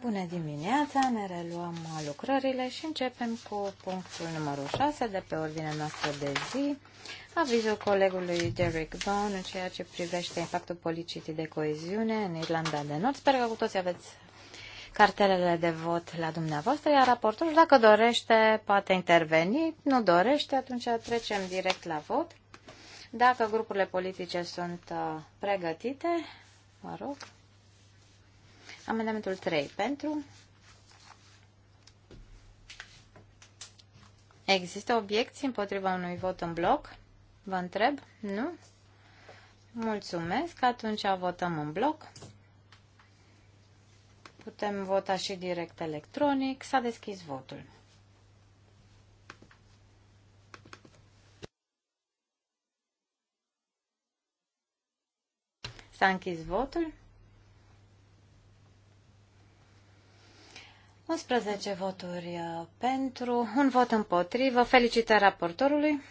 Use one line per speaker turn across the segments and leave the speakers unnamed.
Bună dimineața, ne reluăm lucrările și începem cu punctul numărul 6 de pe ordinea noastră de zi, avizul colegului Derek Vaughan în ceea ce privește impactul politicii de coeziune în Irlanda de Nord. Sper că cu toți aveți cartelele de vot la dumneavoastră, iar raportul, dacă dorește, poate interveni, nu dorește, atunci trecem direct la vot. Dacă grupurile politice sunt uh, pregătite, mă rog. Amendamentul 3 pentru. Există obiecții împotriva unui vot în bloc? Vă întreb? Nu? Mulțumesc, atunci votăm în bloc. Putem vota și direct electronic. S-a deschis votul. S-a închis votul. 11 voturi uh, pentru, un vot împotrivă. Felicitări raportorului.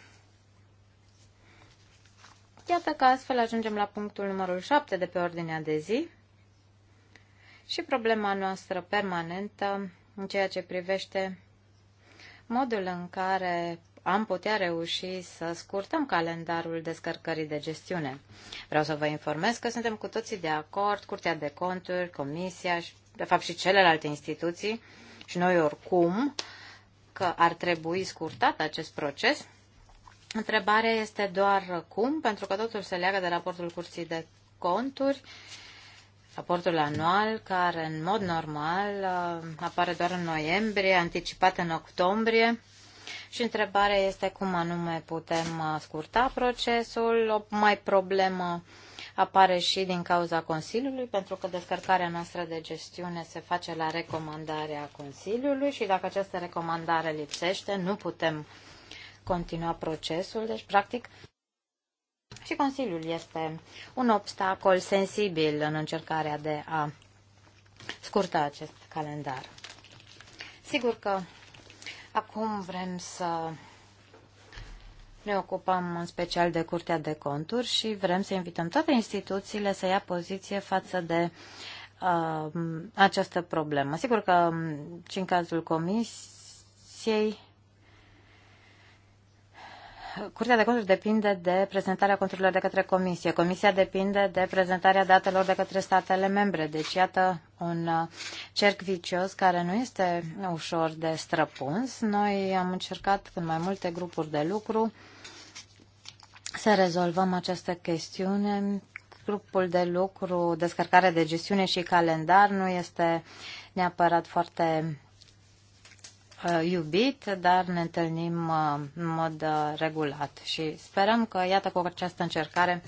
Iată că astfel ajungem la punctul numărul 7 de pe ordinea de zi și problema noastră permanentă în ceea ce privește modul în care am putea reuși să scurtăm calendarul descărcării de gestiune. Vreau să vă informez că suntem cu toții de acord, Curtea de Conturi, Comisia și de fapt și celelalte instituții și noi oricum, că ar trebui scurtat acest proces. Întrebarea este doar cum, pentru că totul se leagă de raportul Curții de Conturi, raportul anual, care în mod normal uh, apare doar în noiembrie, anticipat în octombrie. Și întrebarea este cum anume putem uh, scurta procesul. O mai problemă apare și din cauza Consiliului, pentru că descărcarea noastră de gestiune se face la recomandarea Consiliului și dacă această recomandare lipsește, nu putem continua procesul. Deci, practic, și Consiliul este un obstacol sensibil în încercarea de a scurta acest calendar. Sigur că acum vrem să ne ocupăm în special de Curtea de Conturi și vrem să invităm toate instituțiile să ia poziție față de uh, această problemă. Sigur că um, și în cazul Comisiei Curtea de conturi depinde de prezentarea conturilor de către Comisie. Comisia depinde de prezentarea datelor de către statele membre. Deci, iată un uh, cerc vicios care nu este ușor de străpuns. Noi am încercat în mai multe grupuri de lucru să rezolvăm această chestiune. Grupul de lucru, descărcare de gestiune și calendar nu este neapărat foarte uh, iubit, dar ne întâlnim uh, în mod uh, regulat și sperăm că, iată, cu această încercare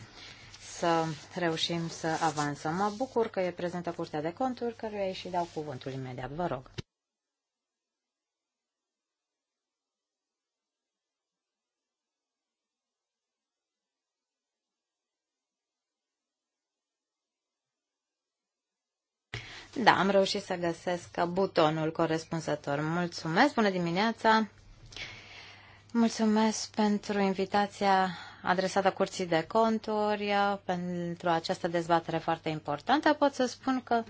să reușim să avansăm. Mă bucur că e prezentă Curtea de Conturi, căruia îi și dau cuvântul imediat. Vă rog. Da, am reușit să găsesc butonul corespunzător. Mulțumesc, bună dimineața! Mulțumesc pentru invitația adresată Curții de Conturi, pentru această dezbatere foarte importantă. Pot să spun că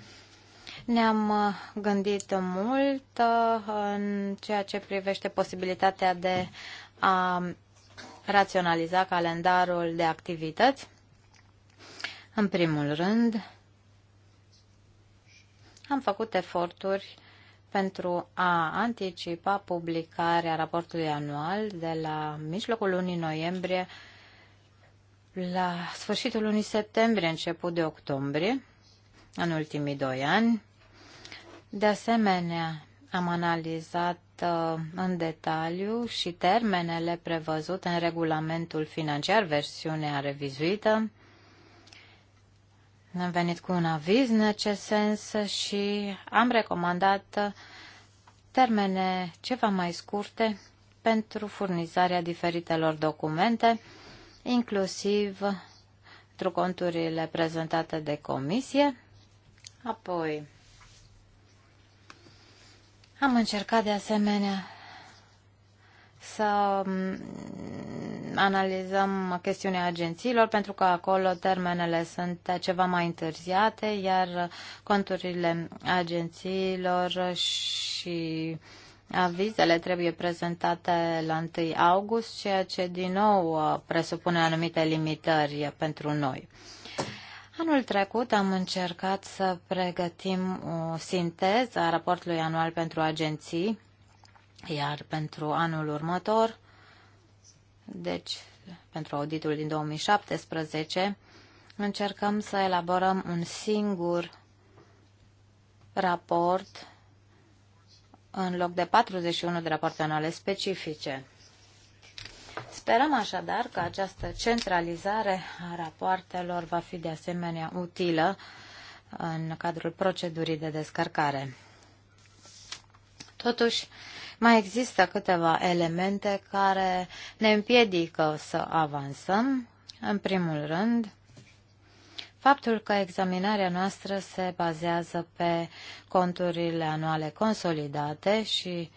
ne-am gândit mult uh, în ceea ce privește posibilitatea de a raționaliza calendarul de activități. În primul rând, am făcut eforturi pentru a anticipa publicarea raportului anual de la mijlocul lunii noiembrie la sfârșitul lunii septembrie, început de octombrie, în ultimii doi ani. De asemenea, am analizat uh, în detaliu și termenele prevăzute în regulamentul financiar, versiunea revizuită, am venit cu un aviz în acest sens și am recomandat termene ceva mai scurte pentru furnizarea diferitelor documente, inclusiv pentru conturile prezentate de comisie. Apoi, am încercat de asemenea să analizăm chestiunea agențiilor, pentru că acolo termenele sunt ceva mai întârziate, iar conturile agențiilor și avizele trebuie prezentate la 1 august, ceea ce din nou presupune anumite limitări pentru noi. Anul trecut am încercat să pregătim o sinteză a raportului anual pentru agenții, iar pentru anul următor deci, pentru auditul din 2017, încercăm să elaborăm un singur raport în loc de 41 de rapoarte anuale specifice. Sperăm așadar că această centralizare a rapoartelor va fi de asemenea utilă în cadrul procedurii de descărcare. Totuși, mai există câteva elemente care ne împiedică să avansăm. În primul rând, faptul că examinarea noastră se bazează pe conturile anuale consolidate și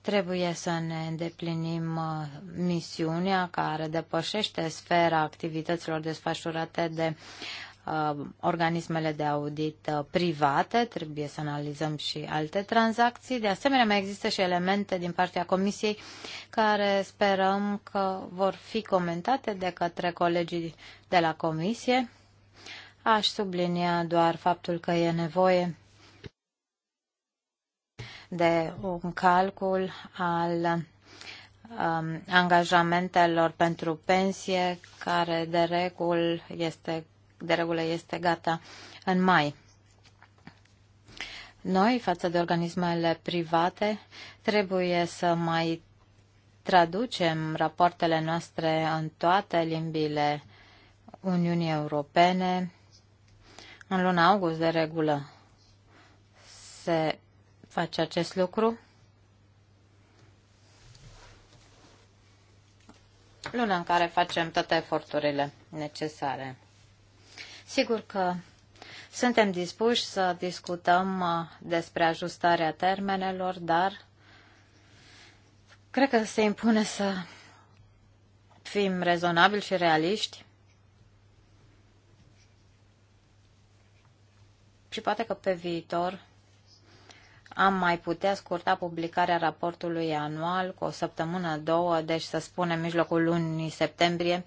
trebuie să ne îndeplinim uh, misiunea care depășește sfera activităților desfășurate de Uh, organismele de audit uh, private, trebuie să analizăm și alte tranzacții. De asemenea, mai există și elemente din partea Comisiei care sperăm că vor fi comentate de către colegii de la Comisie. Aș sublinia doar faptul că e nevoie de un calcul al um, angajamentelor pentru pensie, care de regulă este de regulă este gata în mai. Noi, față de organismele private, trebuie să mai traducem rapoartele noastre în toate limbile Uniunii Europene. În luna august, de regulă, se face acest lucru. Luna în care facem toate eforturile necesare. Sigur că suntem dispuși să discutăm uh, despre ajustarea termenelor, dar cred că se impune să fim rezonabili și realiști. Și poate că pe viitor am mai putea scurta publicarea raportului anual cu o săptămână, două, deci să spunem mijlocul lunii septembrie,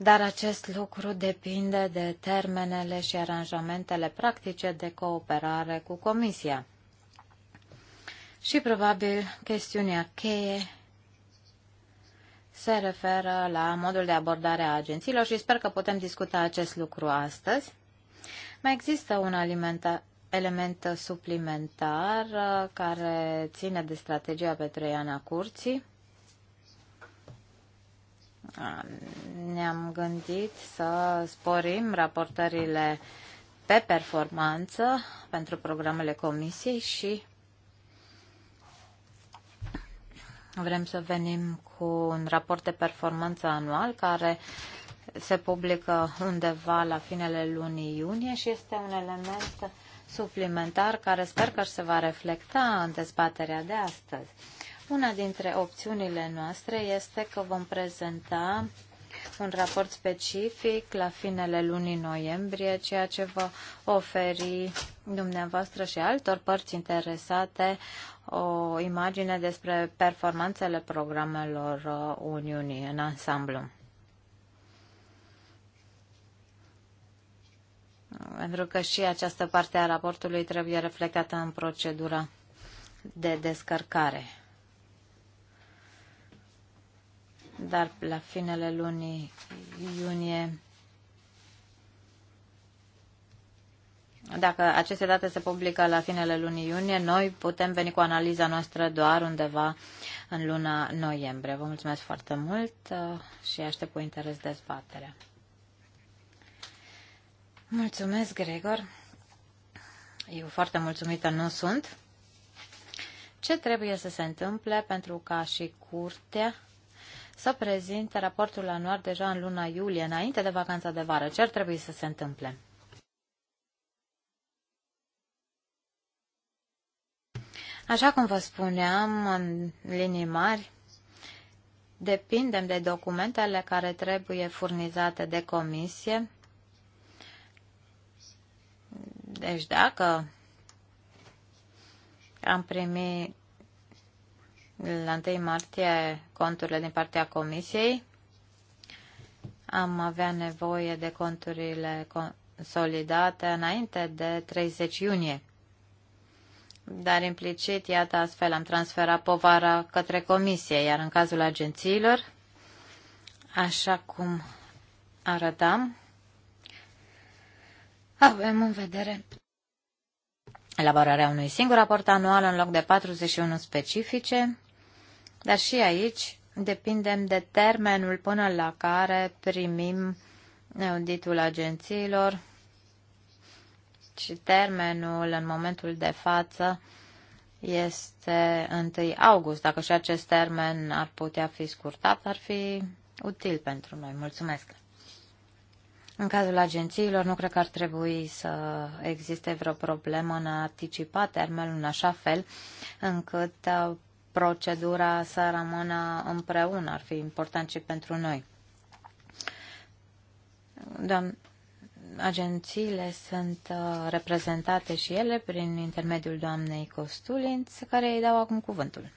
dar acest lucru depinde de termenele și aranjamentele practice de cooperare cu Comisia. Și probabil chestiunea cheie se referă la modul de abordare a agențiilor și sper că putem discuta acest lucru astăzi. Mai există un alimenta- element suplimentar uh, care ține de strategia pe trei ani a curții. Uh, ne-am gândit să sporim raportările pe performanță pentru programele comisiei și vrem să venim cu un raport de performanță anual care se publică undeva la finele lunii iunie și este un element suplimentar care sper că se va reflecta în dezbaterea de astăzi. Una dintre opțiunile noastre este că vom prezenta un raport specific la finele lunii noiembrie, ceea ce va oferi dumneavoastră și altor părți interesate o imagine despre performanțele programelor uh, Uniunii în ansamblu. Pentru că și această parte a raportului trebuie reflectată în procedura de descărcare. dar la finele lunii iunie, dacă aceste date se publică la finele lunii iunie, noi putem veni cu analiza noastră doar undeva în luna noiembrie. Vă mulțumesc foarte mult uh, și aștept cu interes dezbaterea. Mulțumesc, Gregor. Eu foarte mulțumită nu sunt. Ce trebuie să se întâmple pentru ca și curtea să prezinte raportul anual deja în luna iulie, înainte de vacanța de vară. Ce ar trebui să se întâmple? Așa cum vă spuneam, în linii mari, depindem de documentele care trebuie furnizate de comisie. Deci dacă am primit la 1 martie conturile din partea Comisiei. Am avea nevoie de conturile consolidate înainte de 30 iunie. Dar implicit, iată, astfel am transferat povara către Comisie, iar în cazul agențiilor, așa cum arătam, avem în vedere elaborarea unui singur raport anual în loc de 41 specifice, dar și aici depindem de termenul până la care primim auditul agențiilor și termenul în momentul de față este 1 august. Dacă și acest termen ar putea fi scurtat, ar fi util pentru noi. Mulțumesc! În cazul agențiilor, nu cred că ar trebui să existe vreo problemă în a anticipa termenul în așa fel încât uh, procedura să rămână împreună. Ar fi important și pentru noi. Doamne, agențiile sunt uh, reprezentate și ele prin intermediul doamnei Costulinț, care îi dau acum cuvântul.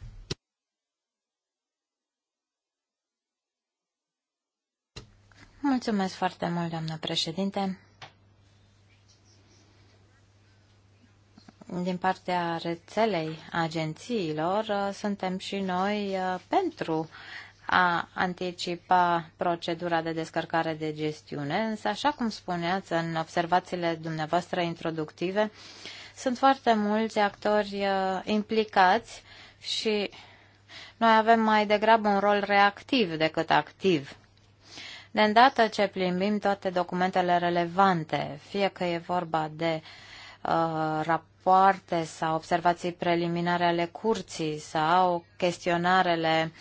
Mulțumesc foarte mult, doamnă președinte. din partea rețelei agențiilor uh, suntem și noi uh, pentru a anticipa procedura de descărcare de gestiune, însă, așa cum spuneați în observațiile dumneavoastră introductive, sunt foarte mulți actori uh, implicați și noi avem mai degrabă un rol reactiv decât activ. De îndată ce plimbim toate documentele relevante, fie că e vorba de uh, rap- rapoarte sau observații preliminare ale curții sau chestionarele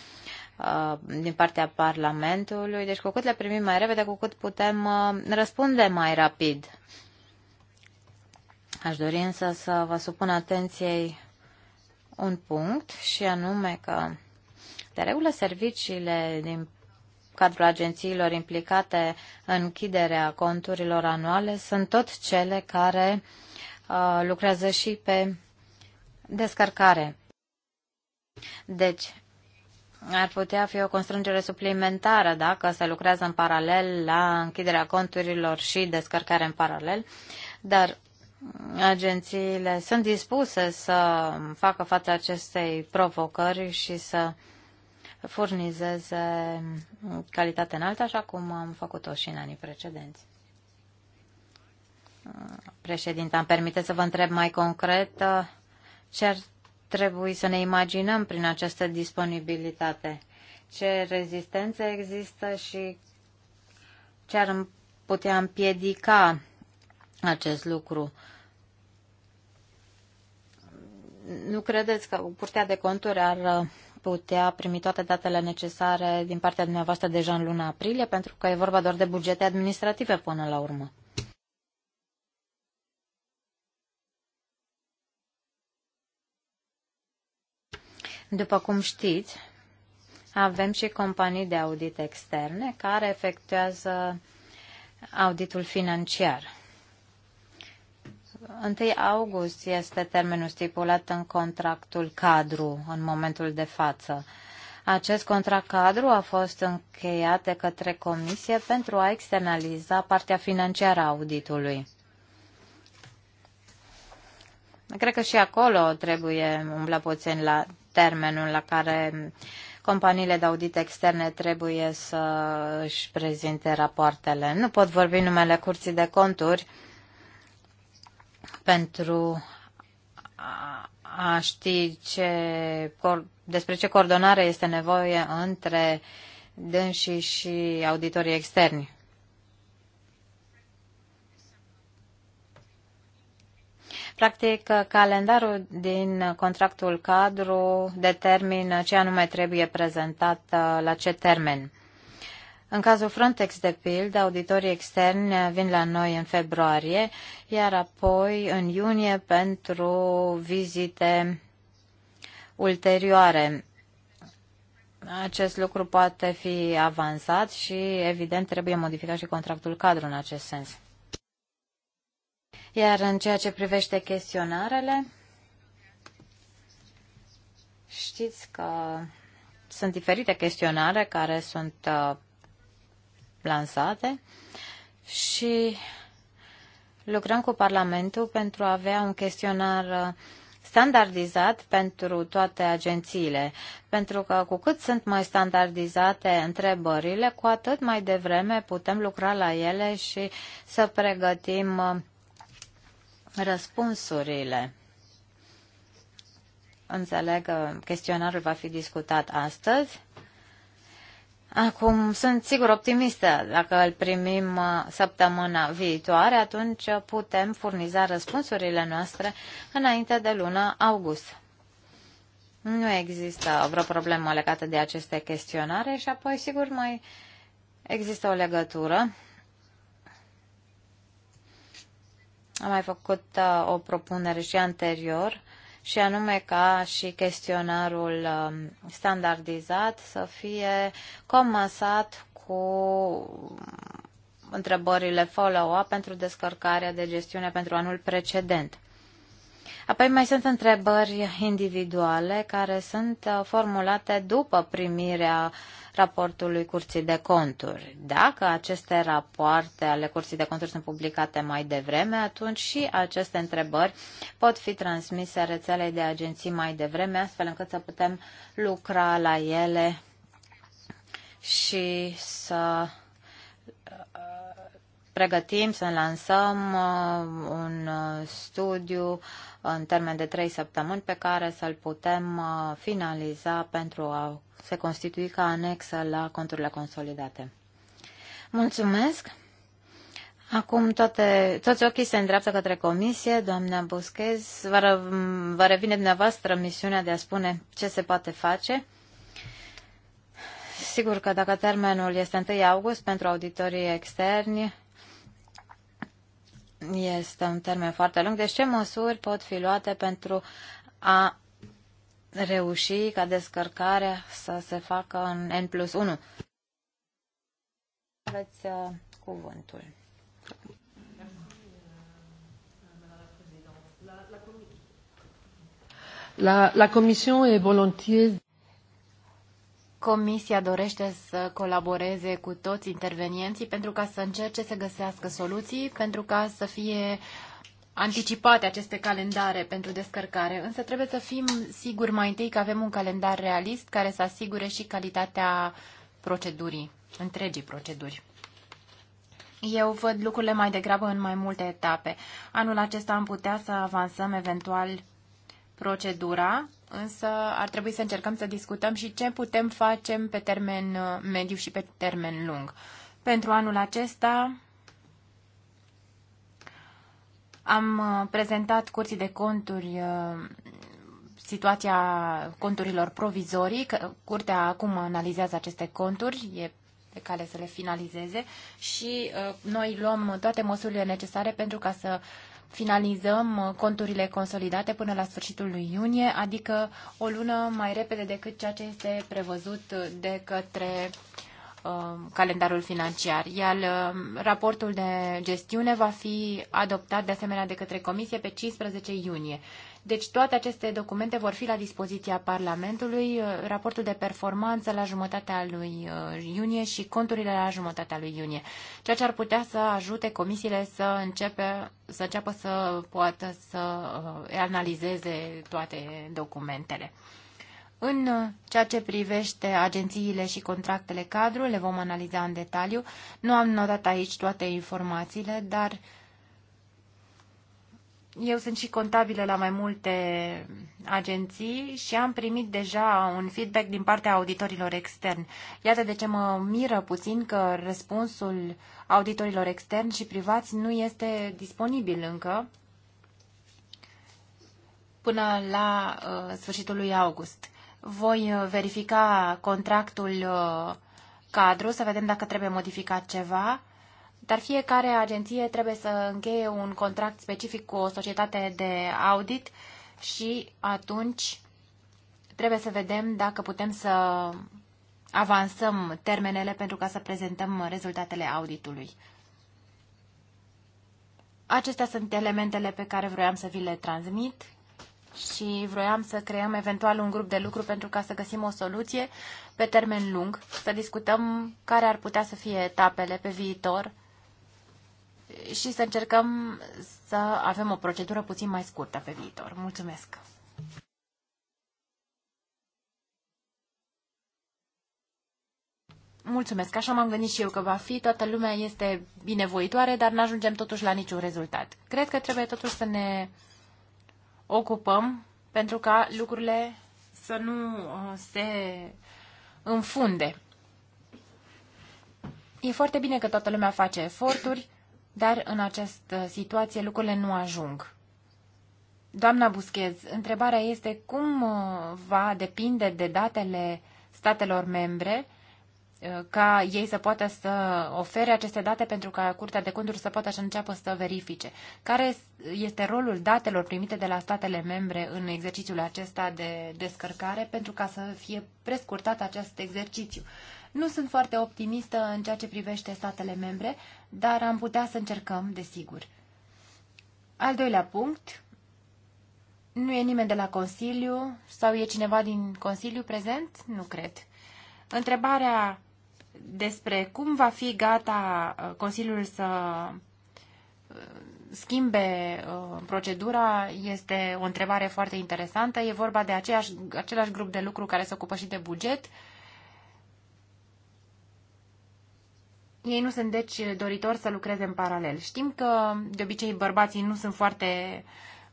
uh, din partea Parlamentului. Deci cu cât le primim mai repede, cu cât putem uh, răspunde mai rapid. Aș dori însă să vă supun atenției un punct și anume că de regulă serviciile din cadrul agențiilor implicate în închiderea conturilor anuale sunt tot cele care uh, Uh, lucrează și pe descărcare. Deci, ar putea fi o constrângere suplimentară dacă se lucrează în paralel la închiderea conturilor și descărcare în paralel, dar agențiile sunt dispuse să facă față acestei provocări și să furnizeze calitate înaltă, așa cum am făcut-o și în anii precedenți președinte, îmi permite să vă întreb mai concret uh, ce ar trebui să ne imaginăm prin această disponibilitate? Ce rezistențe există și ce ar putea împiedica acest lucru? Nu credeți că Curtea de Conturi ar uh, putea primi toate datele necesare din partea dumneavoastră deja în luna aprilie, pentru că e vorba doar de bugete administrative până la urmă. După cum știți, avem și companii de audit externe care efectuează auditul financiar. 1 august este termenul stipulat în contractul cadru în momentul de față. Acest contract cadru a fost încheiat de către Comisie pentru a externaliza partea financiară a auditului. Cred că și acolo trebuie umbla puțin la termenul la care companiile de audit externe trebuie să își prezinte rapoartele. Nu pot vorbi numele curții de conturi pentru a ști ce, despre ce coordonare este nevoie între dânsii și auditorii externi. Practic, calendarul din contractul cadru determină ce anume trebuie prezentat uh, la ce termen. În cazul Frontex, de pildă, auditorii externi vin la noi în februarie, iar apoi în iunie pentru vizite ulterioare. Acest lucru poate fi avansat și, evident, trebuie modificat și contractul cadru în acest sens. Iar în ceea ce privește chestionarele, știți că sunt diferite chestionare care sunt uh, lansate și lucrăm cu Parlamentul pentru a avea un chestionar uh, standardizat pentru toate agențiile, pentru că cu cât sunt mai standardizate întrebările, cu atât mai devreme putem lucra la ele și să pregătim uh, răspunsurile. Înțeleg că chestionarul va fi discutat astăzi. Acum sunt sigur optimistă. Dacă îl primim uh, săptămâna viitoare, atunci putem furniza răspunsurile noastre înainte de luna august. Nu există vreo problemă legată de aceste chestionare și apoi, sigur, mai există o legătură Am mai făcut uh, o propunere și anterior și anume ca și chestionarul um, standardizat să fie comasat cu întrebările follow-up pentru descărcarea de gestiune pentru anul precedent. Apoi mai sunt întrebări individuale care sunt uh, formulate după primirea uh, raportului Curții de Conturi. Dacă aceste rapoarte ale Curții de Conturi sunt publicate mai devreme, atunci și aceste întrebări pot fi transmise rețelei de agenții mai devreme, astfel încât să putem lucra la ele și să pregătim să lansăm uh, un uh, studiu în termen de trei săptămâni pe care să-l putem uh, finaliza pentru a se constitui ca anexă la conturile consolidate. Mulțumesc! Acum toate, toți ochii se îndreaptă către comisie. Doamna Buschez, vă, vă revine dumneavoastră misiunea de a spune ce se poate face. Sigur că dacă termenul este 1 august pentru auditorii externi, este un termen foarte lung. Deci ce măsuri pot fi luate pentru a reuși ca descărcarea să se facă în N plus 1? Aveți uh, cuvântul. La, la Commission
est volontiers
Comisia dorește să colaboreze cu toți intervenienții pentru ca să încerce să găsească soluții, pentru ca să fie anticipate aceste calendare pentru descărcare. Însă trebuie să fim siguri mai întâi că avem un calendar realist care să asigure și calitatea procedurii, întregii proceduri. Eu văd lucrurile mai degrabă în mai multe etape. Anul acesta am putea să avansăm eventual procedura însă ar trebui să încercăm să discutăm și ce putem face pe termen uh, mediu și pe termen lung. Pentru anul acesta am uh, prezentat curții de conturi uh, situația conturilor provizorii. Curtea acum analizează aceste conturi, e pe cale să le finalizeze și noi luăm toate măsurile necesare pentru ca să finalizăm uh, conturile consolidate până la sfârșitul lui iunie, adică o lună mai repede decât ceea ce este prevăzut uh, de către uh, calendarul financiar, iar raportul de gestiune va fi adoptat de asemenea de către Comisie pe 15 iunie. Deci toate aceste documente vor fi la dispoziția Parlamentului, uh, raportul de performanță la jumătatea lui uh, iunie și conturile la jumătatea lui iunie, ceea ce ar putea să ajute comisiile să, începe, să înceapă să poată să uh, analizeze toate documentele. În ceea ce privește agențiile și contractele cadru, le vom analiza în detaliu. Nu am notat aici toate informațiile, dar uh, eu sunt și contabilă la mai multe agenții și am primit deja un feedback din partea auditorilor externi. Iată de ce mă miră puțin că răspunsul auditorilor externi și privați nu este disponibil încă până la uh, sfârșitul lui august. Voi uh, verifica contractul uh, cadru să vedem dacă trebuie modificat ceva dar fiecare agenție trebuie să încheie un contract specific cu o societate de audit și atunci trebuie să vedem dacă putem să avansăm termenele pentru ca să prezentăm rezultatele auditului. Acestea sunt elementele pe care vroiam să vi le transmit și vroiam să creăm eventual un grup de lucru pentru ca să găsim o soluție pe termen lung, să discutăm care ar putea să fie etapele pe viitor și să încercăm să avem o procedură puțin mai scurtă pe viitor. Mulțumesc! Mulțumesc, așa m-am gândit și eu că va fi, toată lumea este binevoitoare, dar nu ajungem totuși la niciun rezultat. Cred că trebuie totuși să ne ocupăm pentru ca lucrurile să nu uh, se înfunde. E foarte bine că toată lumea face eforturi, dar în această situație lucrurile nu ajung. Doamna Buschez, întrebarea este cum uh, va depinde de datele statelor membre uh, ca ei să poată să ofere aceste date pentru ca Curtea de Conturi să poată să înceapă să verifice. Care este rolul datelor primite de la statele membre în exercițiul acesta de descărcare pentru ca să fie prescurtat acest exercițiu? Nu sunt foarte optimistă în ceea ce privește statele membre, dar am putea să încercăm, desigur. Al doilea punct. Nu e nimeni de la Consiliu sau e cineva din Consiliu prezent? Nu cred. Întrebarea despre cum va fi gata uh, Consiliul să uh, schimbe uh, procedura este o întrebare foarte interesantă. E vorba de aceeași, același grup de lucru care se ocupă și de buget. Ei nu sunt, deci, doritori să lucreze în paralel. Știm că, de obicei, bărbații nu sunt foarte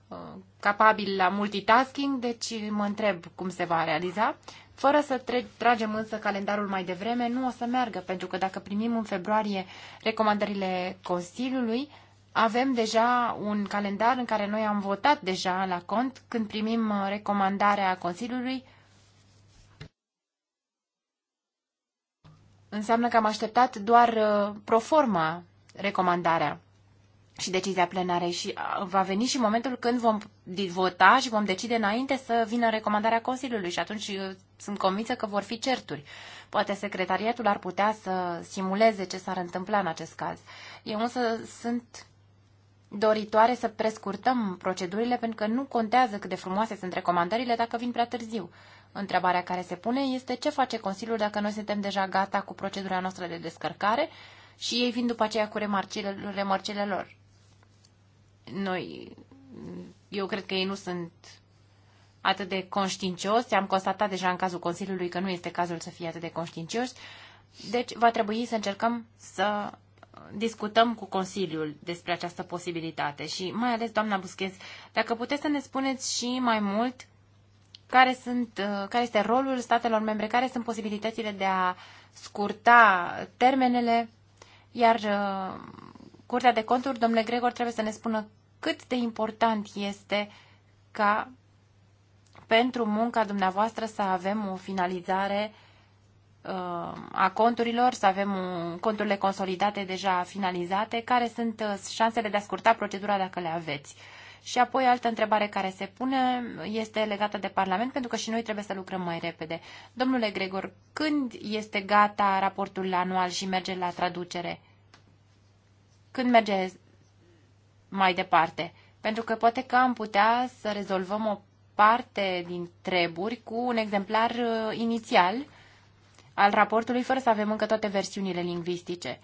uh, capabili la multitasking, deci mă întreb cum se va realiza. Fără să tragem însă calendarul mai devreme, nu o să meargă, pentru că dacă primim în februarie recomandările Consiliului, avem deja un calendar în care noi am votat deja la cont când primim uh, recomandarea Consiliului înseamnă că am așteptat doar uh, proforma recomandarea și decizia plenarei și uh, va veni și momentul când vom vota și vom decide înainte să vină recomandarea Consiliului și atunci uh, sunt convinsă că vor fi certuri. Poate secretariatul ar putea să simuleze ce s-ar întâmpla în acest caz. Eu însă sunt doritoare să prescurtăm procedurile, pentru că nu contează cât de frumoase sunt recomandările dacă vin prea târziu. Întrebarea care se pune este ce face Consiliul dacă noi suntem deja gata cu procedura noastră de descărcare și ei vin după aceea cu remarcile, lor. Noi, eu cred că ei nu sunt atât de conștiincioși, am constatat deja în cazul Consiliului că nu este cazul să fie atât de conștiincioși, deci va trebui să încercăm să discutăm cu Consiliul despre această posibilitate și mai ales, doamna Buschez, dacă puteți să ne spuneți și mai mult care, sunt, uh, care este rolul statelor membre, care sunt posibilitățile de a scurta termenele, iar uh, Curtea de Conturi, domnule Gregor, trebuie să ne spună cât de important este ca pentru munca dumneavoastră să avem o finalizare uh, Uh, a conturilor, să avem conturile consolidate deja finalizate, care sunt uh, șansele de a scurta procedura dacă le aveți. Și apoi altă întrebare care se pune este legată de Parlament, pentru că și noi trebuie să lucrăm mai repede. Domnule Gregor, când este gata raportul anual și merge la traducere? Când merge mai departe? Pentru că poate că am putea să rezolvăm o parte din treburi cu un exemplar uh, inițial al raportului, fără să avem încă toate versiunile lingvistice.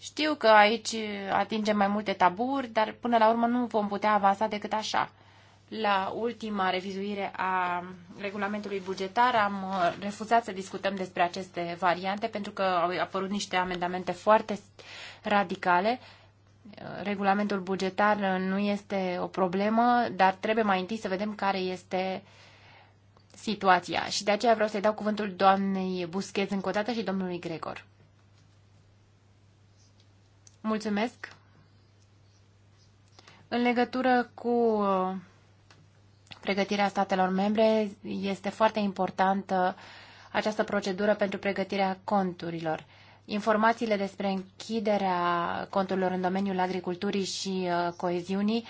Știu că aici atingem mai multe taburi, dar până la urmă nu vom putea avansa decât așa. La ultima revizuire a regulamentului bugetar am uh, refuzat să discutăm despre aceste variante pentru că au apărut niște amendamente foarte radicale. Uh, regulamentul bugetar nu este o problemă, dar trebuie mai întâi să vedem care este uh, situația. Și de aceea vreau să-i dau cuvântul doamnei Buschez încă o dată și domnului Gregor. Mulțumesc. În legătură cu uh, pregătirea statelor membre, este foarte importantă această procedură pentru pregătirea conturilor. Informațiile despre închiderea conturilor în domeniul agriculturii și uh, coeziunii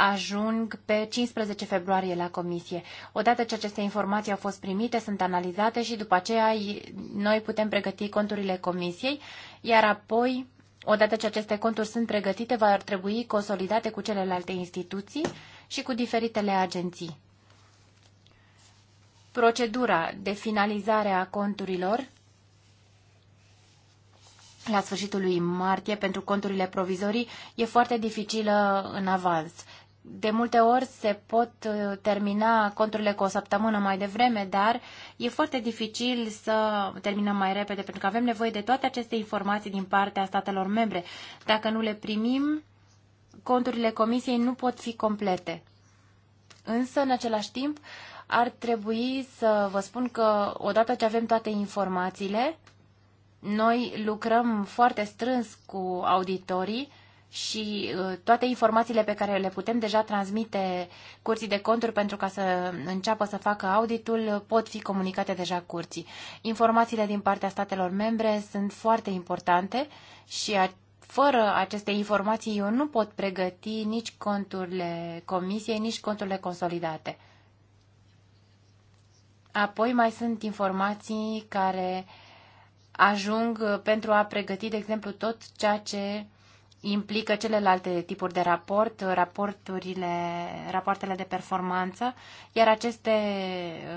ajung pe 15 februarie la comisie. Odată ce aceste informații au fost primite, sunt analizate și după aceea noi putem pregăti conturile comisiei, iar apoi, odată ce aceste conturi sunt pregătite, va trebui consolidate cu celelalte instituții și cu diferitele agenții. Procedura de finalizare a conturilor la sfârșitul lui martie pentru conturile provizorii e foarte dificilă în avans de multe ori se pot uh, termina conturile cu o săptămână mai devreme, dar e foarte dificil să terminăm mai repede, pentru că avem nevoie de toate aceste informații din partea statelor membre. Dacă nu le primim, conturile comisiei nu pot fi complete. Însă, în același timp, ar trebui să vă spun că odată ce avem toate informațiile, noi lucrăm foarte strâns cu auditorii, și uh, toate informațiile pe care le putem deja transmite curții de conturi pentru ca să înceapă să facă auditul uh, pot fi comunicate deja curții. Informațiile din partea statelor membre sunt foarte importante și fără aceste informații eu nu pot pregăti nici conturile comisiei, nici conturile consolidate. Apoi mai sunt informații care ajung uh, pentru a pregăti, de exemplu, tot ceea ce implică celelalte tipuri de raport, raporturile, rapoartele de performanță, iar aceste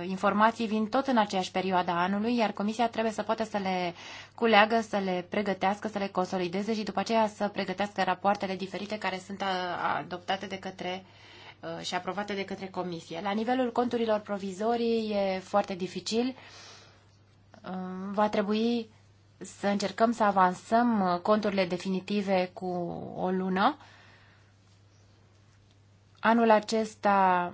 uh, informații vin tot în aceeași perioadă a anului, iar comisia trebuie să poată să le culeagă, să le pregătească, să le consolideze și după aceea să pregătească rapoartele diferite care sunt uh, adoptate de către uh, și aprobate de către comisie. La nivelul conturilor provizorii e foarte dificil. Va trebui să încercăm să avansăm uh, conturile definitive cu o lună. Anul acesta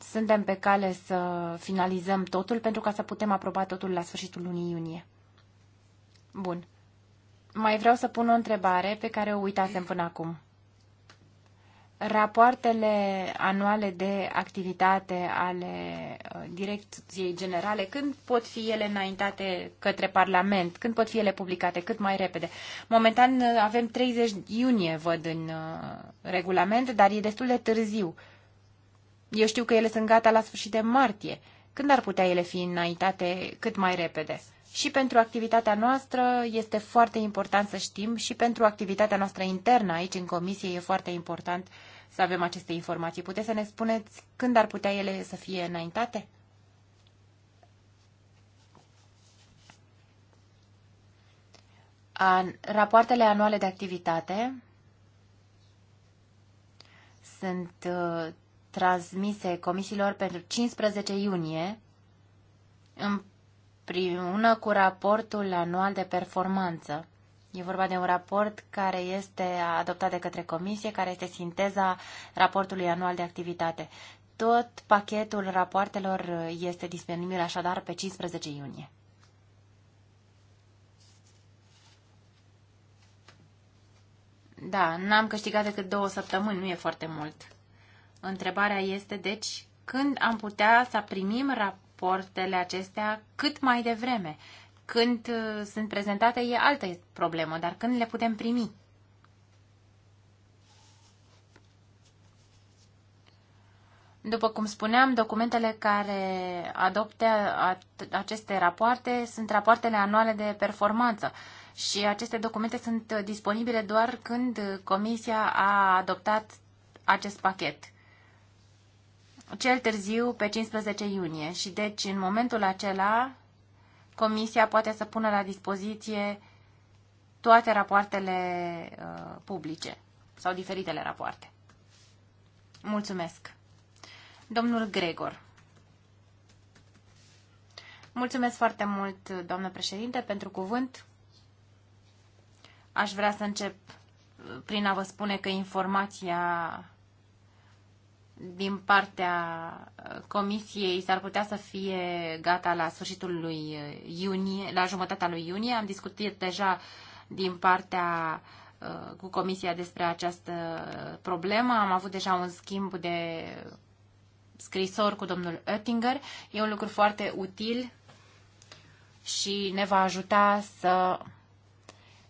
suntem pe cale să finalizăm totul pentru ca să putem aproba totul la sfârșitul lunii iunie. Bun. Mai vreau să pun o întrebare pe care o uitasem până acum rapoartele anuale de activitate ale uh, Direcției Generale, când pot fi ele înaintate către Parlament, când pot fi ele publicate, cât mai repede. Momentan uh, avem 30 iunie, văd în uh, regulament, dar e destul de târziu. Eu știu că ele sunt gata la sfârșit de martie. Când ar putea ele fi înaintate cât mai repede? și pentru activitatea noastră este foarte important să știm și pentru activitatea noastră internă aici în comisie e foarte important să avem aceste informații. Puteți să ne spuneți când ar putea ele să fie înaintate? An, rapoartele anuale de activitate sunt uh, transmise comisiilor pentru 15 iunie în împreună cu raportul anual de performanță. E vorba de un raport care este adoptat de către comisie, care este sinteza raportului anual de activitate. Tot pachetul rapoartelor este disponibil așadar pe 15 iunie. Da, n-am câștigat decât două săptămâni, nu e foarte mult. Întrebarea este, deci, când am putea să primim rap- rapoartele acestea cât mai devreme. Când uh, sunt prezentate e altă problemă, dar când le putem primi? După cum spuneam, documentele care adopte aceste rapoarte sunt rapoartele anuale de performanță și aceste documente sunt disponibile doar când Comisia a adoptat acest pachet cel târziu pe 15 iunie și deci în momentul acela Comisia poate să pună la dispoziție toate rapoartele uh, publice sau diferitele rapoarte. Mulțumesc. Domnul Gregor. Mulțumesc foarte mult, doamnă președinte, pentru cuvânt. Aș vrea să încep uh, prin a vă spune că informația din partea uh, comisiei s-ar putea să fie gata la sfârșitul lui uh, iunie, la jumătatea lui iunie. Am discutat deja din partea uh, cu comisia despre această problemă. Am avut deja un schimb de scrisor cu domnul Oettinger. E un lucru foarte util și ne va ajuta să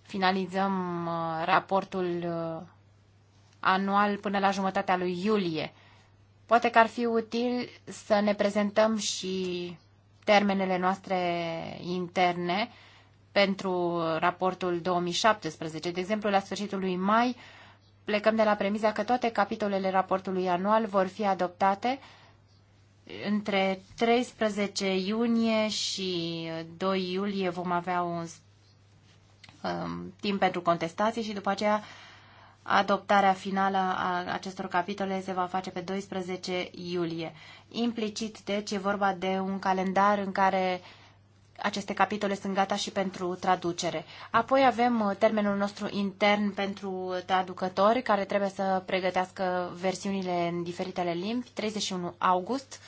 finalizăm raportul anual până la jumătatea lui iulie. Poate că ar fi util să ne prezentăm și termenele noastre interne pentru raportul 2017. De exemplu, la sfârșitul lui mai plecăm de la premiza că toate capitolele raportului anual vor fi adoptate între 13 iunie și 2 iulie vom avea un um, timp pentru contestații și după aceea Adoptarea finală a acestor capitole se va face pe 12 iulie. Implicit, deci, e vorba de un calendar în care aceste capitole sunt gata și pentru traducere. Apoi avem uh, termenul nostru intern pentru traducători, care trebuie să pregătească versiunile în diferitele limbi, 31 august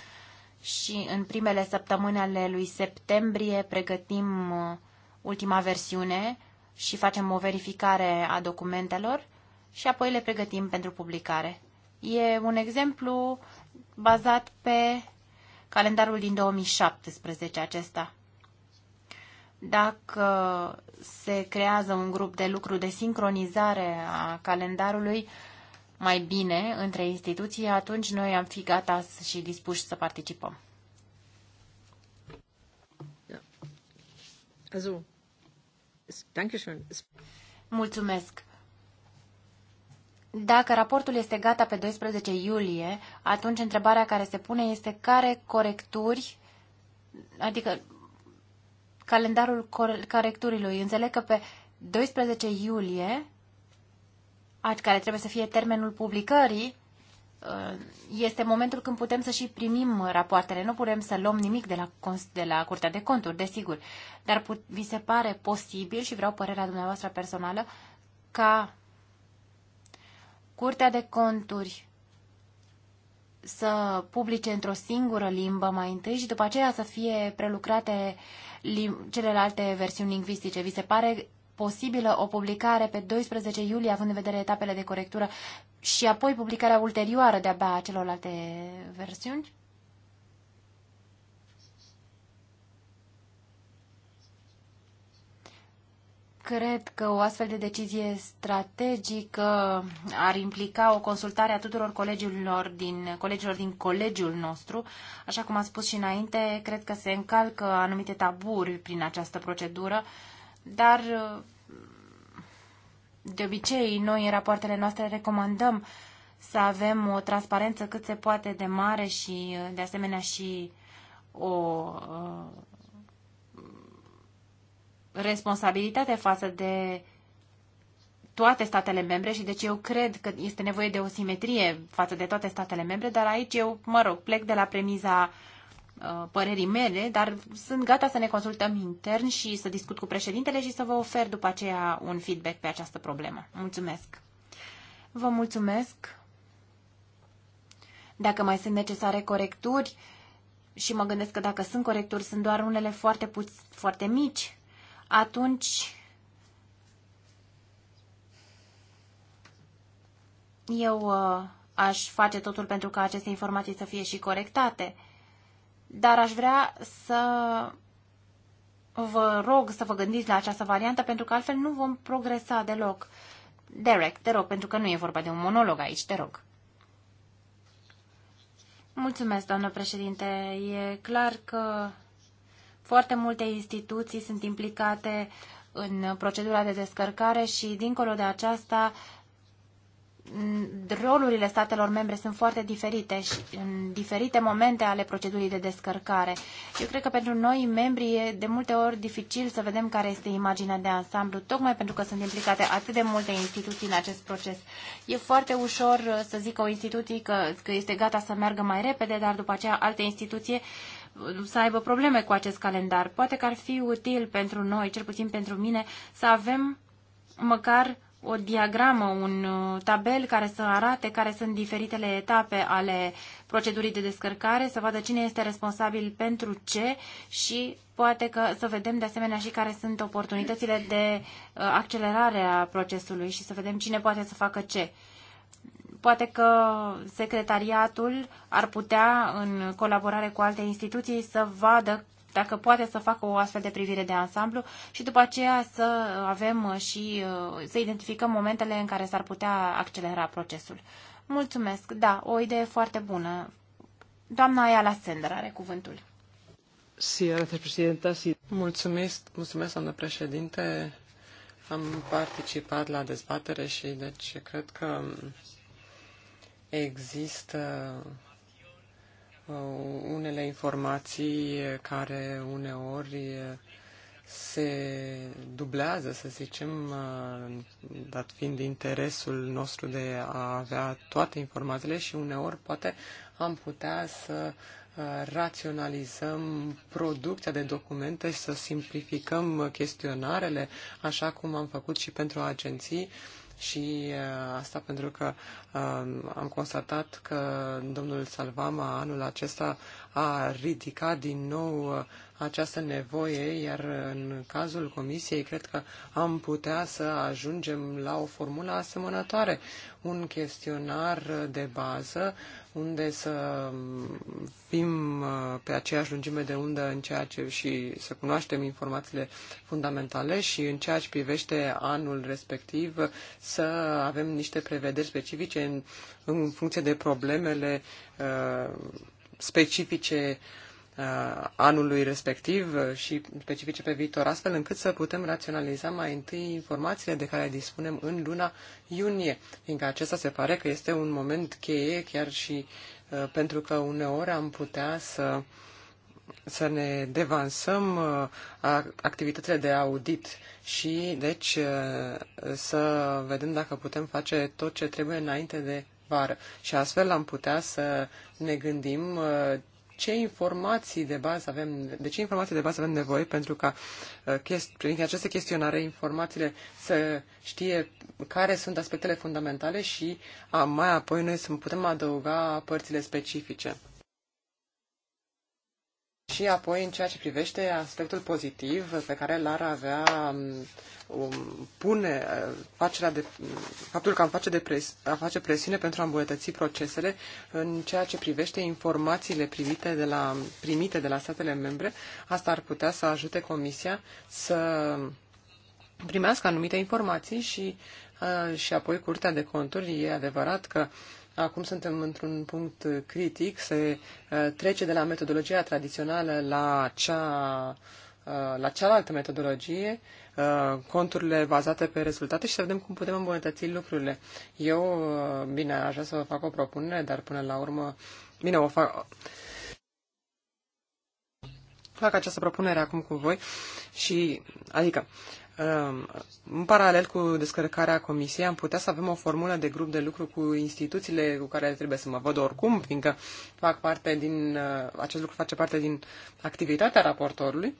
și în primele săptămâni ale lui septembrie pregătim uh, ultima versiune și facem o verificare a documentelor și apoi le pregătim pentru publicare. E un exemplu bazat pe calendarul din 2017 acesta. Dacă se creează un grup de lucru de sincronizare a calendarului mai bine între instituții, atunci noi am fi gata și dispuși să participăm. Mulțumesc. Dacă raportul este gata pe 12 iulie, atunci întrebarea care se pune este care corecturi, adică calendarul corecturilor. Înțeleg că pe 12 iulie, care trebuie să fie termenul publicării, uh, este momentul când putem să și primim rapoartele. Nu putem să luăm nimic de la, de la Curtea de Conturi, desigur. Dar put, vi se pare posibil, și vreau părerea dumneavoastră personală, ca Curtea de conturi să publice într-o singură limbă mai întâi și după aceea să fie prelucrate celelalte versiuni lingvistice. Vi se pare posibilă o publicare pe 12 iulie, având în vedere etapele de corectură, și apoi publicarea ulterioară de-abia celorlalte versiuni? Cred că o astfel de decizie strategică ar implica o consultare a tuturor colegilor din, colegilor din colegiul nostru. Așa cum am spus și înainte, cred că se încalcă anumite taburi prin această procedură, dar uh, de obicei noi în rapoartele noastre recomandăm să avem o transparență cât se poate de mare și uh, de asemenea și o uh, responsabilitate față de toate statele membre și deci eu cred că este nevoie de o simetrie față de toate statele membre, dar aici eu, mă rog, plec de la premiza uh, părerii mele, dar sunt gata să ne consultăm intern și să discut cu președintele și să vă ofer după aceea un feedback pe această problemă. Mulțumesc! Vă mulțumesc! Dacă mai sunt necesare corecturi și mă gândesc că dacă sunt corecturi, sunt doar unele foarte, puț- foarte mici, atunci eu uh, aș face totul pentru ca aceste informații să fie și corectate. Dar aș vrea să vă rog să vă gândiți la această variantă, pentru că altfel nu vom progresa deloc. Derek, te rog, pentru că nu e vorba de un monolog aici, te rog. Mulțumesc, doamnă președinte. E clar că foarte multe instituții sunt implicate în procedura de descărcare și, dincolo de aceasta, mm, rolurile statelor membre sunt foarte diferite și în diferite momente ale procedurii de descărcare. Eu cred că pentru noi, membri e de multe ori dificil să vedem care este imaginea de ansamblu, tocmai pentru că sunt implicate atât de multe instituții în acest proces. E foarte ușor uh, să zică o instituție că, că este gata să meargă mai repede, dar după aceea alte instituții să aibă probleme cu acest calendar. Poate că ar fi util pentru noi, cel puțin pentru mine, să avem măcar o diagramă, un uh, tabel care să arate care sunt diferitele etape ale procedurii de descărcare, să vadă cine este responsabil pentru ce și poate că să vedem de asemenea și care sunt oportunitățile de uh, accelerare a procesului și să vedem cine poate să facă ce. Poate că secretariatul ar putea, în colaborare cu alte instituții, să vadă dacă poate să facă o astfel de privire de ansamblu și după aceea să avem și uh, să identificăm momentele în care s-ar putea accelera procesul. Mulțumesc, da, o idee foarte bună. Doamna Ayala Sender are cuvântul.
Si, arată presidenta. Sí. Mulțumesc, mulțumesc, doamnă președinte. Am participat la dezbatere și deci cred că există uh, unele informații care uneori se dublează, să zicem, uh, dat fiind interesul nostru de a avea toate informațiile și uneori poate am putea să uh, raționalizăm producția de documente și să simplificăm chestionarele, așa cum am făcut și pentru agenții, și uh, asta pentru că um, am constatat că domnul Salvama anul acesta a ridicat din nou uh, această nevoie, iar în cazul Comisiei cred că am putea să ajungem la o formulă asemănătoare, un chestionar de bază unde să fim uh, pe aceeași lungime de undă în ceea ce și să cunoaștem informațiile fundamentale și în ceea ce privește anul respectiv să avem niște prevederi specifice în, în funcție de problemele uh, specifice uh, Uh, anului respectiv uh, și specifice pe viitor, astfel încât să putem raționaliza mai întâi informațiile de care dispunem în luna iunie, fiindcă acesta se pare că este un moment cheie chiar și uh, pentru că uneori am putea să să ne devansăm activitățile de audit și, deci, să vedem dacă putem face tot ce trebuie înainte de vară. Și astfel am putea să ne gândim ce informații de bază avem, de ce informații de bază avem nevoie pentru ca uh, prin aceste chestionare informațiile să știe care sunt aspectele fundamentale și mai apoi noi să putem adăuga părțile specifice. Și apoi, în ceea ce privește aspectul pozitiv pe care l-ar avea um, um pune uh, facerea de, faptul că am face, de pres, am face presiune pentru a îmbunătăți procesele în ceea ce privește informațiile privite de la, primite de la statele membre, asta ar putea să ajute Comisia să primească anumite informații și, uh, și apoi Curtea de Conturi. E adevărat că uh, Acum suntem într-un punct critic, se uh, trece de la metodologia tradițională la cea uh, la cealaltă metodologie, uh, conturile bazate pe rezultate și să vedem cum putem îmbunătăți lucrurile. Eu, bine, aș vrea să vă fac o propunere, dar până la urmă, bine, o fac, fac această propunere acum cu voi și, adică, uh, Ehm, în paralel cu descărcarea comisiei, am putea să avem o formulă de grup de lucru cu instituțiile cu care trebuie să mă văd oricum, fiindcă fac parte din, eh, acest lucru face parte din activitatea raportorului.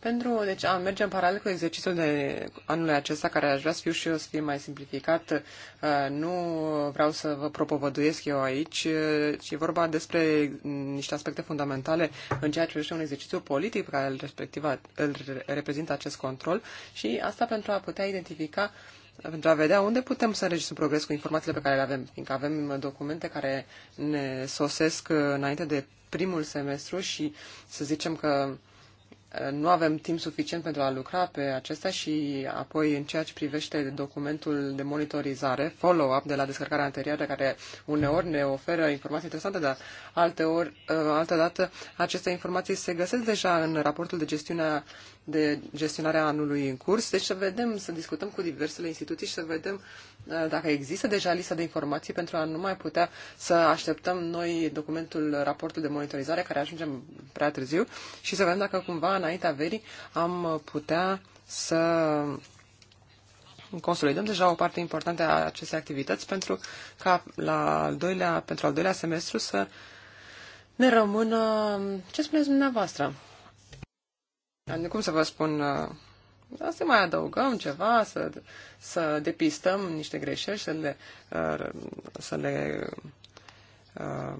Pentru deci, a merge în paralel cu exercițiul de anul acesta, care aș vrea să fiu și eu să fie mai simplificat, uh, nu vreau să vă propovăduiesc eu aici, uh, ci e vorba despre niște aspecte fundamentale în ceea ce este un exercițiu politic pe care îl, respectiv, îl reprezintă acest control și asta pentru a putea identifica pentru a vedea unde putem să înregistrăm progres cu informațiile pe care le avem, fiindcă avem documente care ne sosesc uh, înainte de primul semestru și să zicem că nu avem timp suficient pentru a lucra pe acestea și apoi în ceea ce privește documentul de monitorizare, follow-up de la descărcarea anterioară, care uneori ne oferă informații interesante, dar ori, ă, altă dată aceste informații se găsesc deja în raportul de gestiune a de gestionarea anului în curs. Deci să vedem, să discutăm cu diversele instituții și să vedem uh, dacă există deja lista de informații pentru a nu mai putea să așteptăm noi documentul, raportul de monitorizare care ajungem prea târziu și să vedem dacă cumva înaintea verii am putea să consolidăm deja o parte importantă a acestei activități pentru ca la al doilea, pentru al doilea semestru să ne rămână, ce spuneți dumneavoastră, cum să vă spun, da, să mai adăugăm ceva, să, să depistăm niște greșeli, să le, uh, să le uh,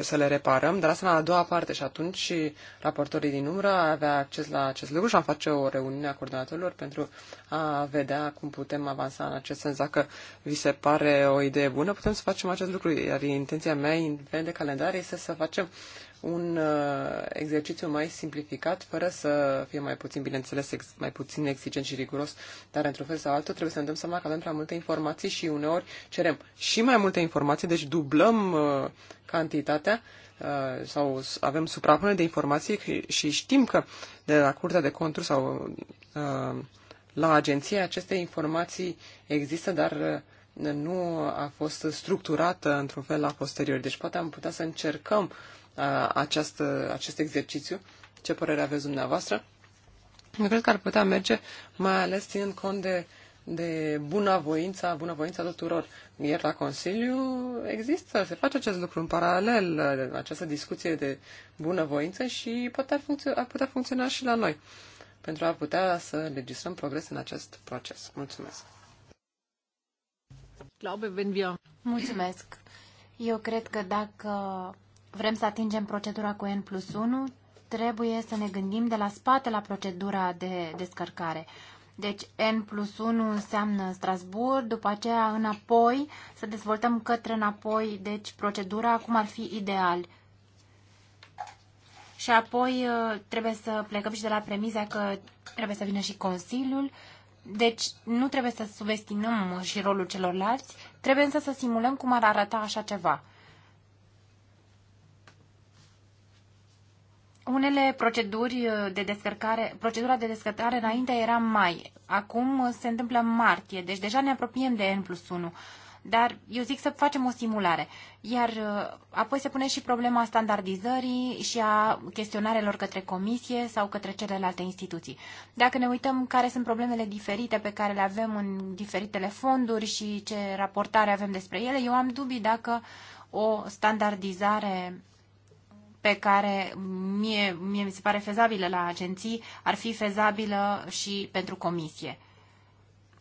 să le reparăm, dar asta în a doua parte și atunci raportorii din umbră avea acces la acest lucru și am face o reuniune a coordonatorilor pentru a vedea cum putem avansa în acest sens. Dacă vi se pare o idee bună, putem să facem acest lucru, iar intenția mea în de calendar este să facem uh, un uh, exercițiu mai simplificat, fără să fie mai puțin, bineînțeles, ex, mai puțin exigent și riguros, dar într-un fel sau altul trebuie să ne dăm seama că avem prea multe informații și uneori cerem și mai multe informații, deci dublăm uh, cantitatea uh, sau avem suprapune de informații și știm că de la Curtea de Conturi sau uh, la agenție aceste informații există, dar uh, nu a fost structurată într-un fel la posterior. Deci poate am putea să încercăm uh, această, acest exercițiu. Ce părere aveți dumneavoastră? Eu cred că ar putea merge, mai ales ținând cont de, de bunăvoința, bunăvoința tuturor. Ieri la Consiliu există, se face acest lucru în paralel, această discuție de bunăvoință și poate ar, funcțio- ar putea funcționa și la noi pentru a putea să legislăm progres în acest proces. Mulțumesc!
Mulțumesc! Eu cred că dacă vrem să atingem procedura cu N plus 1, trebuie să ne gândim de la spate la procedura de descărcare. Deci N plus 1 înseamnă Strasbourg, după aceea înapoi, să dezvoltăm către înapoi, deci procedura cum ar fi ideal. Și apoi uh, trebuie să plecăm și de la premiza că trebuie să vină și Consiliul, deci nu trebuie să subestimăm și rolul celorlalți, trebuie însă să simulăm cum ar arăta așa ceva. Unele proceduri uh, de descărcare, procedura de descărcare înainte era mai, acum uh, se întâmplă martie, deci deja ne apropiem de N plus 1. Dar eu zic să facem o simulare. Iar uh, apoi se pune și problema standardizării și a chestionarelor către comisie sau către celelalte instituții. Dacă ne uităm care sunt problemele diferite pe care le avem în diferitele fonduri și ce raportare avem despre ele, eu am dubii dacă o standardizare pe care mie, mie mi se pare fezabilă la agenții, ar fi fezabilă și pentru comisie.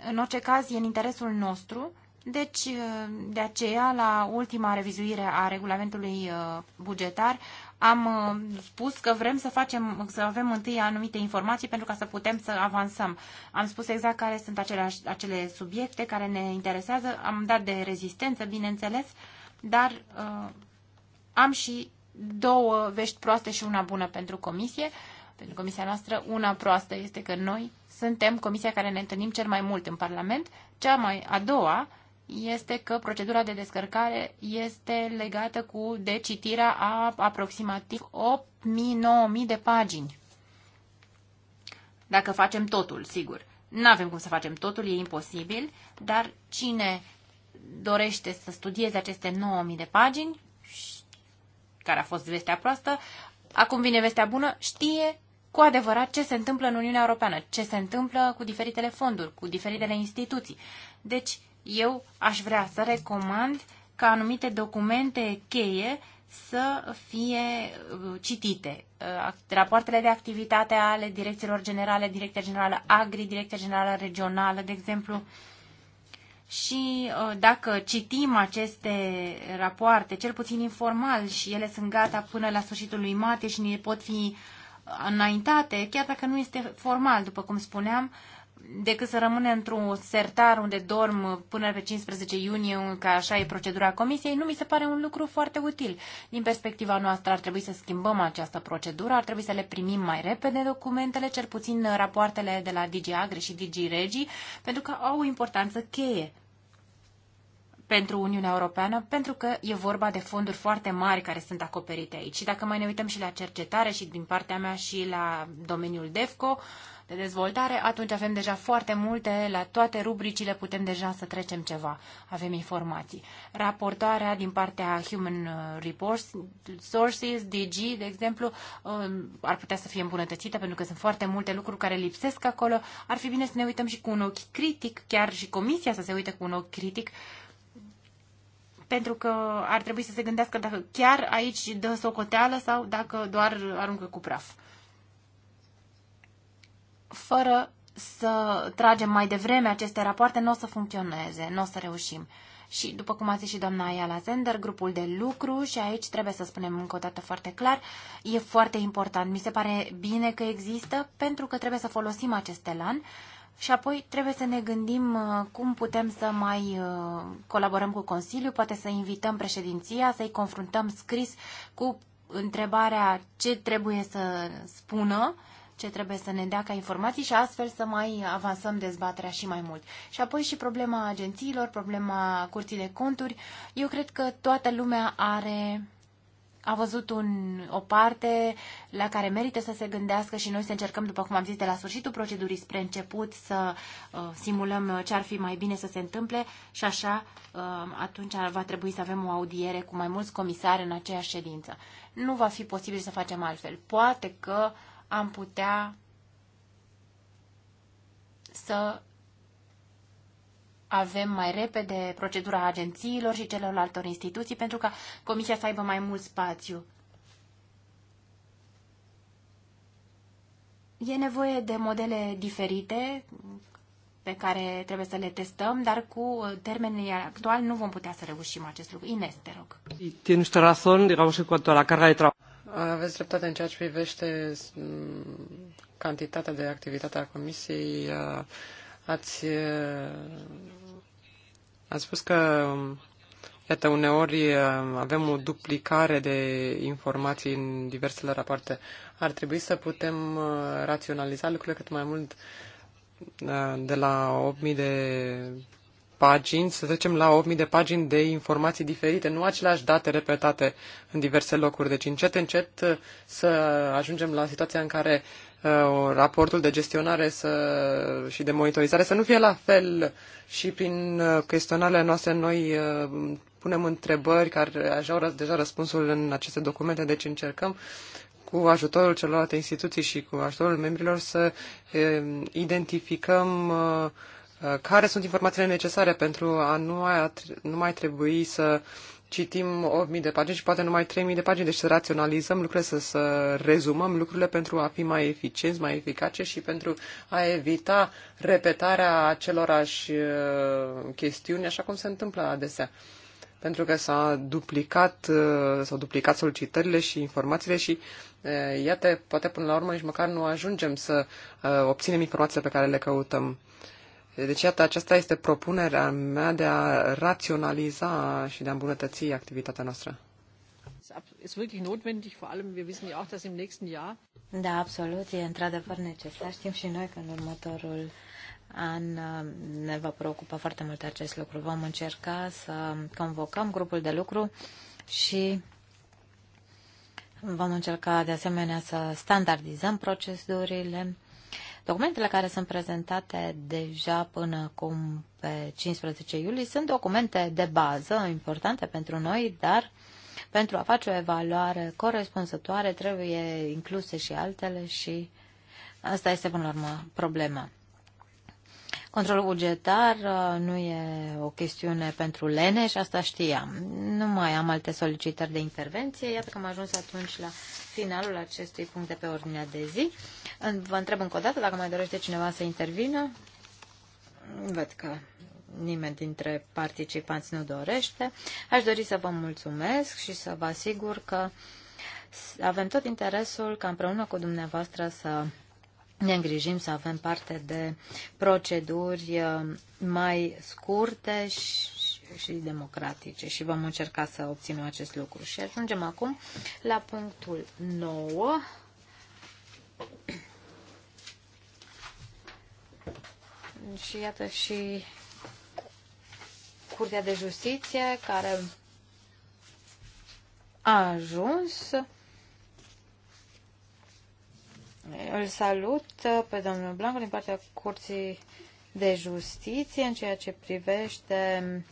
În orice caz, e în interesul nostru, deci uh, de aceea, la ultima revizuire a regulamentului uh, bugetar, am uh, spus că vrem să facem, să avem întâi anumite informații pentru ca să putem să avansăm. Am spus exact care sunt acele acele subiecte care ne interesează, am dat de rezistență, bineînțeles, dar uh, am și două vești proaste și una bună pentru comisie. Pentru comisia noastră, una proastă este că noi suntem comisia care ne întâlnim cel mai mult în Parlament. Cea mai a doua este că procedura de descărcare este legată cu decitirea a aproximativ 8.000-9.000 de pagini. Dacă facem totul, sigur. Nu avem cum să facem totul, e imposibil, dar cine dorește să studieze aceste 9.000 de pagini, care a fost vestea proastă, acum vine vestea bună, știe cu adevărat ce se întâmplă în Uniunea Europeană, ce se întâmplă cu diferitele fonduri, cu diferitele instituții. Deci, eu aș vrea să recomand ca anumite documente cheie să fie uh, citite. Uh, rapoartele de activitate ale direcțiilor generale, direcția generală agri, direcția generală regională, de exemplu, și uh, dacă citim aceste rapoarte, cel puțin informal, și ele sunt gata până la sfârșitul lui martie și ne pot fi înaintate, chiar dacă nu este formal, după cum spuneam, decât să rămâne într-un sertar unde dorm până pe 15 iunie, că așa e procedura comisiei, nu mi se pare un lucru foarte util. Din perspectiva noastră ar trebui să schimbăm această procedură, ar trebui să le primim mai repede documentele, cel puțin rapoartele de la DG Agri și DG Regi, pentru că au o importanță cheie pentru Uniunea Europeană, pentru că e vorba de fonduri foarte mari care sunt acoperite aici. Și dacă mai ne uităm și la cercetare și din partea mea și la domeniul DEFCO, uh, de dezvoltare, atunci avem deja foarte multe, la toate rubricile putem deja să trecem ceva, avem informații. Raportarea din partea Human Resources, DG, de exemplu, um, ar putea să fie îmbunătățită pentru că sunt foarte multe lucruri care lipsesc acolo. Ar fi bine să ne uităm și cu un ochi critic, chiar și comisia să se uite cu un ochi critic pentru că ar trebui să se gândească dacă chiar aici dă socoteală sau dacă doar aruncă cu praf fără să tragem mai devreme aceste rapoarte, nu o să funcționeze, nu o să reușim. Și, după cum a zis și doamna Ayala Zender, grupul de lucru, și aici trebuie să spunem încă o dată foarte clar, e foarte important. Mi se pare bine că există, pentru că trebuie să folosim acest elan și apoi trebuie să ne gândim uh, cum putem să mai uh, colaborăm cu Consiliu, poate să invităm președinția, să-i confruntăm scris cu întrebarea ce trebuie să spună ce trebuie să ne dea ca informații și astfel să mai avansăm dezbaterea și mai mult. Și apoi și problema agențiilor, problema curții de conturi. Eu cred că toată lumea are a văzut un, o parte la care merită să se gândească și noi să încercăm, după cum am zis, de la sfârșitul procedurii spre început să uh, simulăm uh, ce ar fi mai bine să se întâmple și așa uh, atunci va trebui să avem o audiere cu mai mulți comisari în aceeași ședință. Nu va fi posibil să facem altfel. Poate că uh, am putea să avem mai repede procedura agențiilor și celorlaltor instituții pentru ca Comisia să aibă mai mult spațiu. E nevoie de modele diferite pe care trebuie să le testăm, dar cu termenii actuali nu vom putea să reușim acest lucru. Ines, te rog.
Tienes razón, digamos, en cuanto a la carga de trabajo.
Aveți dreptate în ceea ce privește mm,
cantitatea de activitate a Comisiei. Uh, ați, uh, ați spus că, mm, iată, uneori uh, avem o duplicare de informații în diversele rapoarte. Ar trebui să putem raționaliza lucrurile cât mai mult de la 8.000 de pagini, să trecem la 8.000 de pagini de informații diferite, nu aceleași date repetate în diverse locuri. Deci încet, încet să ajungem la situația în care uh, raportul de gestionare să, și de monitorizare să nu fie la fel și prin uh, chestionarele noastre noi uh, punem întrebări care au deja răspunsul în aceste documente, deci încercăm cu ajutorul celorlalte instituții și cu ajutorul membrilor să uh, identificăm uh, Uh, care sunt informațiile necesare pentru a nu mai, nu mai trebui să citim 8.000 de pagini și poate numai 3.000 de pagini, deci să raționalizăm lucrurile, să, să rezumăm lucrurile pentru a fi mai eficienți, mai eficace și pentru a evita repetarea acelorași uh, chestiuni, așa cum se întâmplă adesea. Pentru că s-a duplicat, uh, s-au duplicat solicitările și informațiile și iată, poate până la urmă nici măcar nu ajungem să obținem informațiile pe care le căutăm. Deci, iată, aceasta este propunerea mea de a raționaliza și de a îmbunătăți activitatea noastră.
Da, absolut, e într-adevăr necesar. Știm și noi că în următorul an uh, ne va preocupa foarte mult acest lucru. Vom încerca să convocăm grupul de lucru și vom încerca de asemenea să standardizăm procedurile Documentele care sunt prezentate deja până acum pe 15 iulie sunt documente de bază importante pentru noi, dar pentru a face o evaluare corespunzătoare trebuie incluse și altele și asta este până la urmă problema. Controlul bugetar uh, nu e o chestiune pentru lene și asta știam. Nu mai am alte solicitări de intervenție. Iată că am ajuns atunci la finalul acestui punct de pe ordinea de zi. Vă întreb încă o dată dacă mai dorește cineva să intervină. Văd că nimeni dintre participanți nu dorește. Aș dori să vă mulțumesc și să vă asigur că avem tot interesul ca împreună cu dumneavoastră să ne îngrijim să avem parte de proceduri uh, mai scurte și și democratice și vom încerca să obținem acest lucru. Și ajungem acum la punctul 9. Și iată și Curtea de Justiție care a ajuns îl salut uh, pe domnul Blanco din partea Curții de Justiție în ceea ce privește um,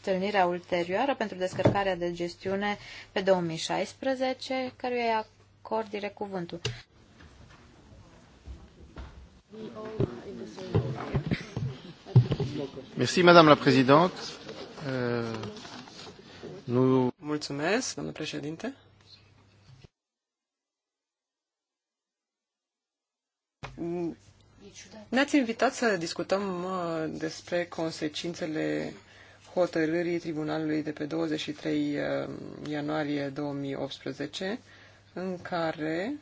întâlnirea ulterioară pentru descărcarea de gestiune pe 2016, căruia îi acord direct cuvântul. Mersi, Madame la Présidente.
Euh, Mulțumesc, domnule președinte. Ne-ați invitat să discutăm despre consecințele hotărârii Tribunalului de pe 23 uh, ianuarie 2018, în care,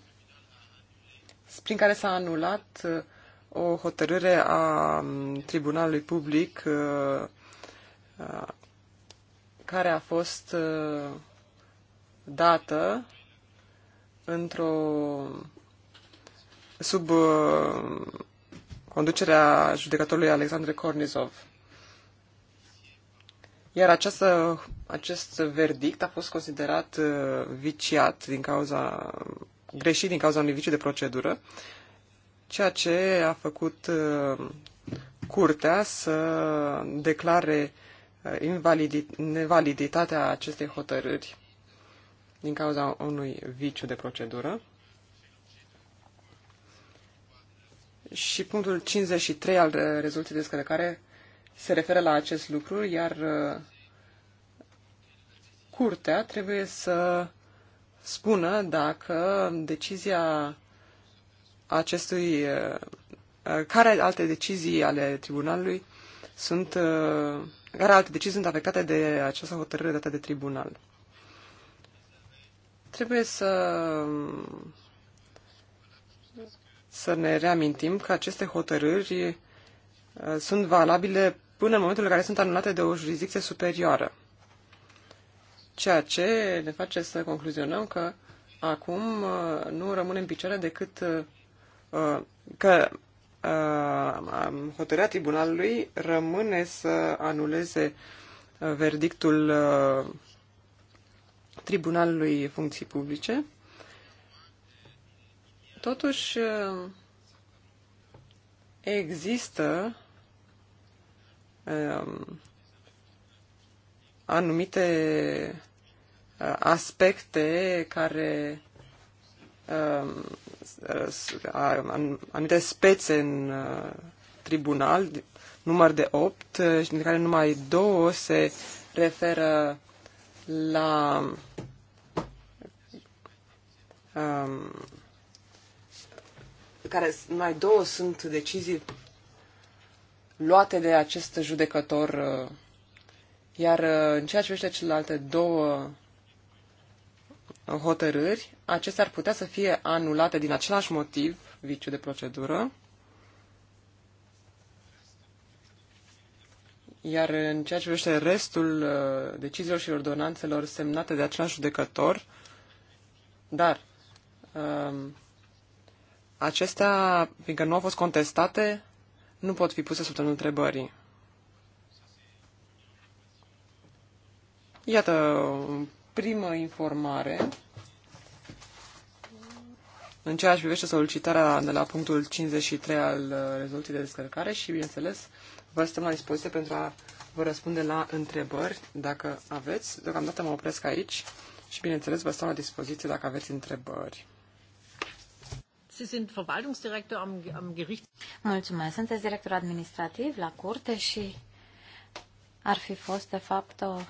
prin care s-a anulat uh, o hotărâre a um, Tribunalului Public uh, care a fost dată într-o sub uh, conducerea judecătorului Alexandre Kornizov. Iar această, acest verdict a fost considerat uh, viciat din cauza, greșit din cauza unui viciu de procedură, ceea ce a făcut uh, curtea să declare invalidit, nevaliditatea acestei hotărâri din cauza unui viciu de procedură. Și punctul 53 al rezoluției de descărcare se referă la acest lucru, iar uh, curtea trebuie să spună dacă decizia acestui, uh, uh, care alte decizii ale tribunalului sunt, care alte decizii sunt afectate de această hotărâre dată de tribunal. Trebuie să um, să ne reamintim că aceste hotărâri uh, sunt valabile până în momentul în care sunt anulate de o jurisdicție superioară. Ceea ce ne face să concluzionăm că acum uh, nu rămâne în picioare decât uh, că hotărârea tribunalului rămâne să anuleze verdictul tribunalului funcții publice Totuși, există um, anumite uh, aspecte care um, uh, anumite spețe în uh, tribunal, număr de opt, și din care numai două se referă la um, care mai două sunt decizii luate de acest judecător, uh, iar uh, în ceea ce privește celelalte două hotărâri, acestea ar putea să fie anulate din același motiv, viciu de procedură, iar în ceea ce privește restul uh, deciziilor și ordonanțelor semnate de același judecător, dar um, acestea, fiindcă nu au fost contestate, nu pot fi puse sub semnul întrebării. Iată, primă informare în ceea ce privește solicitarea de la punctul 53 al uh, rezoluției de descărcare și, bineînțeles, vă stăm la dispoziție pentru a vă răspunde la întrebări, dacă aveți. Deocamdată mă opresc aici și, bineînțeles, vă stau la dispoziție dacă aveți întrebări.
Sie sind Verwaltungsdirektor am, am Gericht. Mulțumesc. Sunteți director administrativ la curte și ar fi fost, de fapt, o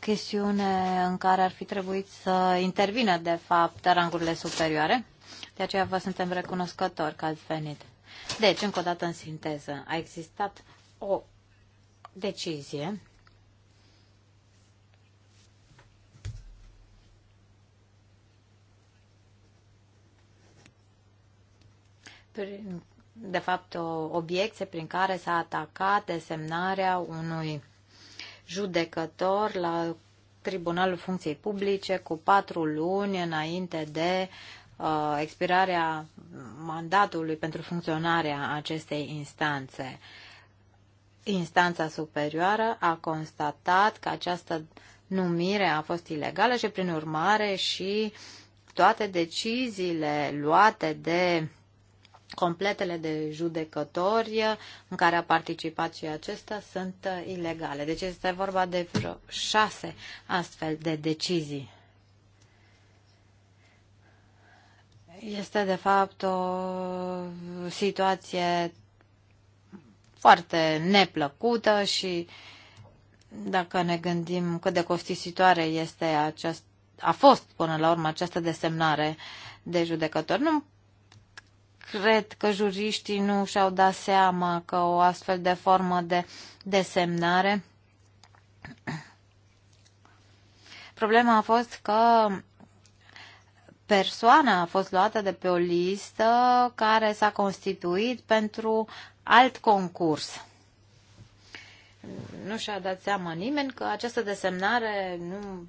chestiune în care ar fi trebuit să intervină, de fapt, rangurile superioare. De aceea vă suntem recunoscători că ați venit. Deci, încă o dată în sinteză, a existat o decizie de fapt, o obiecție prin care s-a atacat desemnarea unui judecător la Tribunalul Funcției Publice cu patru luni înainte de uh, expirarea mandatului pentru funcționarea acestei instanțe. Instanța superioară a constatat că această numire a fost ilegală și, prin urmare, și toate deciziile luate de completele de judecători în care a participat și acesta sunt ilegale. Deci este vorba de vreo șase astfel de decizii. Este de fapt o situație foarte neplăcută și dacă ne gândim cât de costisitoare este acest, a fost până la urmă această desemnare de judecători, nu cred că juriștii nu și-au dat seama că o astfel de formă de desemnare. Problema a fost că persoana a fost luată de pe o listă care s-a constituit pentru alt concurs. Nu și-a dat seama nimeni că această desemnare nu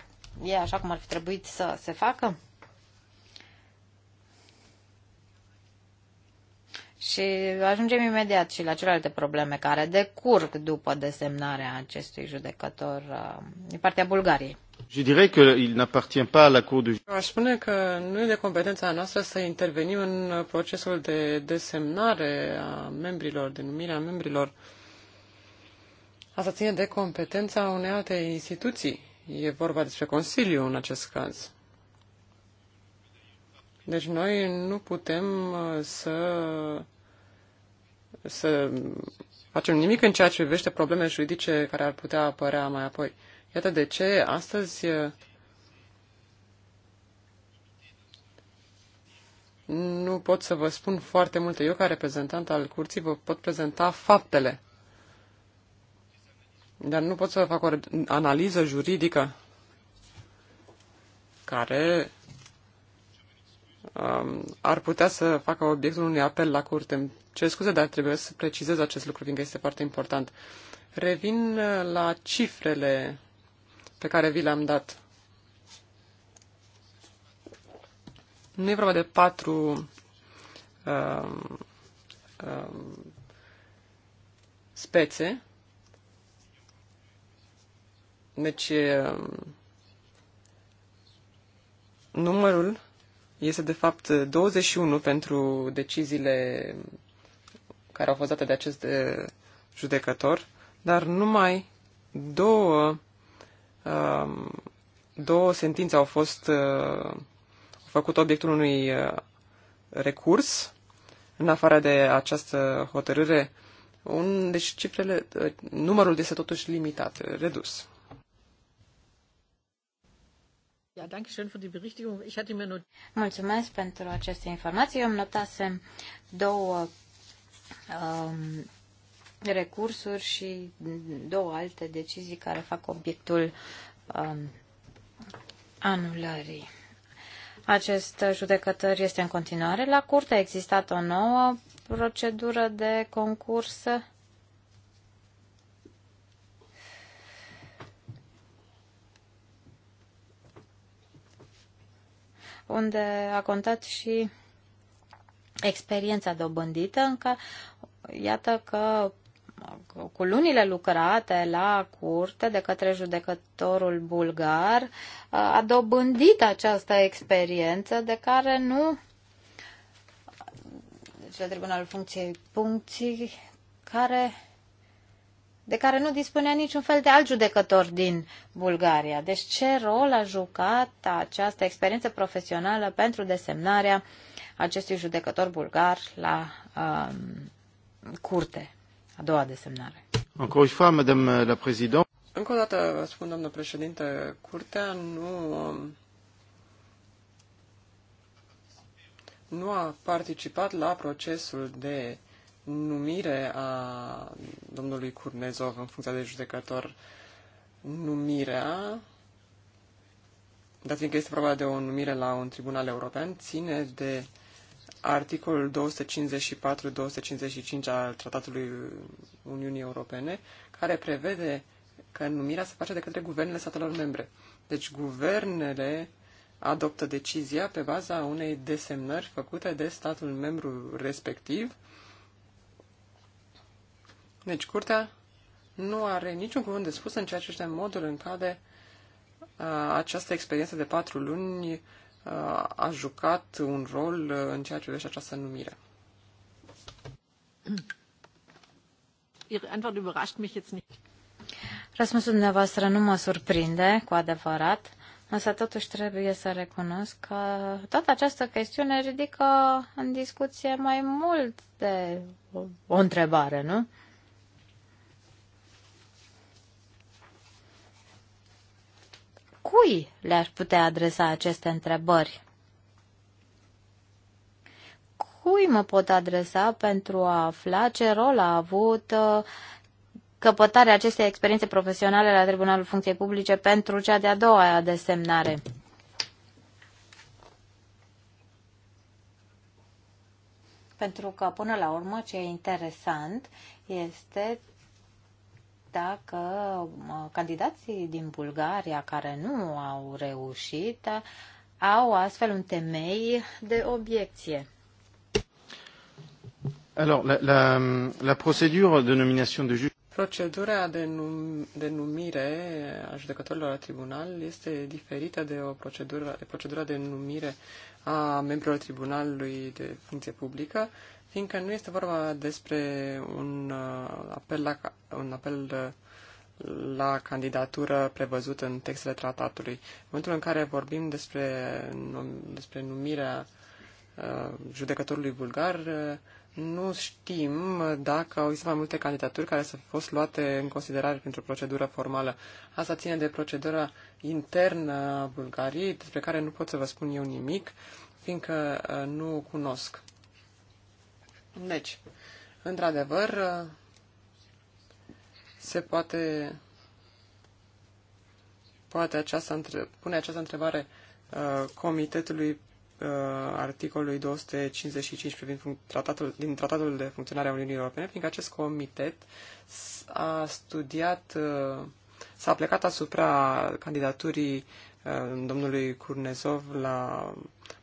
e așa cum ar fi trebuit să se facă. Și ajungem imediat și la celelalte probleme care decurg după desemnarea acestui judecător uh, din partea Bulgariei. Je dirais que il n'appartient pas à la Cour de Aș spune că nu e de competența noastră
să intervenim în procesul de desemnare a membrilor, de numire a membrilor. Asta ține de competența unei alte instituții. E vorba despre Consiliu în acest caz. Deci noi nu putem uh, să, să facem nimic în ceea ce privește probleme juridice care ar putea apărea mai apoi. Iată de ce astăzi uh, nu pot să vă spun foarte multe. Eu, ca reprezentant al curții, vă pot prezenta faptele. Dar nu pot să fac o analiză juridică care Um, ar putea să facă obiectul unui apel la curte. Îmi cer scuze, dar trebuie să precizez acest lucru, fiindcă este foarte important. Revin la cifrele pe care vi le-am dat. Nu e vorba de patru uh, uh, spețe. Deci, uh, numărul este de fapt 21 pentru deciziile care au fost date de acest eh, judecător, dar numai două, ehm, două sentințe au fost eh, făcut obiectul unui eh, recurs în afară de această hotărâre. Un, deci cifrele, numărul este totuși limitat, redus.
Mulțumesc pentru aceste informații. Eu îmi notasem două um, recursuri și două alte decizii care fac obiectul um, anulării. Acest judecător este în continuare la curte. A existat o nouă procedură de concurs unde a contat și experiența dobândită, încă iată că cu lunile lucrate la curte de către judecătorul bulgar, a dobândit această experiență de care nu deci la Tribunalul Funcției Puncții, care de care nu dispunea niciun fel de alt judecător din Bulgaria. Deci ce rol a jucat această experiență profesională pentru desemnarea acestui judecător bulgar la um, curte? A doua desemnare. Încă o dată, Madame la
Încă o dată vă spun, doamnă președinte, curtea nu nu a participat la procesul de numire a domnului Curnezov în funcția de judecător, numirea, dat fiindcă este vorba de o numire la un tribunal european, ține de articolul 254-255 al Tratatului Uniunii Europene, care prevede că numirea se face de către guvernele statelor membre. Deci guvernele adoptă decizia pe baza unei desemnări făcute de statul membru respectiv, deci curtea nu are niciun cuvânt de spus în ceea ce este modul în care această experiență de patru luni a, a jucat un rol în ceea ce privește această numire.
Răspunsul dumneavoastră nu mă surprinde cu adevărat, însă totuși trebuie să recunosc că toată această chestiune ridică în discuție mai mult de o întrebare, nu? cui le-aș putea adresa aceste întrebări? Cui mă pot adresa pentru a afla ce rol a avut uh, căpătarea acestei experiențe profesionale la Tribunalul Funcției Publice pentru cea de-a doua desemnare? Pentru că, până la urmă, ce e interesant este dacă candidații din Bulgaria care nu au reușit au astfel un temei de obiecție.
Alors, la, la, la procedură de nomination de juge.
Procedura de, num, de numire a judecătorilor la tribunal este diferită de o procedură, de procedura de numire a membrilor tribunalului de funcție publică fiindcă nu este vorba despre un uh, apel la, un apel uh, la candidatură prevăzut în textele tratatului. În momentul în care vorbim despre, despre numirea uh, judecătorului bulgar, nu știm dacă au existat mai multe candidaturi care să fi fost luate în considerare pentru procedură formală. Asta ține de procedura internă a Bulgariei, despre care nu pot să vă spun eu nimic, fiindcă nu cunosc. Deci, într-adevăr, se poate, poate această, între, pune această întrebare uh, Comitetului uh, articolului 255 privind tratatul, din Tratatul de Funcționare a Uniunii Europene, fiindcă acest comitet a studiat, uh, s-a plecat asupra candidaturii uh, domnului Curnezov la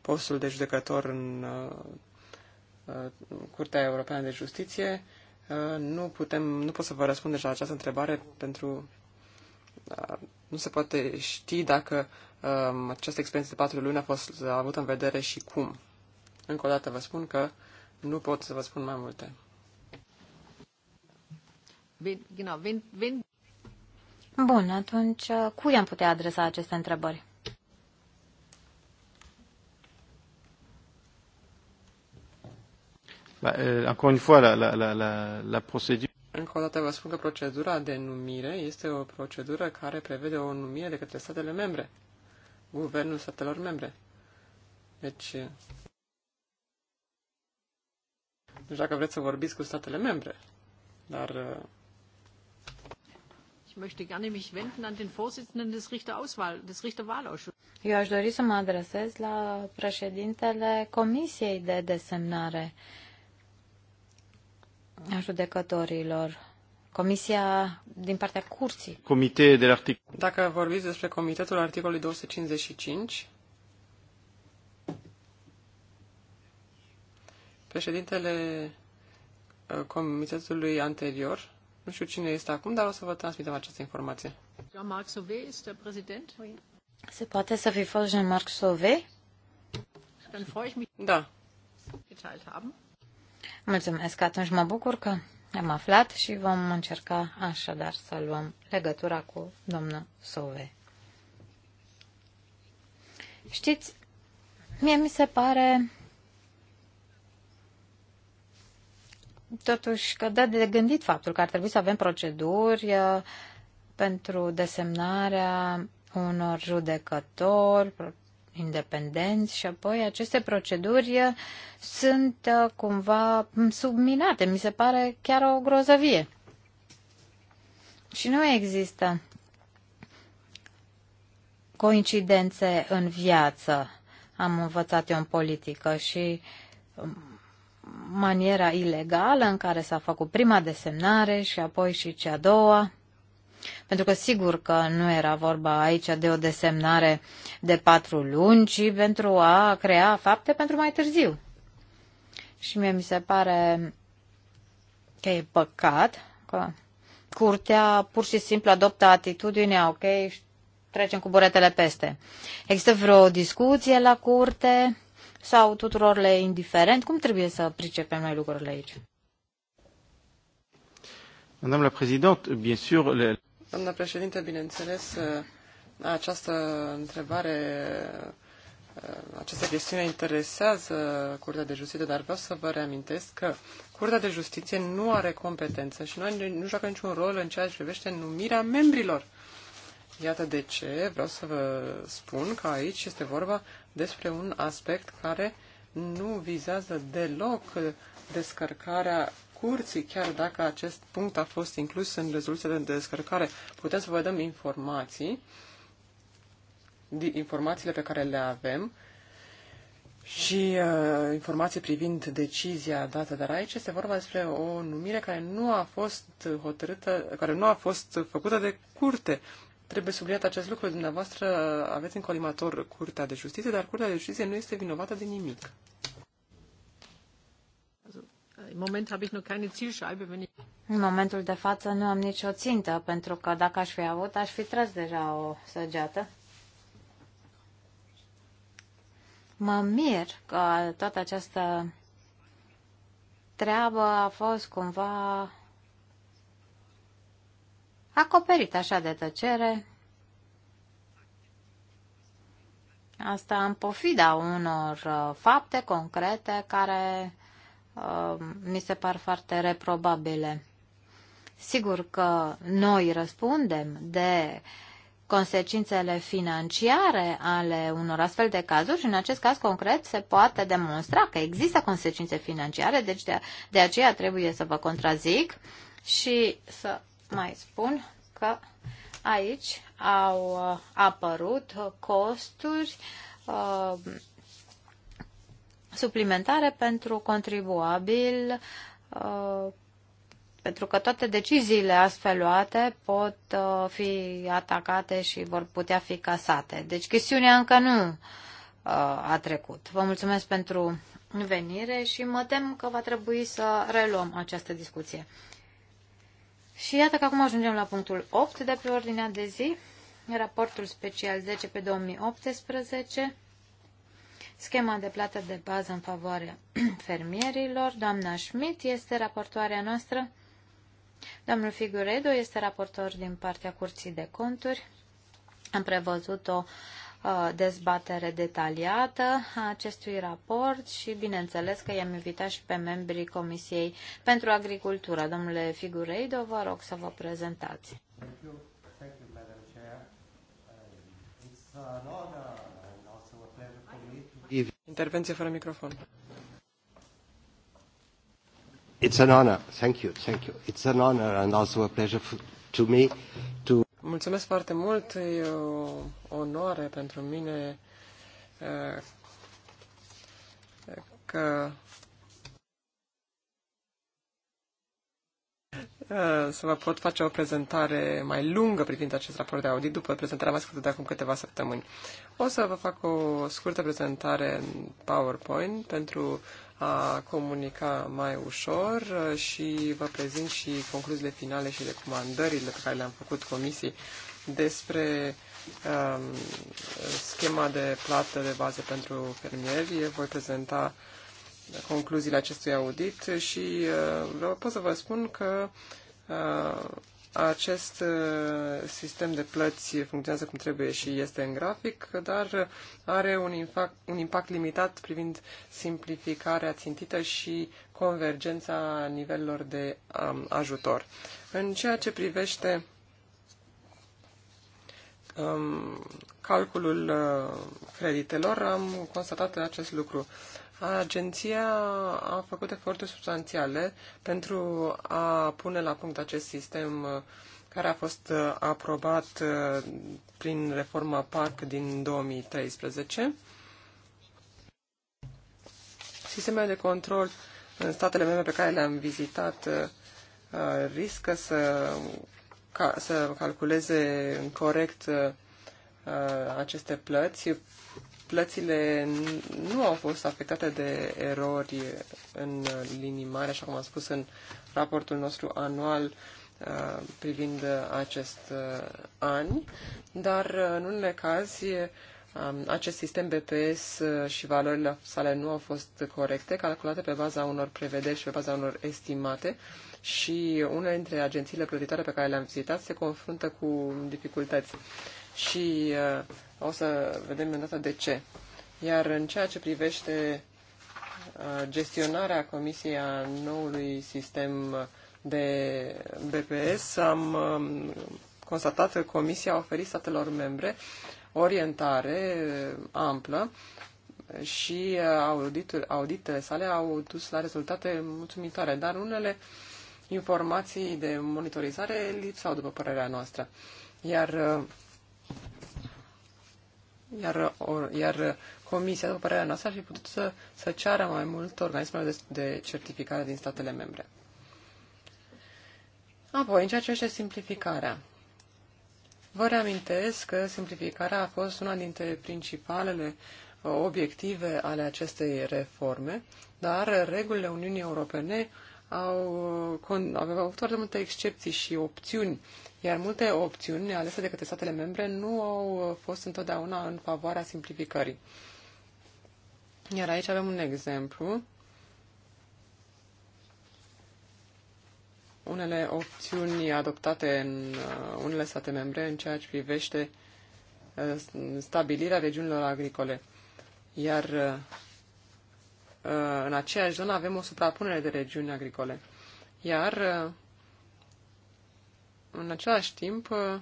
postul de judecător în uh, Uh, Curtea Europeană de Justiție. Uh, nu, putem, nu pot să vă răspund deja la această întrebare pentru uh, nu se poate ști dacă um, această experiență de patru luni a fost avută în vedere și cum. Încă o dată vă spun că nu pot să vă spun mai multe.
Bun, atunci cui am putea adresa aceste întrebări?
Bah, eh, euh, encore une fois, la, la, la, la, la procédure. Încă o dată vă spun că procedura de numire este o procedură care prevede o numire de către statele membre, guvernul statelor membre. Deci, eh, știu dacă vreți să vorbiți cu statele membre, dar eh,
Eu aș dori să mă adresez la președintele Comisiei de Desemnare a judecătorilor. Comisia din partea curții.
Comite de articol.
Dacă
vorbiți despre comitetul articolului 255, președintele uh, comitetului anterior, nu știu cine este acum, dar o să vă
transmitem această informație.
Jean-Marc Sauvé este prezident?
Se poate să fi fost Jean-Marc Sauvé? Da. Mulțumesc, atunci mă bucur că am aflat și vom încerca așadar să luăm legătura cu domnul Sove. Știți, mie mi se pare totuși că da de gândit faptul că ar trebui să avem proceduri uh, pentru desemnarea unor judecători, independenți și apoi aceste proceduri uh, sunt uh, cumva subminate. Mi se pare chiar o grozăvie. Și nu există coincidențe în viață, am învățat eu în politică și um, maniera ilegală în care s-a făcut prima desemnare și apoi și cea a doua pentru că sigur că nu era vorba aici de o desemnare de patru luni, ci pentru a crea fapte pentru mai târziu. Și mie mi se pare că e păcat că curtea pur și simplu adoptă atitudinea, ok, trecem cu buretele peste. Există vreo discuție la curte sau tuturor le indiferent? Cum trebuie să pricepem noi lucrurile aici? Madame la Présidente, bien sûr, le...
Doamna președinte, bineînțeles, uh, această întrebare, uh, această chestiune interesează Curtea de Justiție, dar vreau să vă reamintesc că Curtea de Justiție nu are competență și nu, nu joacă niciun rol în ceea ce privește numirea membrilor. Iată de ce vreau să vă spun că aici este vorba despre un aspect care nu vizează deloc descărcarea curții, chiar dacă acest punct a fost inclus în rezoluția de descărcare. Putem să vă dăm informații, informațiile pe care le avem și uh, informații privind decizia dată, dar aici este vorba despre o numire care nu a fost hotărâtă, care nu a fost făcută de curte. Trebuie subliniat acest lucru. Dumneavoastră aveți în colimator Curtea de Justiție, dar Curtea de Justiție nu este vinovată de nimic. În
momentul de față nu am nicio țintă, pentru că dacă aș fi avut, aș fi tras deja o săgeată. Mă mir că toată această treabă a fost cumva acoperit așa de tăcere. Asta în pofida unor uh, fapte concrete care Uh, mi se par foarte reprobabile. Sigur că noi răspundem de consecințele financiare ale unor astfel de cazuri și în acest caz concret se poate demonstra că există consecințe financiare, deci de, de aceea trebuie să vă contrazic și să mai spun că aici au uh, apărut costuri uh, suplimentare pentru contribuabil, uh, pentru că toate deciziile astfel luate pot uh, fi atacate și vor putea fi casate. Deci chestiunea încă nu uh, a trecut. Vă mulțumesc pentru venire și mă tem că va trebui să reluăm această discuție. Și iată că acum ajungem la punctul 8 de pe ordinea de zi, raportul special 10 pe 2018 schema de plată de bază în favoarea fermierilor. Doamna Schmidt este raportoarea noastră. Domnul Figuredo este raportor din partea Curții de Conturi. Am prevăzut o uh, dezbatere detaliată a acestui raport și, bineînțeles, că i-am invitat și pe membrii Comisiei pentru Agricultură. Domnule Figureido, vă rog să vă prezentați.
Thank you. Thank you, uh, Intervenție fără microfon. It's an honor. Thank you. Thank you. It's an honor and also a pleasure to me to Mulțumesc foarte mult. E o onoare pentru mine că să vă pot face o prezentare mai lungă privind acest raport de audit după prezentarea mea scurtă de acum câteva săptămâni. O să vă fac o scurtă prezentare în PowerPoint pentru a comunica mai ușor uh, și vă prezint și concluziile finale și recomandările pe care le-am făcut comisii despre um, schema de plată de bază pentru fermieri. Eu voi prezenta concluziile acestui audit și uh, pot să vă spun că uh, acest uh, sistem de plăți funcționează cum trebuie și este în grafic, dar are un impact, un impact limitat privind simplificarea țintită și convergența nivelelor de um, ajutor. În ceea ce privește um, calculul uh, creditelor, am constatat acest lucru. Uh, Agenția a făcut eforturi substanțiale pentru a pune la punct acest sistem uh, care a fost uh, aprobat uh, prin reforma PAC din 2013. Sistemele de control în statele membre pe care le-am vizitat riscă să, ca, să calculeze corect aceste plăți plățile nu au fost afectate de erori în linii mari, așa cum am spus în raportul nostru anual uh, privind acest uh, an, dar uh, în unele cazi um, acest sistem BPS și valorile sale nu au fost corecte, calculate pe baza unor prevederi și pe baza unor estimate și unele dintre agențiile plătitoare pe care le-am vizitat se confruntă cu dificultăți. Și uh, o să vedem îndată de ce. Iar în ceea ce privește gestionarea Comisiei a noului sistem de BPS, am constatat că Comisia a oferit statelor membre orientare amplă și auditul, auditele sale au dus la rezultate mulțumitoare, dar unele informații de monitorizare lipsau, după părerea noastră. Iar iar, or, iar Comisia, după părerea noastră, ar fi putut să, să ceară mai mult organismelor de, de certificare din statele membre. Apoi, în ceea ce este simplificarea. Vă reamintesc că simplificarea a fost una dintre principalele uh, obiective ale acestei reforme, dar regulile Uniunii Europene au, uh, au avut foarte multe excepții și opțiuni iar multe opțiuni alese de către statele membre nu au fost întotdeauna în favoarea simplificării. Iar aici avem un exemplu. Unele opțiuni adoptate în uh, unele state membre în ceea ce privește uh, stabilirea regiunilor agricole. Iar uh, în aceeași zonă avem o suprapunere de regiuni agricole. Iar în același timp uh, uh, uh,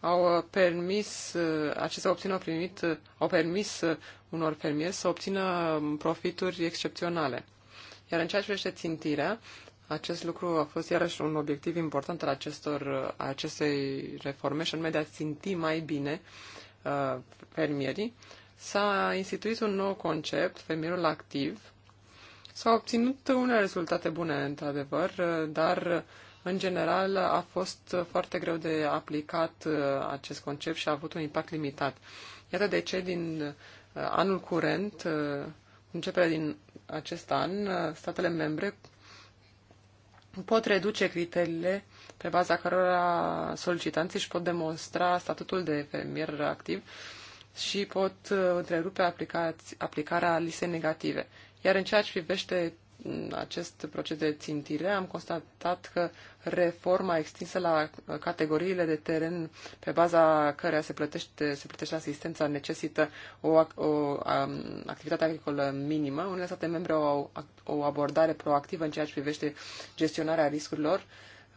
au permis, acestea obțin, au, primit, au permis unor fermieri să obțină um, profituri excepționale. Iar în ceea ce privește țintirea, acest lucru a fost iarăși un obiectiv important al acestor, a acestei reforme și anume de a ținti mai bine uh, fermierii. S-a instituit un nou concept, fermierul activ. S-au obținut unele rezultate bune, într-adevăr, dar uh, în general, a fost foarte greu de aplicat uh, acest concept și a avut un impact limitat. Iată de ce din uh, anul curent, uh, începerea din acest an, statele membre pot reduce criteriile pe baza cărora solicitanții își pot demonstra statutul de fermier activ și pot întrerupe aplicarea listei negative. Iar în ceea ce privește acest proces de țintire, am constatat că reforma extinsă la categoriile de teren pe baza căreia se plătește, se plătește asistența necesită o, o um, activitate agricolă minimă. Unele state membre au o abordare proactivă în ceea ce privește gestionarea riscurilor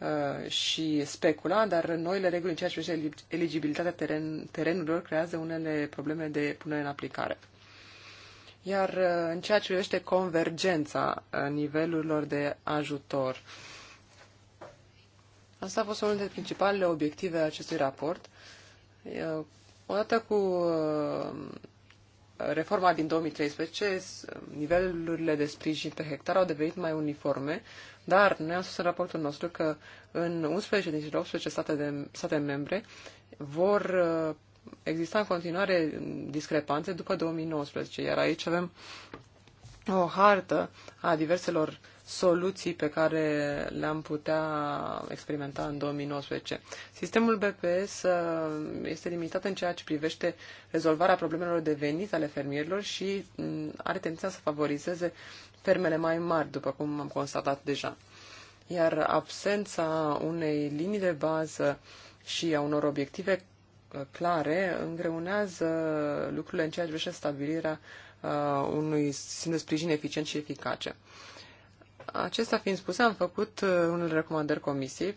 uh, și specula, dar noile reguli în ceea ce privește eligibilitatea teren, terenurilor creează unele probleme de punere în aplicare. Iar uh, în ceea ce privește convergența uh, nivelurilor de ajutor, asta a fost unul dintre principalele obiective ale acestui raport. Uh, odată cu reforma din 2013, nivelurile de sprijin pe hectar au devenit mai uniforme, dar noi am spus în raportul nostru că în 11 din cele 18 state, de, state membre vor exista în continuare discrepanțe după 2019, iar aici avem o hartă a diverselor soluții pe care le-am putea experimenta în 2019. Sistemul BPS uh, este limitat în ceea ce privește rezolvarea problemelor de venit ale fermierilor și mm, are tendința să favorizeze fermele mai mari, după cum am constatat deja. Iar absența unei linii de bază și a unor obiective Uh, clare îngreunează lucrurile în ceea ce privește stabilirea uh, unui sistem de sprijin eficient și eficace. Acesta fiind spus, am făcut uh, unele recomandări comisiei.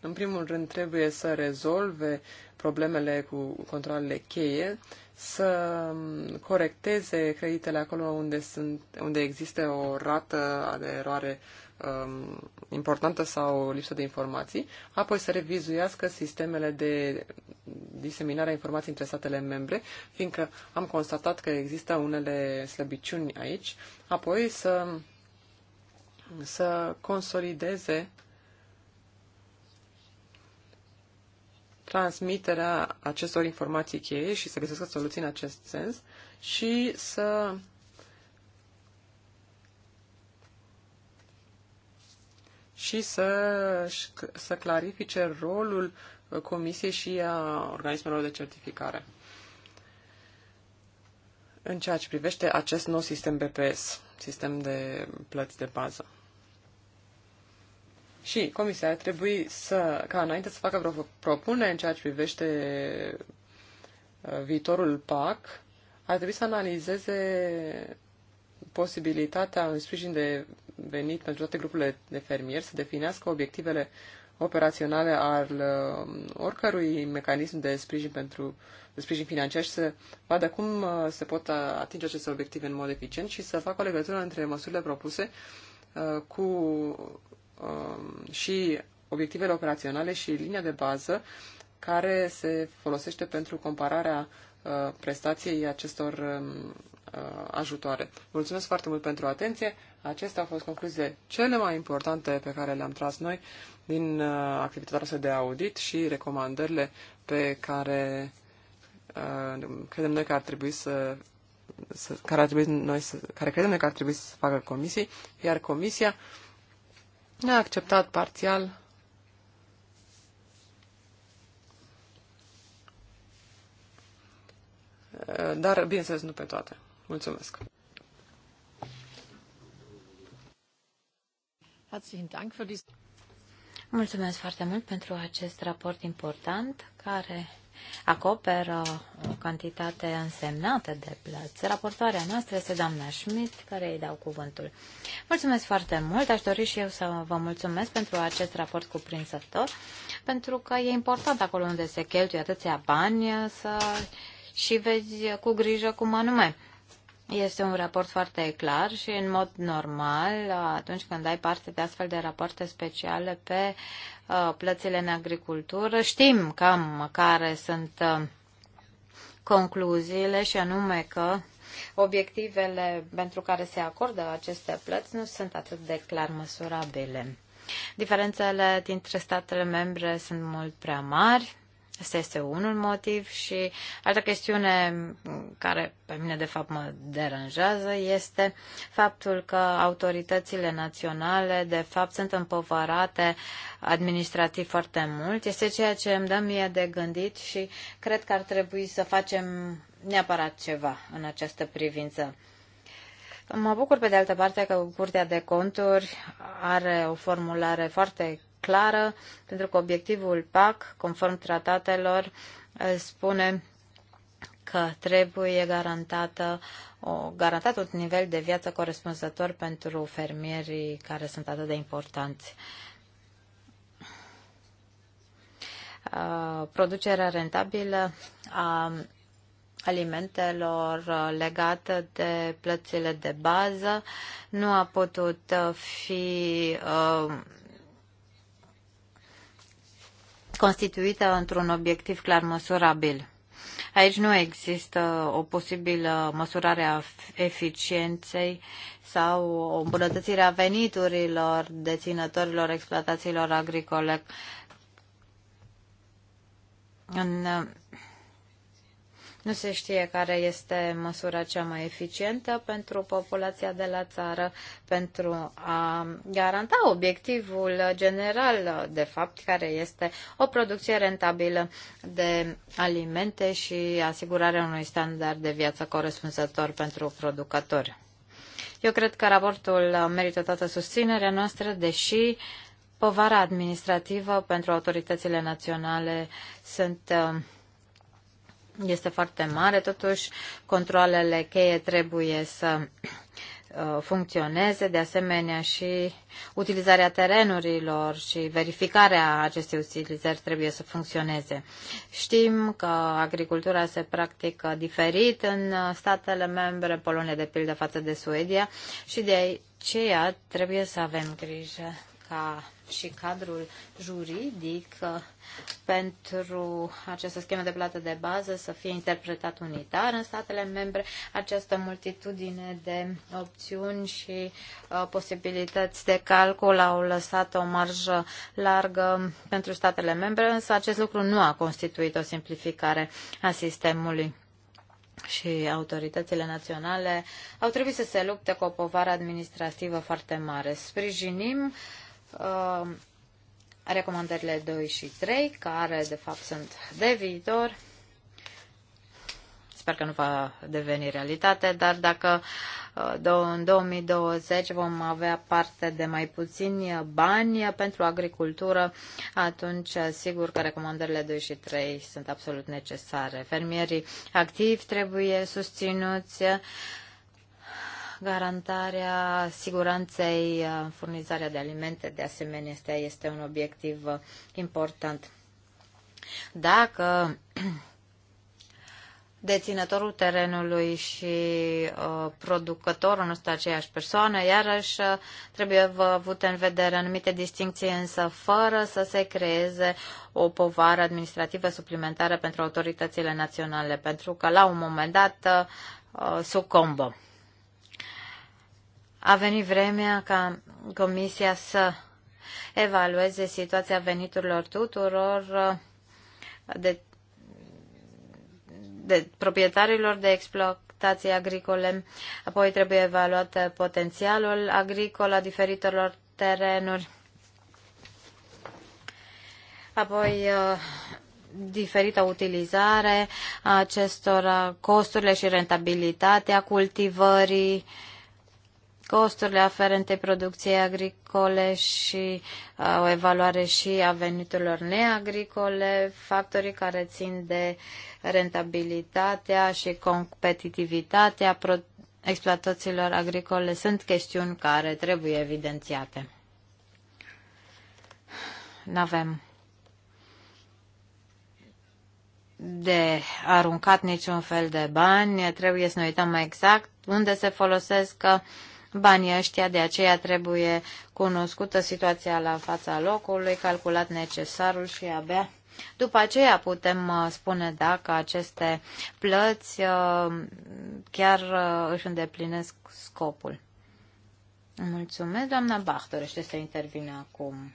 În primul rând, trebuie să rezolve problemele cu controlele cheie, să um, corecteze creditele acolo unde, sunt, unde există o rată de eroare Um, importantă sau lipsă de informații, apoi să revizuiască sistemele de diseminare a informației între statele membre, fiindcă am constatat că există unele slăbiciuni aici, apoi să, să consolideze transmiterea acestor informații cheie și să găsească soluții în acest sens și să și să, să clarifice rolul uh, Comisiei și a organismelor de certificare în ceea ce privește acest nou sistem BPS, sistem de plăți de bază. Și Comisia ar trebui să, ca înainte să facă vreo propunere în ceea ce privește uh, viitorul PAC, ar trebui să analizeze posibilitatea în sprijin de venit pentru toate grupurile de fermieri să definească obiectivele operaționale al uh, oricărui mecanism de sprijin pentru de sprijin financiar și să vadă cum uh, se pot uh, atinge aceste obiective în mod eficient și să facă o legătură între măsurile propuse cu um, și obiectivele operaționale și linia de bază care se folosește pentru compararea prestației acestor um, Uh, ajutoare. Mulțumesc foarte mult pentru atenție. Acestea au fost concluziile cele mai importante pe care le-am tras noi din uh, activitatea noastră de audit și recomandările pe care uh, credem noi că ar trebui să, care, ar trebui noi să, care credem că ar trebui să facă comisii, iar comisia ne-a acceptat parțial dar, bineînțeles, nu pe toate. Mulțumesc!
Mulțumesc foarte mult pentru acest raport important care acoperă o cantitate însemnată de plăți. Raportoarea noastră este doamna Schmidt, care îi dau cuvântul. Mulțumesc foarte mult, aș dori și eu să vă mulțumesc pentru acest raport cuprinsător, pentru că e important acolo unde se cheltuie atâția bani să și vezi cu grijă cum anume este un raport foarte clar și, în mod normal, atunci când ai parte de astfel de rapoarte speciale pe uh, plățile în agricultură, știm cam care sunt uh, concluziile și anume că obiectivele pentru care se acordă aceste plăți nu sunt atât de clar măsurabile. Diferențele dintre statele membre sunt mult prea mari Asta este unul motiv și altă chestiune care pe mine de fapt mă deranjează este faptul că autoritățile naționale de fapt sunt împovărate administrativ foarte mult. Este ceea ce îmi dă mie de gândit și cred că ar trebui să facem neapărat ceva în această privință. Mă bucur pe de altă parte că Curtea de Conturi are o formulare foarte clară, pentru că obiectivul PAC, conform tratatelor, spune că trebuie garantată o, garantat un nivel de viață corespunzător pentru fermierii care sunt atât de importanți. Uh, producerea rentabilă a alimentelor uh, legate de plățile de bază nu a putut uh, fi constituită într-un obiectiv clar măsurabil. Aici nu există o posibilă măsurare a eficienței sau o îmbunătățire a veniturilor deținătorilor exploatațiilor agricole. În nu se știe care este măsura cea mai eficientă pentru populația de la țară pentru a garanta obiectivul general, de fapt, care este o producție rentabilă de alimente și asigurarea unui standard de viață corespunzător pentru producători. Eu cred că raportul merită toată susținerea noastră, deși povara administrativă pentru autoritățile naționale sunt uh, este foarte mare, totuși controlele cheie trebuie să uh, funcționeze, de asemenea și utilizarea terenurilor și verificarea acestei utilizări trebuie să funcționeze. Știm că agricultura se practică diferit în uh, statele membre, Polonia de pildă față de Suedia și de aceea trebuie să avem grijă ca și cadrul juridic uh, pentru această schemă de plată de bază să fie interpretat unitar în statele membre, această multitudine de opțiuni și uh, posibilități de calcul au lăsat o marjă largă pentru statele membre, însă acest lucru nu a constituit o simplificare a sistemului și autoritățile naționale au trebuit să se lupte cu o povară administrativă foarte mare. Sprijinim Uh, recomandările 2 și 3, care de fapt sunt de viitor. Sper că nu va deveni realitate, dar dacă uh, în 2020 vom avea parte de mai puțini bani pentru agricultură, atunci uh, sigur că recomandările 2 și 3 sunt absolut necesare. Fermierii activi trebuie susținuți garantarea siguranței, uh, furnizarea de alimente, de asemenea, este, este un obiectiv uh, important. Dacă deținătorul terenului și uh, producătorul nu sunt aceeași persoană, iarăși uh, trebuie vă avut în vedere anumite distincții, însă fără să se creeze o povară administrativă suplimentară pentru autoritățile naționale, pentru că la un moment dat uh, sucombă a venit vremea ca Comisia să evalueze situația veniturilor tuturor uh, de, de proprietarilor de exploatații agricole, apoi trebuie evaluat uh, potențialul agricol a diferitelor terenuri, apoi uh, diferită utilizare a acestor costurile și rentabilitatea cultivării, costurile aferente producției agricole și uh, o evaluare și a veniturilor neagricole, factorii care țin de rentabilitatea și competitivitatea exploatațiilor agricole sunt chestiuni care trebuie evidențiate. Nu avem de aruncat niciun fel de bani, trebuie să ne uităm mai exact unde se folosesc banii ăștia, de aceea trebuie cunoscută situația la fața locului, calculat necesarul și abia după aceea putem uh, spune dacă aceste plăți uh, chiar uh, își îndeplinesc scopul. Mulțumesc, doamna Bach, dorește să intervine acum.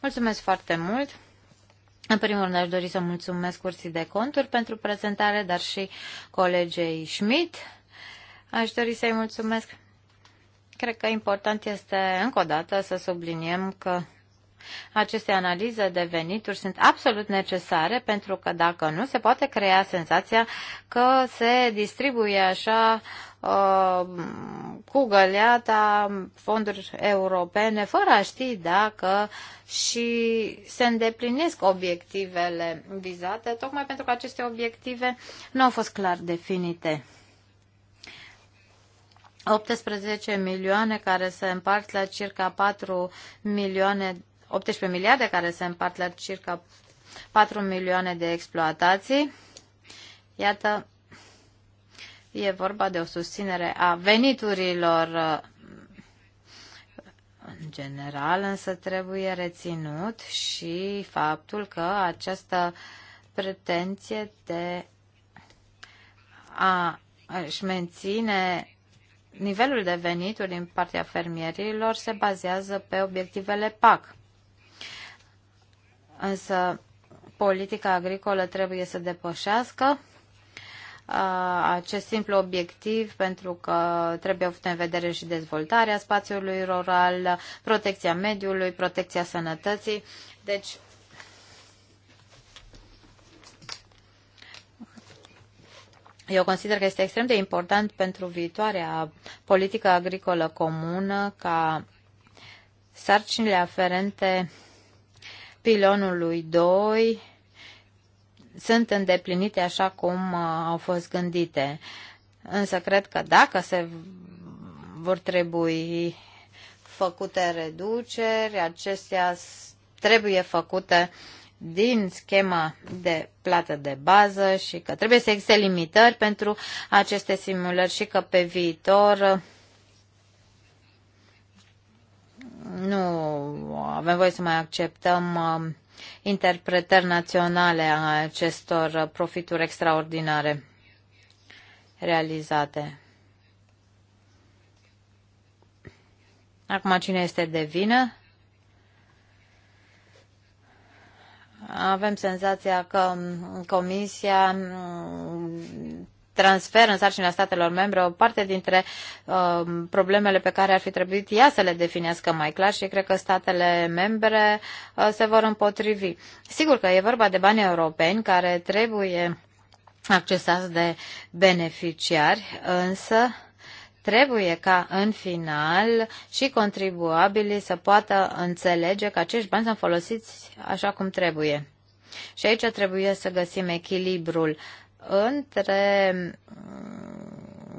Mulțumesc foarte mult. În primul rând aș dori să mulțumesc cursii de Conturi pentru prezentare, dar și colegei Schmidt. Aș dori să-i mulțumesc Cred că important este încă o dată să subliniem că aceste analize de venituri sunt absolut necesare pentru că dacă nu, se poate crea senzația că se distribuie așa uh, cu găleata fonduri europene fără a ști dacă și se îndeplinesc obiectivele vizate, tocmai pentru că aceste obiective nu au fost clar definite. 18 milioane care se împart la circa 4 milioane, 18 miliarde care se împart la circa 4 milioane de exploatații. Iată, e vorba de o susținere a veniturilor în general, însă trebuie reținut și faptul că această pretenție de a își menține nivelul de venituri din partea fermierilor se bazează pe obiectivele PAC. Însă politica agricolă trebuie să depășească acest simplu obiectiv pentru că trebuie avut în vedere și dezvoltarea spațiului rural, protecția mediului, protecția sănătății. Deci Eu consider că este extrem de important pentru viitoarea politică agricolă comună ca sarcinile aferente pilonului 2 sunt îndeplinite așa cum uh, au fost gândite. Însă cred că dacă se vor trebui făcute reduceri, acestea trebuie făcute uh, din schema de plată de bază și că trebuie să existe limitări pentru aceste simulări și că pe viitor uh, nu avem voie să mai acceptăm uh, interpretări naționale a acestor uh, profituri extraordinare realizate. Acum cine este de vină? avem senzația că um, Comisia um, transferă în sarcina statelor membre o parte dintre uh, problemele pe care ar fi trebuit ea să le definească mai clar și cred că statele membre uh, se vor împotrivi. Sigur că e vorba de bani europeni care trebuie accesați de beneficiari, însă Trebuie ca în final și contribuabilii să poată înțelege că acești bani sunt folosiți așa cum trebuie. Și aici trebuie să găsim echilibrul între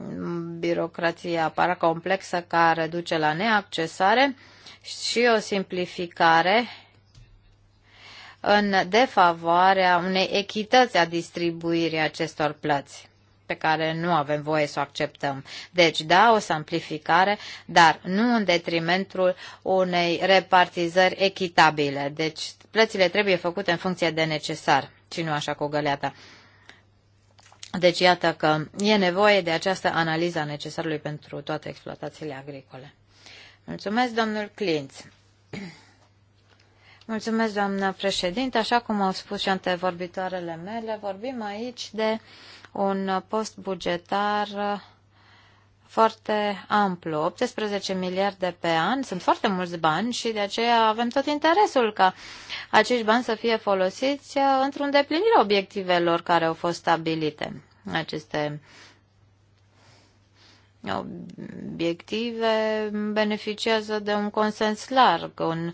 mm, birocrația paracomplexă care duce la neaccesare și o simplificare în defavoarea unei echități a distribuirii acestor plăți pe care nu avem voie să o acceptăm. Deci, da, o simplificare, dar nu în detrimentul unei repartizări echitabile. Deci, plățile trebuie făcute în funcție de necesar, ci nu așa cu găleata. Deci, iată că e nevoie de această analiză a necesarului pentru toate exploatațiile agricole. Mulțumesc, domnul Clinț. Mulțumesc, doamnă președinte. Așa cum au spus și antevorbitoarele mele, vorbim aici de un post bugetar foarte amplu, 18 miliarde pe an, sunt foarte mulți bani și de aceea avem tot interesul ca acești bani să fie folosiți într-un deplinire obiectivelor care au fost stabilite. Aceste obiective beneficiază de un consens larg în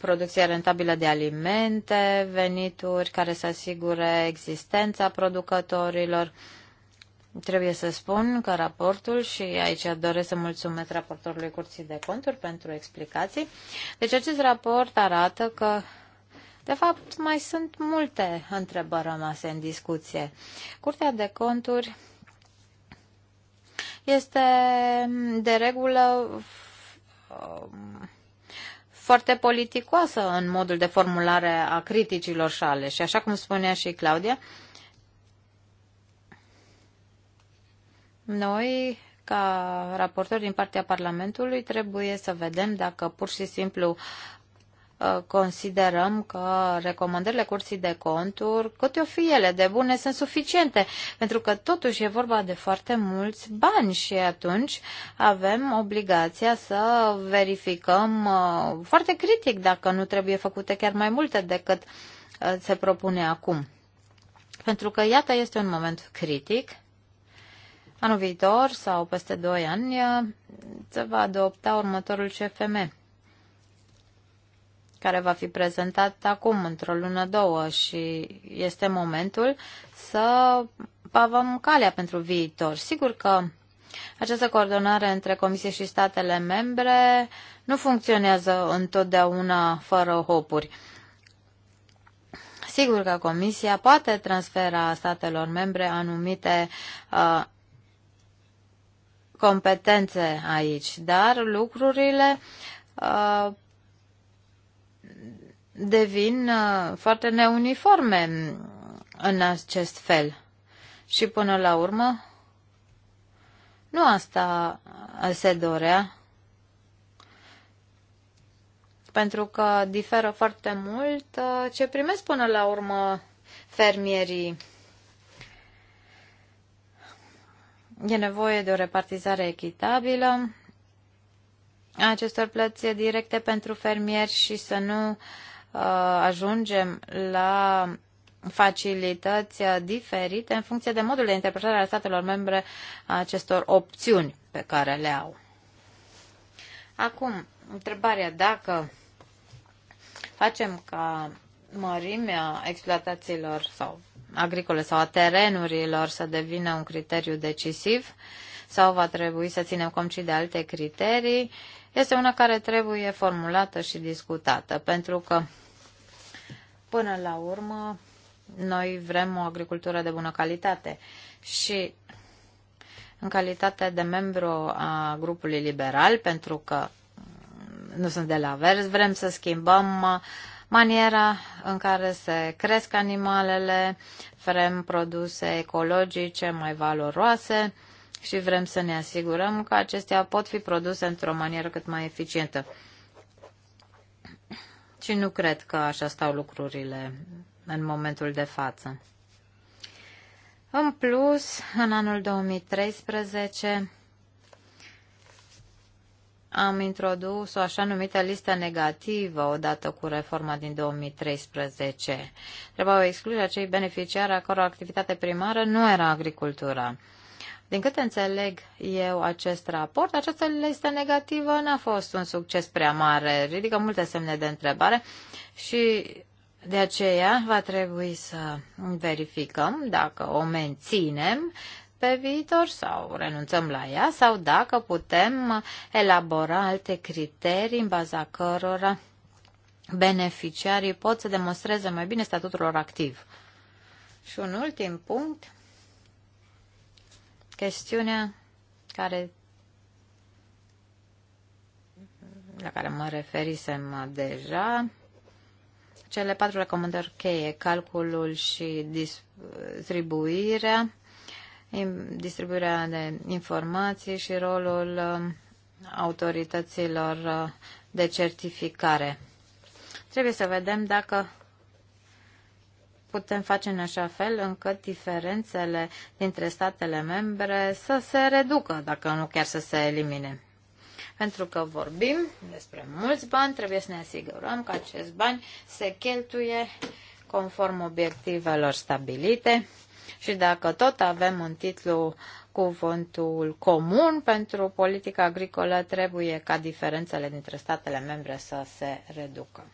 producția rentabilă de alimente, venituri care să asigure existența producătorilor. Trebuie să spun că raportul, și aici doresc să mulțumesc raportorului Curții de Conturi pentru explicații, deci acest raport arată că de fapt, mai sunt multe întrebări rămase în discuție. Curtea de conturi este de regulă foarte politicoasă în modul de formulare a criticilor sale. Și așa cum spunea și Claudia, noi, ca raportori din partea Parlamentului, trebuie să vedem dacă pur și simplu Uh, considerăm că recomandările curții de conturi, cât o fi ele de bune, sunt suficiente, pentru că totuși e vorba de foarte mulți bani și atunci avem obligația să verificăm uh, foarte critic dacă nu trebuie făcute chiar mai multe decât uh, se propune acum. Pentru că, iată, este un moment critic. Anul viitor sau peste 2 ani se va adopta următorul CFM care va fi prezentat acum, într-o lună, două, și este momentul să pavăm calea pentru viitor. Sigur că această coordonare între Comisie și statele membre nu funcționează întotdeauna fără hopuri. Sigur că Comisia poate transfera statelor membre anumite uh, competențe aici, dar lucrurile uh, devin uh, foarte neuniforme în acest fel. Și până la urmă, nu asta se dorea, pentru că diferă foarte mult uh, ce primesc până la urmă fermierii. E nevoie de o repartizare echitabilă a acestor plăți directe pentru fermieri și să nu uh, Uh, ajungem la facilități diferite în funcție de modul de interpretare al statelor membre a acestor opțiuni pe care le au. Acum, întrebarea dacă facem ca mărimea exploatațiilor sau agricole sau a terenurilor să devină un criteriu decisiv sau va trebui să ținem cont și de alte criterii, este una care trebuie formulată și discutată, pentru că Până la urmă, noi vrem o agricultură de bună calitate și în calitate de membru a grupului liberal, pentru că nu sunt de la vers, vrem să schimbăm maniera în care se cresc animalele, vrem produse ecologice mai valoroase și vrem să ne asigurăm că acestea pot fi produse într-o manieră cât mai eficientă. Și nu cred că așa stau lucrurile în momentul de față. În plus, în anul 2013 am introdus o așa numită listă negativă odată cu reforma din 2013. Trebuiau excluși acei beneficiari a căror activitate primară nu era agricultura. Din câte înțeleg eu acest raport, această listă negativă n-a fost un succes prea mare, ridică multe semne de întrebare și de aceea va trebui să verificăm dacă o menținem pe viitor sau renunțăm la ea sau dacă putem elabora alte criterii în baza cărora beneficiarii pot să demonstreze mai bine statutul lor activ. Și un ultim punct chestiunea care la care mă referisem deja, cele patru recomandări cheie, calculul și distribuirea, distribuirea de informații și rolul um, autorităților uh, de certificare. Trebuie să vedem dacă putem face în așa fel încât diferențele dintre statele membre să se reducă, dacă nu chiar să se elimine. Pentru că vorbim despre mulți bani, trebuie să ne asigurăm că acest bani se cheltuie conform obiectivelor stabilite și dacă tot avem un titlu cuvântul comun pentru politica agricolă trebuie ca diferențele dintre statele membre să se reducă.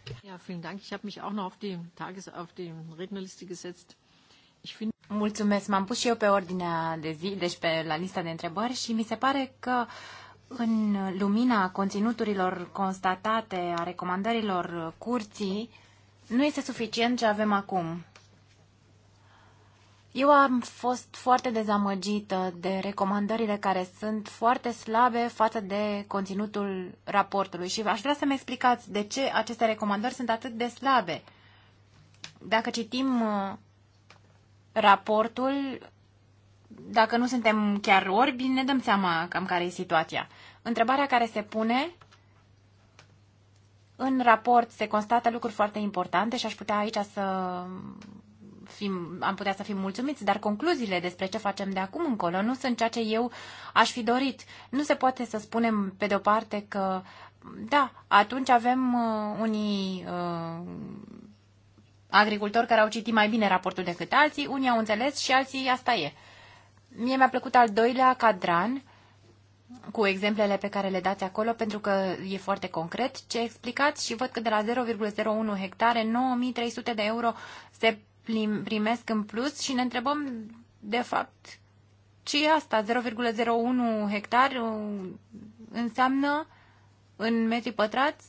Mulțumesc, m-am pus și eu pe ordinea de zi, deci pe la lista de întrebări și mi se pare că în lumina conținuturilor constatate a recomandărilor curții, nu este suficient ce avem acum. Eu am fost foarte dezamăgită de recomandările care sunt foarte slabe față de conținutul raportului și aș vrea să-mi explicați de ce aceste recomandări sunt atât de slabe. Dacă citim uh, raportul, dacă nu suntem chiar orbi, ne dăm seama cam care e situația. Întrebarea care se pune în raport se constată lucruri foarte importante și aș putea aici să fim, am putea să fim mulțumiți, dar concluziile despre ce facem de acum încolo nu sunt ceea ce eu aș fi dorit. Nu se poate să spunem, pe de-o parte, că da, atunci avem uh, unii uh, agricultori care au citit mai bine raportul decât alții, unii au înțeles și alții asta e. Mie mi-a plăcut al doilea cadran cu exemplele pe care le dați acolo, pentru că e foarte concret ce explicați și văd că de la 0,01 hectare, 9300 de euro se primesc în plus și ne întrebăm, de fapt, ce e asta? 0,01 hectare uh, înseamnă în metri pătrați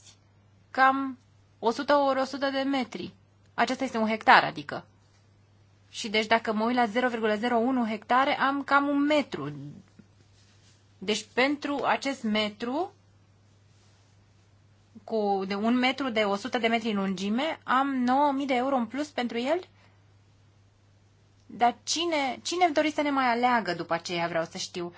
cam 100 ori 100 de metri. Acesta este un hectar, adică. Și deci dacă mă uit la 0,01 hectare, am cam un metru. Deci pentru acest metru, cu de un metru de 100 de metri în lungime, am 9.000 de euro în plus pentru el? Dar cine, cine dori să ne mai aleagă după aceea, vreau să știu.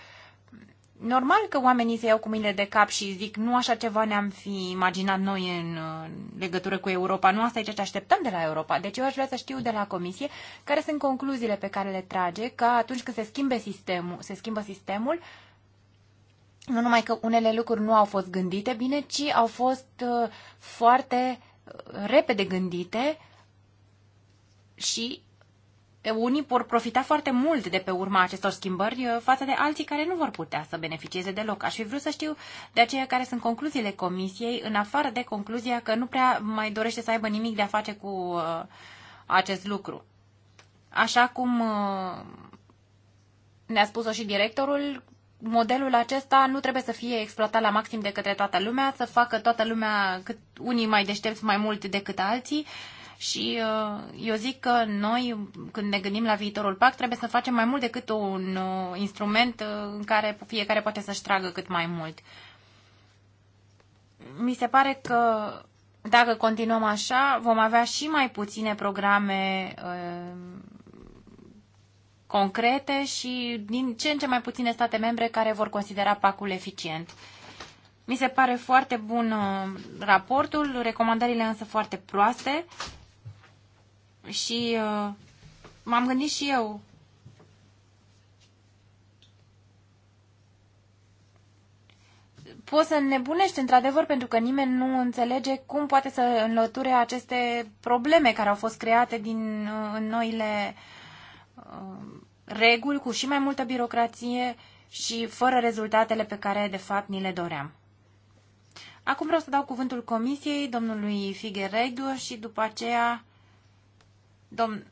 Normal că oamenii se iau cu mine de cap și zic nu așa ceva ne-am fi imaginat noi în legătură cu Europa. Nu asta e ceea ce așteptăm de la Europa. Deci eu aș vrea să știu de la Comisie care sunt concluziile pe care le trage că atunci când se, schimbe sistemul, se schimbă sistemul, nu numai că unele lucruri nu au fost gândite bine, ci au fost uh, foarte uh, repede gândite și unii vor profita foarte mult de pe urma acestor schimbări față de alții care nu vor putea să beneficieze deloc. Aș fi vrut să știu de aceea care sunt concluziile comisiei, în afară de concluzia că nu prea mai dorește să aibă nimic de a face cu acest lucru. Așa cum ne-a spus-o și directorul, modelul acesta nu trebuie să fie exploatat la maxim de către toată lumea, să facă toată lumea cât unii mai deștepți mai mult decât alții și uh, eu zic că noi, când ne gândim la viitorul PAC, trebuie să facem mai mult decât un uh, instrument uh, în care fiecare poate să-și tragă cât mai mult. Mi se pare că dacă continuăm așa, vom avea și mai puține programe concrete și din ce în ce mai puține state membre care vor considera pacul eficient. Mi se pare foarte bun raportul, recomandările însă foarte proaste și uh, m-am gândit și eu. Poți să nebunești, într-adevăr, pentru că nimeni nu înțelege cum poate să înlăture aceste probleme care au fost create din uh, în noile uh, reguli, cu și mai multă birocrație și fără rezultatele pe care, de fapt, ni le doream. Acum vreau să dau cuvântul comisiei, domnului Figueredu și după aceea Domn,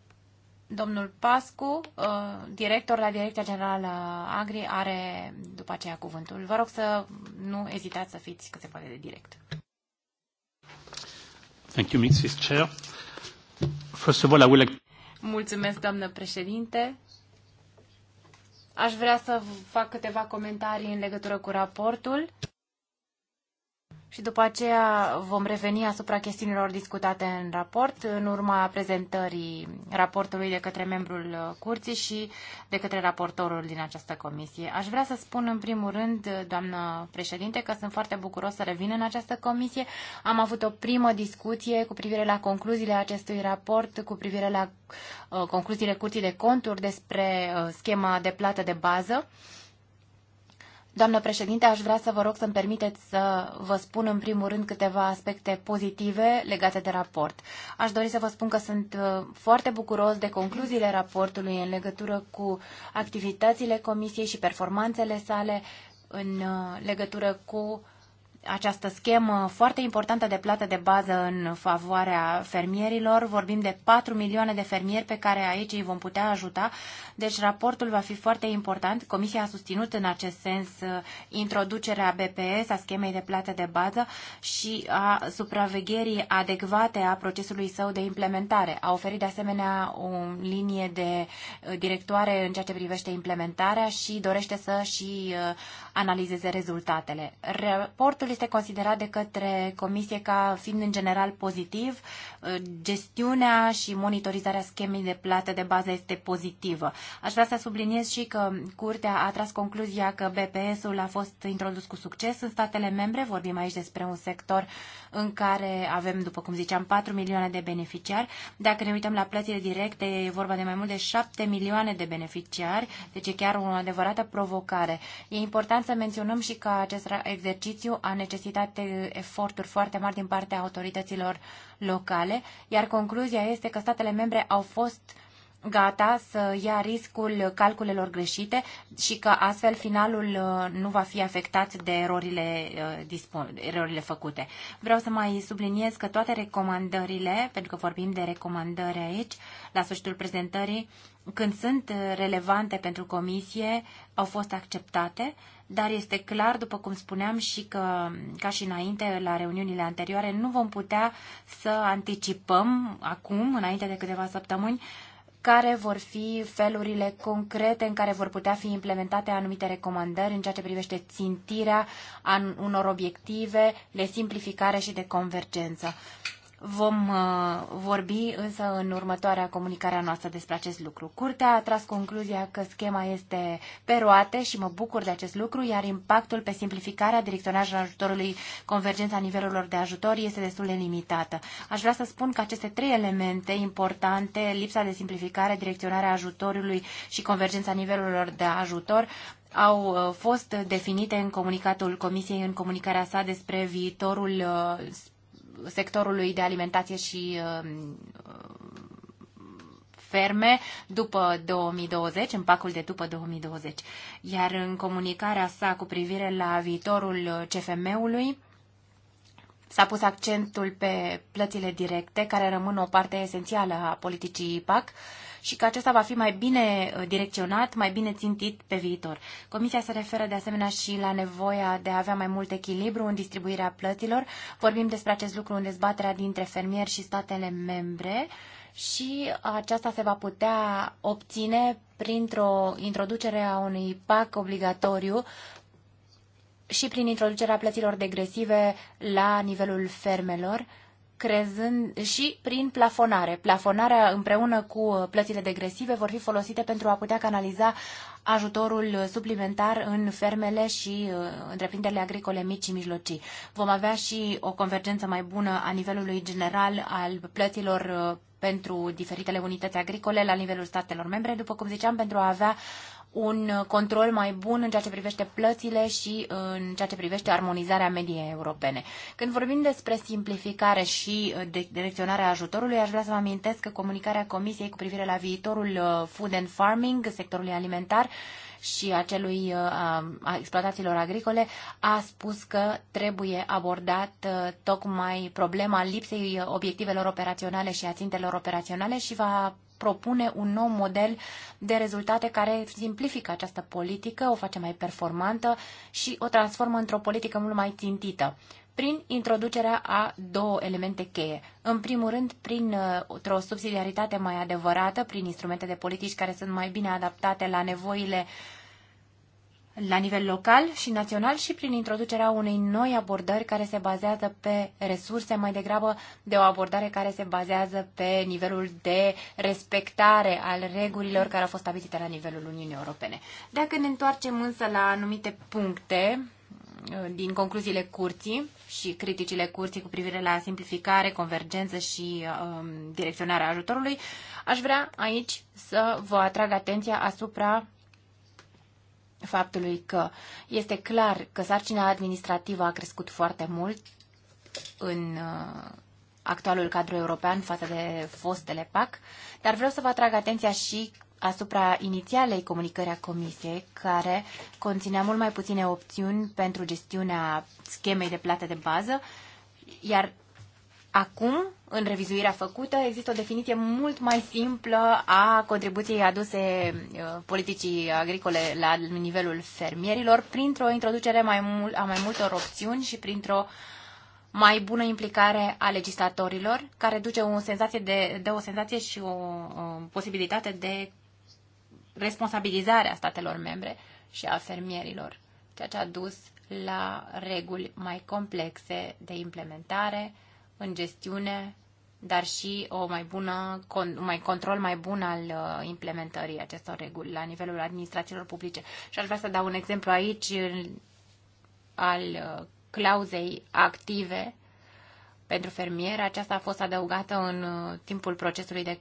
domnul Pascu, uh, director la Direcția Generală Agri, are după aceea cuvântul. Vă rog să nu ezitați să fiți cât se poate de direct.
Thank you, Mrs. Chair. First of all, I would like...
Mulțumesc, doamnă președinte. Aș vrea să fac câteva comentarii în legătură cu raportul și după aceea vom reveni asupra chestiunilor discutate în raport, în urma prezentării raportului de către membrul curții și de către raportorul din această comisie. Aș vrea să spun în primul rând, doamnă președinte, că sunt foarte bucuros să revin în această comisie. Am avut o primă discuție cu privire la concluziile acestui raport, cu privire la uh, concluziile curții de conturi despre uh, schema de plată de bază. Doamnă președinte, aș vrea să vă rog să-mi permiteți să vă spun în primul rând câteva aspecte pozitive legate de raport. Aș dori să vă spun că sunt uh, foarte bucuros de concluziile raportului în legătură cu activitățile comisiei și performanțele sale în uh, legătură cu această schemă foarte importantă de plată de bază în favoarea fermierilor. Vorbim de 4 milioane de fermieri pe care aici îi vom putea ajuta, deci raportul va fi foarte important. Comisia a susținut în acest sens uh, introducerea BPS, a schemei de plată de bază și a supravegherii adecvate a procesului său de implementare. A oferit de asemenea o linie de uh, directoare în ceea ce privește implementarea și dorește să și uh, analizeze rezultatele. Raportul este considerat de către Comisie ca fiind în general pozitiv. Uh, gestiunea și monitorizarea schemei de plată de bază este pozitivă. Aș vrea să subliniez și că Curtea a tras concluzia că BPS-ul a fost introdus cu succes în statele membre. Vorbim aici despre un sector în care avem, după cum ziceam, 4 milioane de beneficiari. Dacă ne uităm la plățile directe, e vorba de mai mult de 7 milioane de beneficiari, deci e chiar o adevărată provocare. E important să menționăm și că acest exercițiu a necesitat uh, eforturi foarte mari din partea autorităților locale, iar concluzia este că statele membre au fost gata să ia riscul calculelor greșite și că astfel finalul uh, nu va fi afectat de erorile, uh, erorile făcute. Vreau să mai subliniez că toate recomandările, pentru că vorbim de recomandări aici, la sfârșitul prezentării, când sunt relevante pentru comisie, au fost acceptate dar este clar, după cum spuneam și că, ca și înainte, la reuniunile anterioare, nu vom putea să anticipăm acum, înainte de câteva săptămâni, care vor fi felurile concrete în care vor putea fi implementate anumite recomandări în ceea ce privește țintirea unor obiective de simplificare și de convergență. Vom uh, vorbi însă în următoarea comunicare a noastră despre acest lucru. Curtea a tras concluzia că schema este pe roate și mă bucur de acest lucru, iar impactul pe simplificarea direcționajului ajutorului convergența nivelurilor de ajutor este destul de limitată. Aș vrea să spun că aceste trei elemente importante, lipsa de simplificare, direcționarea ajutorului și convergența nivelurilor de ajutor, au uh, fost definite în comunicatul Comisiei în comunicarea sa despre viitorul uh, sectorului de alimentație și um, ferme după 2020, în pacul de după 2020. Iar în comunicarea sa cu privire la viitorul CFM-ului, S-a pus accentul pe plățile directe, care rămân o parte esențială a politicii IPAC și că acesta va fi mai bine uh, direcționat, mai bine țintit pe viitor. Comisia se referă de asemenea și la nevoia de a avea mai mult echilibru în distribuirea plăților. Vorbim despre acest lucru în dezbaterea dintre fermieri și statele membre și aceasta se va putea obține printr-o introducere a unui pac obligatoriu și prin introducerea plăților degresive la nivelul fermelor crezând și prin plafonare. Plafonarea împreună cu plățile degresive vor fi folosite pentru a putea canaliza ajutorul suplimentar în fermele și uh, întreprinderile agricole mici și mijlocii. Vom avea și o convergență mai bună a nivelului general al plăților uh, pentru diferitele unități agricole la nivelul statelor membre, după cum ziceam, pentru a avea un uh, control mai bun în ceea ce privește plățile și uh, în ceea ce privește armonizarea mediei europene. Când vorbim despre simplificare și uh, direcționarea ajutorului, aș vrea să vă amintesc că comunicarea Comisiei cu privire la viitorul food and farming, sectorului alimentar, și a celui a, a exploatațiilor agricole a spus că trebuie abordat tocmai problema lipsei obiectivelor operaționale și a țintelor operaționale și va propune un nou model de rezultate care simplifică această politică, o face mai performantă și o transformă într-o politică mult mai țintită prin introducerea a două elemente cheie. În primul rând, prin uh, o subsidiaritate mai adevărată, prin instrumente de politici care sunt mai bine adaptate la nevoile uh, la nivel local și național și prin introducerea unei noi abordări care se bazează pe resurse mai degrabă de o abordare care se bazează pe nivelul de respectare al regulilor care au fost stabilite la nivelul Uniunii Europene. Dacă ne întoarcem însă la anumite puncte din concluziile curții și criticile curții cu privire la simplificare, convergență și um, direcționarea ajutorului, aș vrea aici să vă atrag atenția asupra faptului că este clar că sarcina administrativă a crescut foarte mult în uh, actualul cadru european față de fostele PAC, dar vreau să vă atrag atenția și asupra inițialei comunicări a Comisiei, care conținea mult mai puține opțiuni pentru gestiunea schemei de plată de bază, iar Acum, în revizuirea făcută, există o definiție mult mai simplă a contribuției aduse uh, politicii agricole la nivelul fermierilor printr-o introducere mai mul- a mai multor opțiuni și printr-o mai bună implicare a legislatorilor, care duce o senzație de, de o senzație și o, o posibilitate de responsabilizare a statelor membre și a fermierilor, ceea ce a dus la reguli mai complexe de implementare, în gestiune, dar și o mai bună, un mai control mai bun al uh, implementării acestor reguli la nivelul administrațiilor publice. Și aș vrea să dau un exemplu aici al uh, clauzei active pentru fermier. Aceasta a fost adăugată în uh, timpul procesului de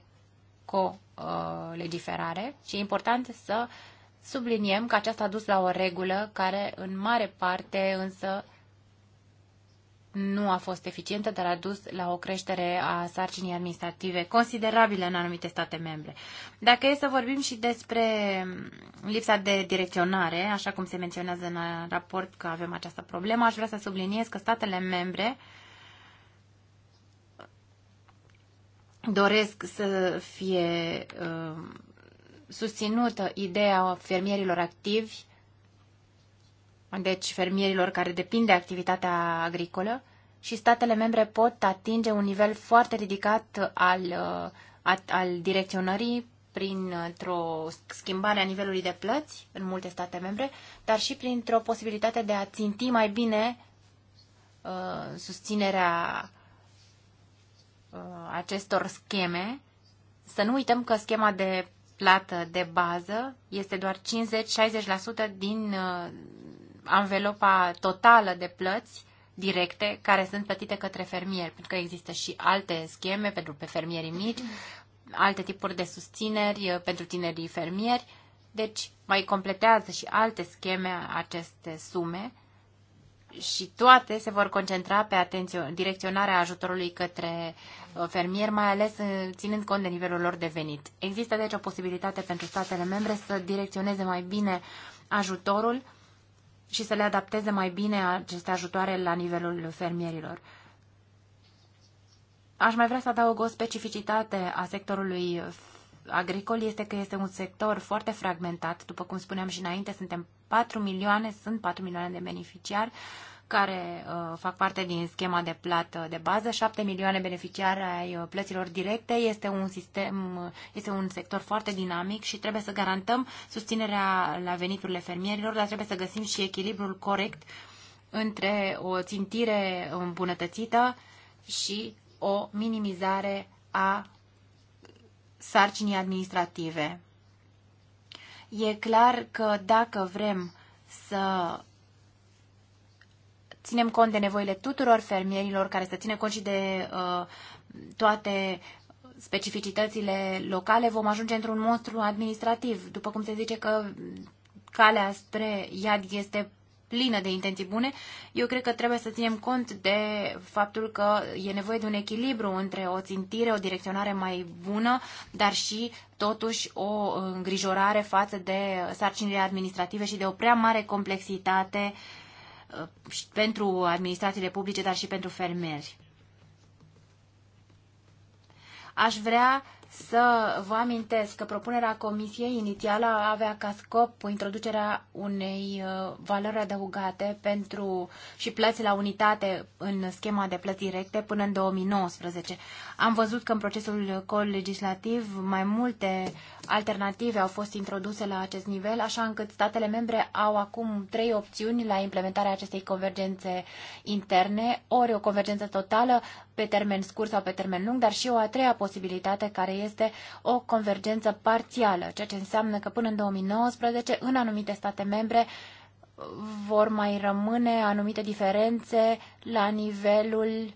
co-legiferare și e important să subliniem că aceasta a dus la o regulă care în mare parte însă nu a fost eficientă, dar a dus la o creștere a sarcinii administrative considerabile în anumite state membre. Dacă e să vorbim și despre lipsa de direcționare, așa cum se menționează în raport că avem această problemă, aș vrea să subliniez că statele membre doresc să fie uh, susținută ideea fermierilor activi deci fermierilor care depind de activitatea agricolă și statele membre pot atinge un nivel foarte ridicat al, uh, al direcționării printr-o schimbare a nivelului de plăți în multe state membre, dar și printr-o posibilitate de a ținti mai bine uh, susținerea uh, acestor scheme. Să nu uităm că schema de plată de bază este doar 50-60% din uh, anvelopa totală de plăți directe care sunt plătite către fermieri, pentru că există și alte scheme pentru pe fermierii mici, alte tipuri de susțineri uh, pentru tinerii fermieri, deci mai completează și alte scheme aceste sume și toate se vor concentra pe atenție, direcționarea ajutorului către uh, fermier, mai ales uh, ținând cont de nivelul lor de venit. Există deci o posibilitate pentru statele membre să direcționeze mai bine ajutorul și să le adapteze mai bine aceste ajutoare la nivelul fermierilor. Aș mai vrea să adaug o specificitate a sectorului agricol este că este un sector foarte fragmentat. După cum spuneam și înainte, suntem 4 milioane, sunt 4 milioane de beneficiari care uh, fac parte din schema de plată de bază. 7 milioane beneficiari ai uh, plăților directe. Este un, sistem, uh, este un sector foarte dinamic și trebuie să garantăm susținerea la veniturile fermierilor, dar trebuie să găsim și echilibrul corect între o țintire îmbunătățită și o minimizare a sarcinii administrative. E clar că dacă vrem să ținem cont de nevoile tuturor fermierilor, care să ține cont și de uh, toate specificitățile locale, vom ajunge într-un monstru administrativ. După cum se zice că calea spre iad este plină de intenții bune, eu cred că trebuie să ținem cont de faptul că e nevoie de un echilibru între o țintire, o direcționare mai bună, dar și totuși o îngrijorare față de sarcinile administrative și de o prea mare complexitate uh, Uh, pentru administrațiile publice, dar și pentru fermieri. Aș vrea să vă amintesc că propunerea comisiei inițială avea ca scop introducerea unei uh, valori adăugate pentru și plăți la unitate în schema de plăți directe până în 2019. Am văzut că în procesul legislativ mai multe alternative au fost introduse la acest nivel, așa încât statele membre au acum trei opțiuni la implementarea acestei convergențe interne, ori o convergență totală pe termen scurt sau pe termen lung, dar și o a treia posibilitate care este o convergență parțială, ceea ce înseamnă că până în 2019, în anumite state membre, vor mai rămâne anumite diferențe la nivelul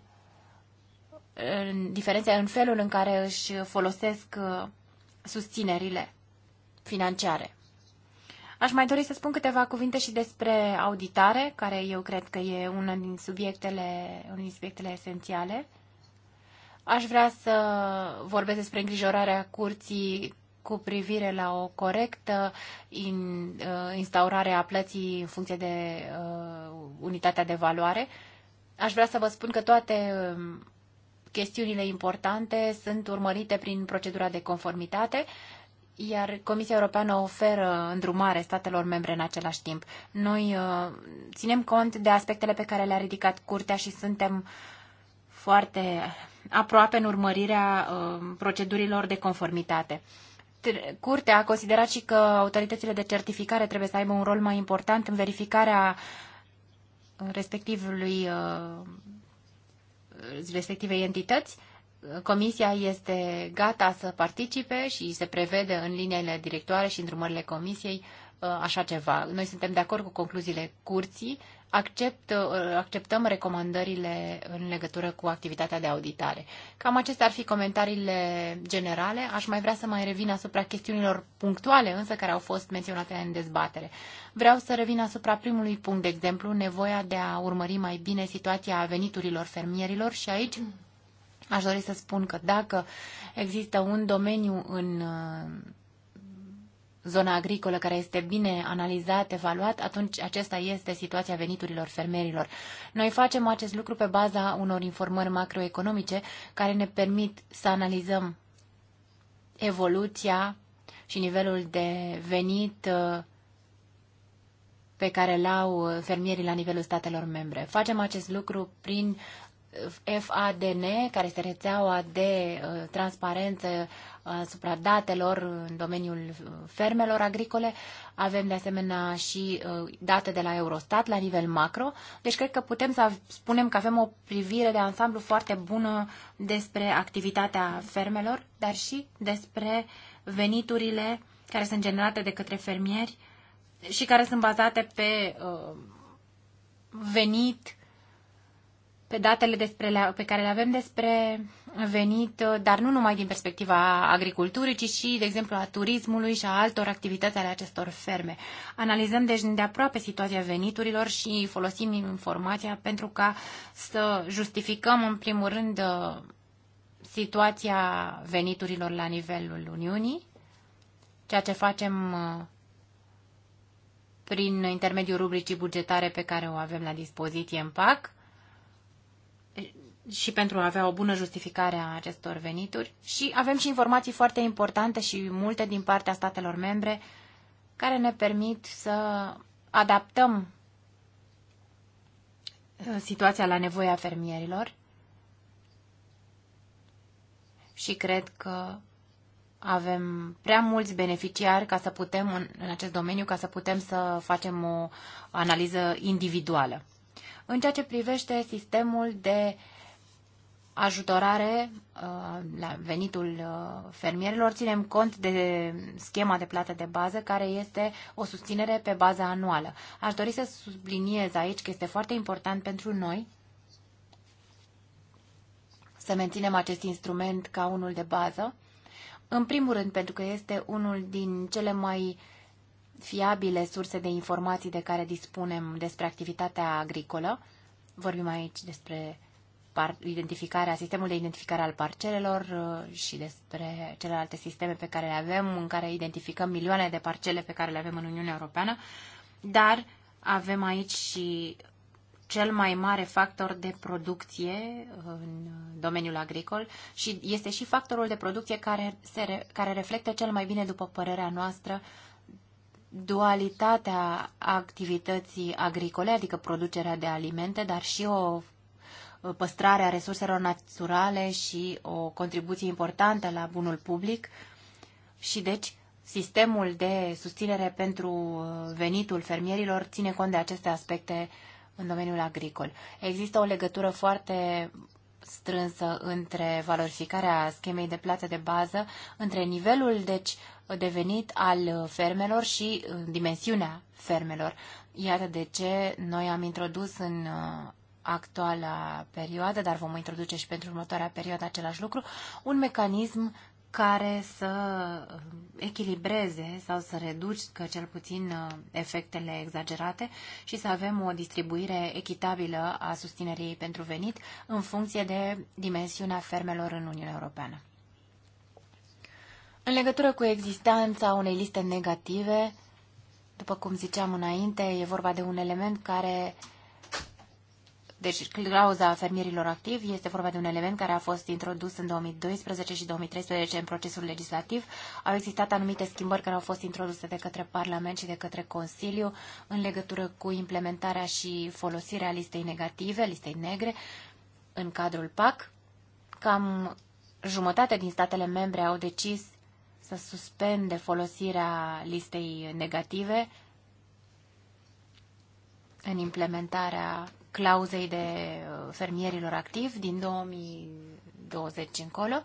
diferențe în felul în care își folosesc uh, susținerile financiare. Aș mai dori să spun câteva cuvinte și despre auditare, care eu cred că e unul din subiectele, unul din subiectele esențiale. Aș vrea să vorbesc despre îngrijorarea curții cu privire la o corectă in, uh, instaurare a plății în funcție de uh, unitatea de valoare. Aș vrea să vă spun că toate um, chestiunile importante sunt urmărite prin procedura de conformitate, iar Comisia Europeană oferă îndrumare statelor membre în același timp. Noi uh, ținem cont de aspectele pe care le-a ridicat Curtea și suntem uh, foarte aproape în urmărirea uh, procedurilor de conformitate. Curtea a considerat și că autoritățile de certificare trebuie să aibă un rol mai important în verificarea respectivului uh, respectivei entități. Comisia este gata să participe și se prevede în liniile directoare și în drumările comisiei uh, așa ceva. Noi suntem de acord cu concluziile curții accept, uh, acceptăm recomandările în legătură cu activitatea de auditare. Cam acestea ar fi comentariile generale. Aș mai vrea să mai revin asupra chestiunilor punctuale, însă, care au fost menționate în dezbatere. Vreau să revin asupra primului punct, de exemplu, nevoia de a urmări mai bine situația veniturilor fermierilor și aici aș dori să spun că dacă există un domeniu în zona agricolă care este bine analizat, evaluat, atunci acesta este situația veniturilor fermierilor. Noi facem acest lucru pe baza unor informări macroeconomice care ne permit să analizăm evoluția și nivelul de venit uh, pe care l au uh, fermierii la nivelul statelor membre. Facem acest lucru prin FADN, care este rețeaua de uh, transparență asupra datelor în domeniul uh, fermelor agricole. Avem de asemenea și uh, date de la Eurostat la nivel macro. Deci cred că putem să spunem că avem o privire de ansamblu foarte bună despre activitatea fermelor, dar și despre veniturile care sunt generate de către fermieri și care sunt bazate pe uh, venit pe datele despre le, pe care le avem despre venit, uh, dar nu numai din perspectiva agriculturii, ci și, de exemplu, a turismului și a altor activități ale acestor ferme. Analizăm, deci, de aproape situația veniturilor și folosim informația pentru ca să justificăm, în primul rând, uh, situația veniturilor la nivelul Uniunii, ceea ce facem uh, prin intermediul rubricii bugetare pe care o avem la dispoziție în PAC, și pentru a avea o bună justificare a acestor venituri. Și avem și informații foarte importante și multe din partea statelor membre care ne permit să adaptăm uh, situația la nevoia fermierilor. Și cred că avem prea mulți beneficiari ca să putem în, în acest domeniu ca să putem să facem o analiză individuală. În ceea ce privește sistemul de uh, ajutorare uh, la venitul uh, fermierilor, ținem cont de schema de plată de bază, care este o susținere pe bază anuală. Aș dori să subliniez aici că este foarte important pentru noi să menținem acest instrument ca unul de bază. În primul rând, pentru că este unul din cele mai fiabile surse de informații de care dispunem despre activitatea agricolă. Vorbim aici despre identificarea, sistemul de identificare al parcelelor uh, și despre celelalte sisteme pe care le avem, în care identificăm milioane de parcele pe care le avem în Uniunea Europeană, dar avem aici și cel mai mare factor de producție uh, în domeniul agricol și este și factorul de producție care, se, care reflectă cel mai bine, după părerea noastră, dualitatea activității agricole, adică producerea de alimente, dar și o Uh, păstrarea resurselor naturale și o contribuție importantă la bunul public și deci sistemul de susținere pentru uh, venitul fermierilor ține cont de aceste aspecte în domeniul agricol. Există o legătură foarte strânsă între valorificarea schemei de plată de bază, între nivelul deci devenit al fermelor și uh, dimensiunea fermelor. Iată de ce noi am introdus în actuala perioadă, dar vom introduce și pentru următoarea perioadă același lucru, un mecanism care să uh, echilibreze sau să reducă cel puțin uh, efectele exagerate și să avem o distribuire echitabilă a susținerii pentru venit în funcție de dimensiunea fermelor în Uniunea Europeană. În legătură cu existența unei liste negative, după cum ziceam înainte, e vorba de un element care uh, deci, clauza fermierilor activi este vorba de un element care a fost introdus în 2012 și 2013 în procesul legislativ. Au existat anumite schimbări care au fost introduse de către Parlament și de către Consiliu în legătură cu implementarea și folosirea listei negative, listei negre, în cadrul PAC. Cam jumătate din statele membre au decis să suspende folosirea listei negative în implementarea clauzei de uh, fermierilor activi din 2020 încolo,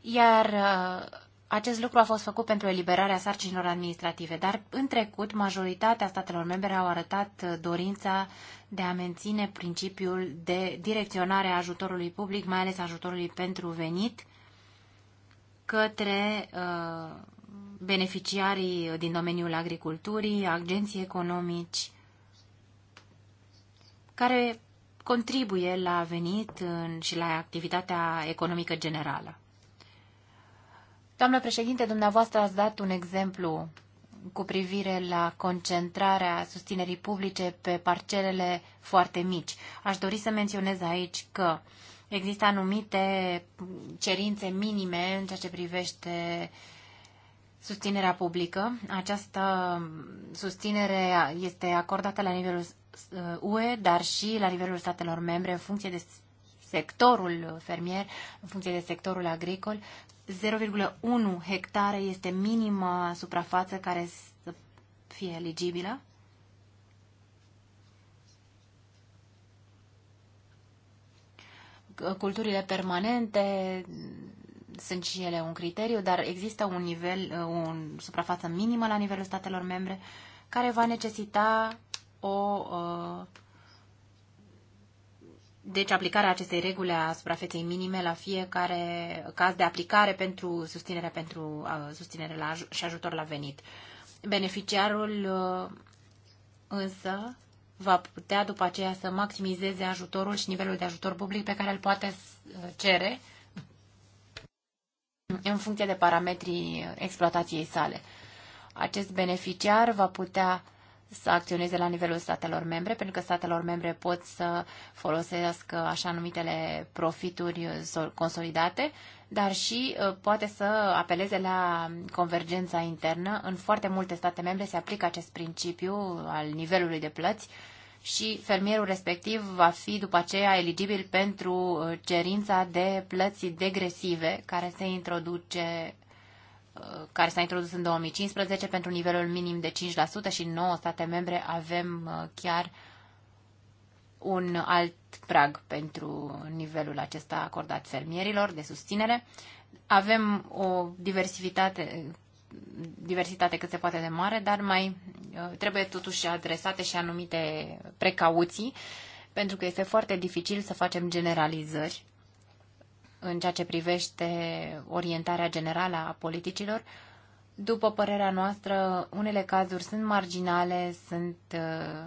iar uh, acest lucru a fost făcut pentru eliberarea sarcinilor administrative, dar în trecut majoritatea statelor membre au arătat uh, dorința de a menține principiul de direcționare a ajutorului public, mai ales ajutorului pentru venit, către uh, beneficiarii din domeniul agriculturii, agenții economici care contribuie la venit în, și la activitatea economică generală. Doamnă președinte, dumneavoastră ați dat un exemplu cu privire la concentrarea susținerii publice pe parcelele foarte mici. Aș dori să menționez aici că există anumite cerințe minime în ceea ce privește susținerea publică. Această susținere este acordată la nivelul Uh, UE, dar și la nivelul statelor membre, în funcție de sectorul fermier, în funcție de sectorul agricol. 0,1 hectare este minima suprafață care să fie eligibilă. Culturile permanente sunt și ele un criteriu, dar există un nivel, o uh, suprafață minimă la nivelul statelor membre care va necesita o uh, deci aplicarea acestei reguli a suprafeței minime la fiecare caz de aplicare pentru susținere, pentru uh, susținere la, și ajutor la venit. Beneficiarul uh, însă va putea după aceea să maximizeze ajutorul și nivelul de ajutor public pe care îl poate cere în funcție de parametrii exploatației sale. Acest beneficiar va putea să acționeze la nivelul statelor membre, pentru că statelor membre pot să folosească așa numitele profituri consolidate, dar și uh, poate să apeleze la convergența internă. În foarte multe state membre se aplică acest principiu al nivelului de plăți și fermierul respectiv va fi după aceea eligibil pentru uh, cerința de plăți degresive care se introduce care s-a introdus în 2015 pentru nivelul minim de 5% și 9 state membre avem uh, chiar un alt prag pentru nivelul acesta acordat fermierilor de susținere. Avem o diversitate, diversitate cât se poate de mare, dar mai uh, trebuie totuși adresate și anumite precauții, pentru că este foarte dificil să facem generalizări în ceea ce privește orientarea generală a politicilor, după părerea noastră, unele cazuri sunt marginale, sunt uh,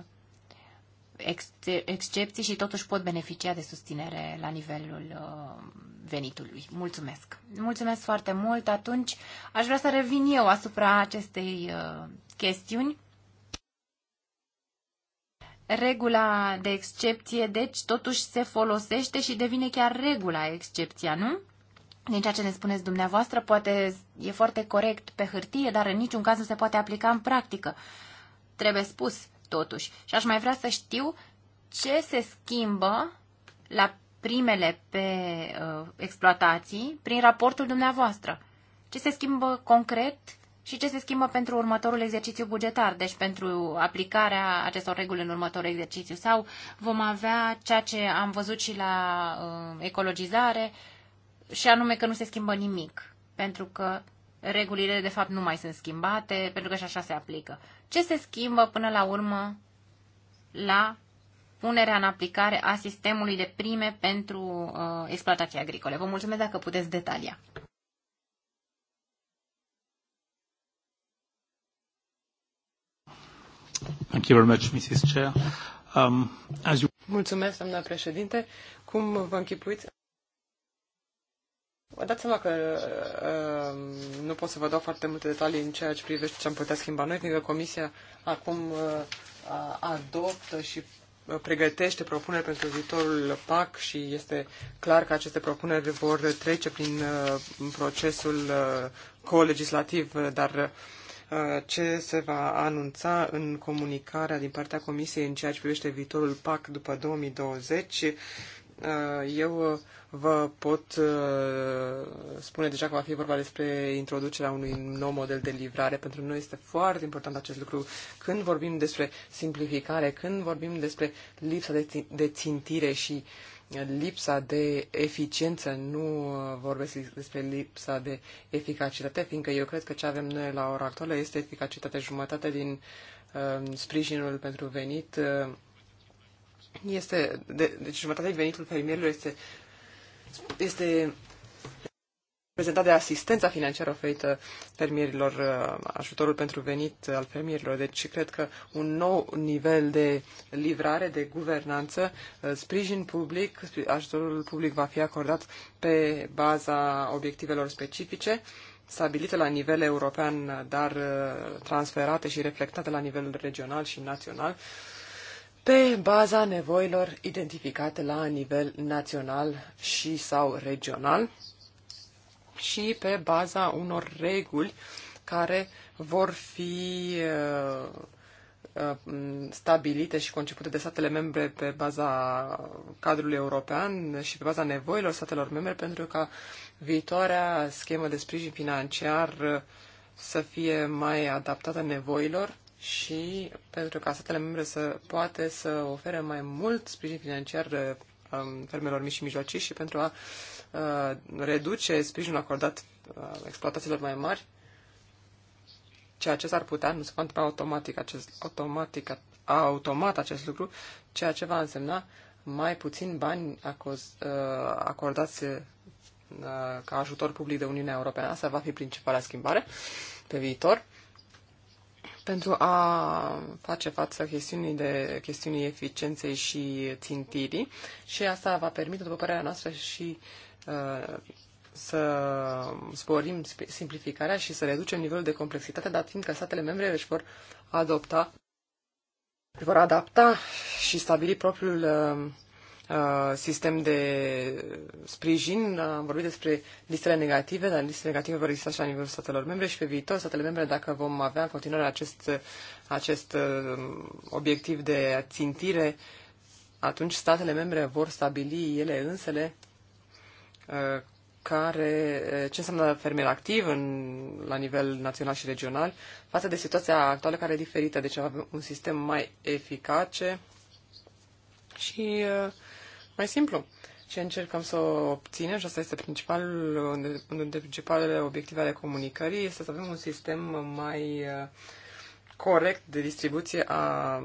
excepții și totuși pot beneficia de susținere la nivelul uh, venitului. Mulțumesc! Mulțumesc foarte mult! Atunci aș vrea să revin eu asupra acestei uh, chestiuni regula de excepție, deci, totuși se folosește și devine chiar regula excepția, nu? Din ceea ce ne spuneți dumneavoastră, poate e foarte corect pe hârtie, dar în niciun caz nu se poate aplica în practică. Trebuie spus, totuși. Și aș mai vrea să știu ce se schimbă la primele pe uh, exploatații prin raportul dumneavoastră. Ce se schimbă concret și ce se schimbă pentru următorul exercițiu bugetar, deci pentru aplicarea acestor reguli în următorul exercițiu. Sau vom avea ceea ce am văzut și la uh, ecologizare, și anume că nu se schimbă nimic, pentru că regulile de fapt nu mai sunt schimbate, pentru că și așa se aplică. Ce se schimbă până la urmă la punerea în aplicare a sistemului de prime pentru uh, exploatații agricole? Vă mulțumesc dacă puteți detalia.
Um,
Mulțumesc, doamna președinte. Cum vă închipuiți? Vă dați seama că uh, nu pot să vă dau foarte multe detalii în ceea ce privește ce am putea schimba noi, fiindcă Comisia acum uh, adoptă și uh, pregătește propuneri pentru viitorul PAC și este clar că aceste propuneri vor trece prin uh, procesul uh, colegislativ, dar uh, Uh, ce se va anunța în comunicarea din partea Comisiei în ceea ce privește viitorul PAC după 2020. Uh, eu vă pot uh, spune deja că va fi vorba despre introducerea unui nou model de livrare. Pentru noi este foarte important acest lucru. Când vorbim despre simplificare, când vorbim despre lipsa de, țintire și uh, lipsa de eficiență, nu uh, vorbesc despre lipsa de eficacitate, fiindcă eu cred că ce avem noi la ora actuală este eficacitate jumătate din uh, sprijinul pentru venit. Uh, este, de, deci jumătate din venitul fermierilor este, este prezentat de asistența financiară oferită fermierilor, uh, ajutorul pentru venit al fermierilor. Deci cred că un nou nivel de livrare, de guvernanță, uh, sprijin public, ajutorul public va fi acordat pe baza obiectivelor specifice stabilite la nivel european, dar uh, transferate și reflectate la nivel regional și național, pe baza nevoilor identificate la nivel național și sau regional și pe baza unor reguli care vor fi uh, uh, stabilite și concepute de statele membre pe baza cadrului european și pe baza nevoilor statelor membre pentru ca viitoarea schemă de sprijin financiar uh, să fie mai adaptată nevoilor și pentru ca statele membre să poate să ofere mai mult sprijin financiar um, fermelor mici și mijlocii și pentru a Uh, reduce sprijinul acordat uh, exploatațiilor mai mari, ceea ce s-ar putea, nu se poate întâmpla automatic acest, automatic, automat acest lucru, ceea ce va însemna mai puțin bani uh, acordați ca ajutor public de Uniunea Europeană. Asta va fi principala schimbare pe viitor pentru a face față chestiunii, de, chestiunii eficienței și țintirii și asta va permite, după părerea noastră, și uh, Uh, să sporim simplificarea și să reducem nivelul de complexitate, dat fiindcă statele membre își vor adopta, vor adapta și stabili propriul uh, uh, sistem de sprijin. Am vorbit despre listele negative, dar listele negative vor exista și la nivelul statelor membre și pe viitor statele membre, dacă vom avea în continuare acest, acest obiectiv de țintire, atunci statele membre vor stabili ele însele Uh, care, uh, ce înseamnă fermier activ în, la nivel național și regional, față de situația actuală care e diferită. Deci avem un sistem mai eficace și uh, mai simplu. Ce încercăm să obținem, și asta este principalul, unul dintre principalele obiective ale comunicării, este să avem un sistem mai corect de distribuție a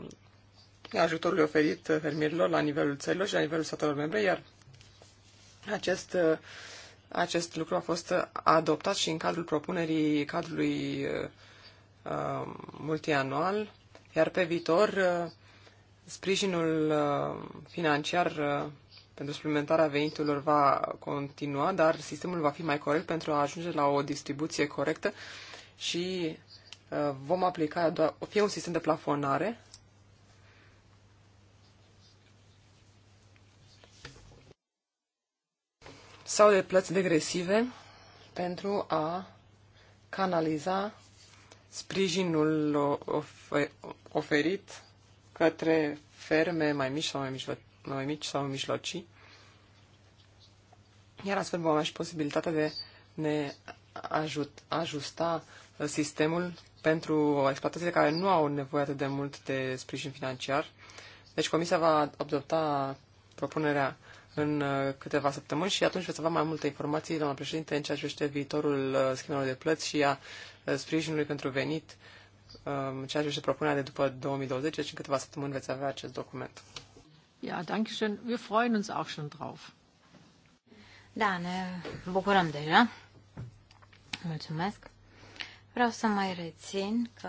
ajutorului oferit fermierilor la nivelul țărilor și la nivelul statelor membre, iar acest, acest lucru a fost adoptat și în cadrul propunerii cadrului uh, multianual, iar pe viitor uh, sprijinul uh, financiar uh, pentru suplimentarea veniturilor va continua, dar sistemul va fi mai corect pentru a ajunge la o distribuție corectă și uh, vom aplica, fie un sistem de plafonare, sau de plăți degresive pentru a canaliza sprijinul oferit către ferme mai mici sau mai, mijlo- mai mici sau mijlocii, iar astfel vom avea și posibilitatea de ne ajut, ajusta sistemul pentru exploatațiile care nu au nevoie atât de mult de sprijin financiar. Deci Comisia va adopta propunerea în uh, câteva săptămâni și atunci veți avea mai multe informații, doamna președinte, în ceea ce privește viitorul uh, schemelor de plăți și a uh, sprijinului pentru venit, um, în ceea ce privește propunerea de după 2020, deci în câteva săptămâni veți avea acest document.
Ja, danke schön. Wir freuen uns auch schon drauf. Da, ne bucurăm deja. Mulțumesc. Vreau să mai rețin că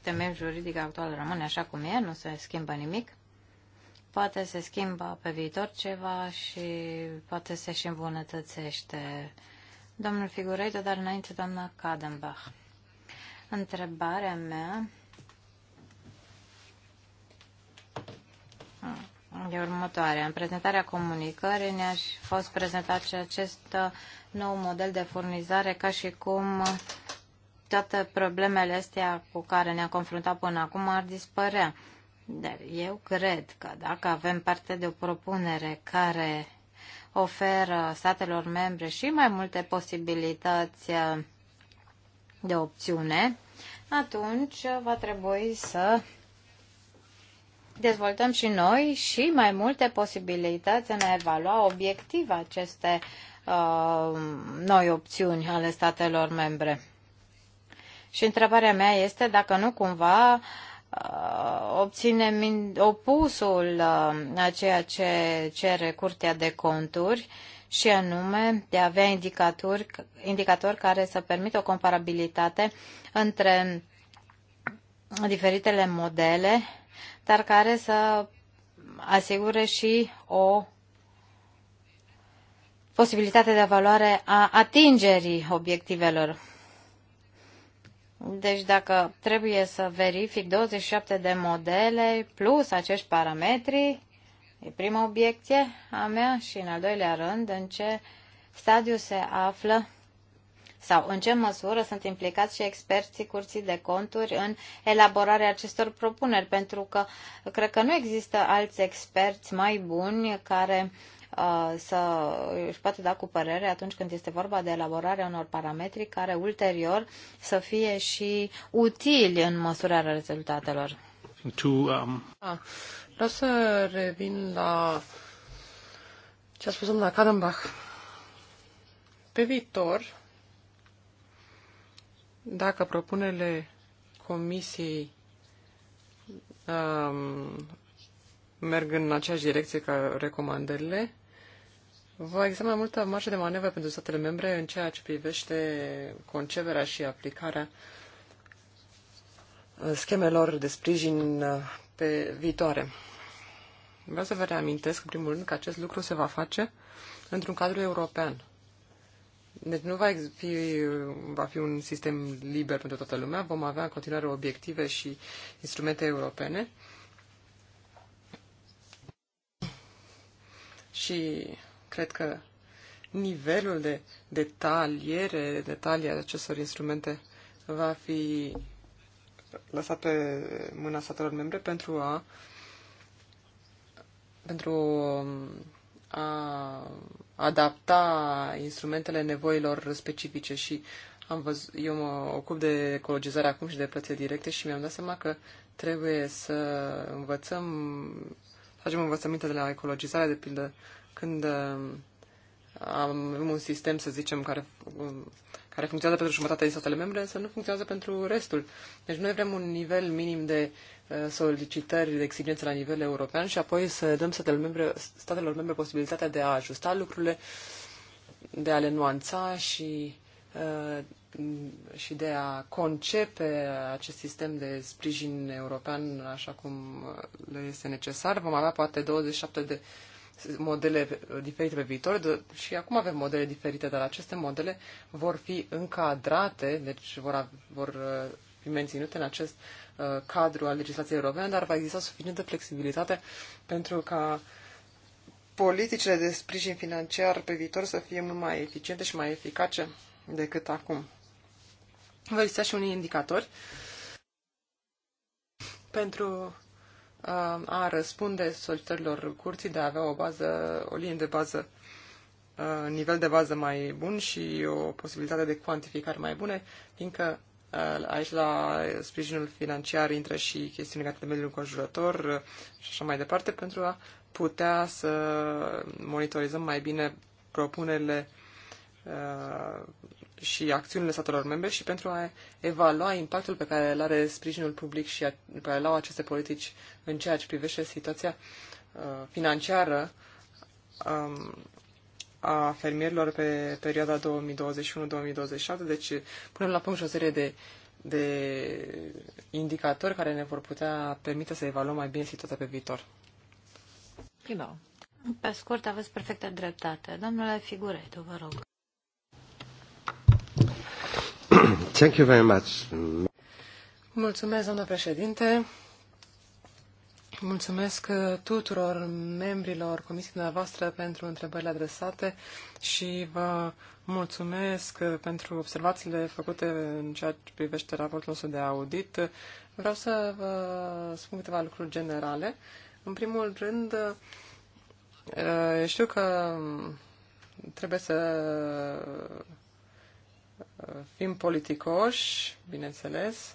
temeiul juridic actual rămâne așa cum e, nu se schimbă nimic poate se schimba pe viitor ceva și poate se și îmbunătățește. Domnul Figureito, dar înainte doamna Kadenbach. Întrebarea mea e următoarea. În prezentarea comunicării ne-a fost prezentat și acest uh, nou model de furnizare ca și cum toate problemele astea cu care ne-am confruntat până acum ar dispărea. Dar eu cred că dacă avem parte de o propunere care oferă statelor membre și mai multe posibilități uh, de opțiune, atunci va trebui să dezvoltăm și noi și mai multe posibilități în a evalua obiectiv aceste uh, noi opțiuni ale statelor membre. Și întrebarea mea este dacă nu cumva Uh, obținem opusul uh, a ceea ce cere Curtea de Conturi și anume de a avea indicatori, indicatori care să permită o comparabilitate între diferitele modele, dar care să asigure și o posibilitate de evaluare a atingerii obiectivelor deci dacă trebuie să verific 27 de modele plus acești parametri, e prima obiecție a mea și în al doilea rând în ce stadiu se află sau în ce măsură sunt implicați și experții curții de conturi în elaborarea acestor propuneri, pentru că cred că nu există alți experți mai buni care Uh, să își poată da cu părere atunci când este vorba de elaborarea unor parametri care ulterior să fie și utili în măsurarea rezultatelor.
To, um...
ah, vreau să revin la ce a spus domnul Kadenbach.
Pe viitor, dacă propunele comisiei um, merg în aceeași direcție ca recomandările, Va exista mai multă marjă de manevră pentru statele membre în ceea ce privește conceperea și aplicarea schemelor de sprijin pe viitoare. Vreau să vă reamintesc, în primul rând, că acest lucru se va face într-un cadru european. Deci nu va fi, va fi un sistem liber pentru toată lumea, vom avea în continuare obiective și instrumente europene. Și Cred că nivelul de detaliere, de detalii ale acestor instrumente va fi lăsat pe mâna statelor membre pentru a pentru um, a adapta instrumentele nevoilor specifice și am văzut, eu mă ocup de ecologizare acum și de plăți directe și mi-am dat seama că trebuie să învățăm, facem învățăminte de la ecologizare, de pildă când uh, avem un sistem, să zicem, care, um, care funcționează pentru jumătate din statele membre, să nu funcționează pentru restul. Deci noi vrem un nivel minim de uh, solicitări, de exigențe la nivel european și apoi să dăm statelor membre, statelor membre posibilitatea de a ajusta lucrurile, de a le nuanța și, uh, și de a concepe acest sistem de sprijin european așa cum le este necesar. Vom avea poate 27 de modele uh, diferite pe viitor și acum avem modele diferite, dar aceste modele vor fi încadrate, deci vor, vor uh, fi menținute în acest uh, cadru al legislației europene, dar va exista suficientă flexibilitate pentru ca politicile de sprijin financiar pe viitor să fie mult mai eficiente și mai eficace decât acum. Vă exista și unii indicatori pentru Uh, a răspunde solicitărilor curții de a avea o bază, o linie de bază, uh, nivel de bază mai bun și o posibilitate de cuantificare mai bune, fiindcă uh, aici la sprijinul financiar intră și chestiuni legate de mediul înconjurător și așa mai departe, pentru a putea să monitorizăm mai bine propunerile și acțiunile statelor membre și pentru a evalua impactul pe care îl are sprijinul public și pe care îl au aceste politici în ceea ce privește situația uh, financiară um, a fermierilor pe perioada 2021-2027. Deci punem la punct o serie de, de indicatori care ne vor putea permite să evaluăm mai bine situația pe viitor.
Prima. Pe scurt, aveți perfectă dreptate. Domnule Figuredo, vă rog.
Mulțumesc, domnule președinte. Mulțumesc uh, tuturor membrilor comisiei dumneavoastră pentru întrebările adresate și vă mulțumesc uh, pentru observațiile făcute în ceea ce privește raportul nostru de audit. Vreau să vă spun câteva lucruri generale. În primul rând, uh, știu că trebuie să fim politicoși, bineînțeles,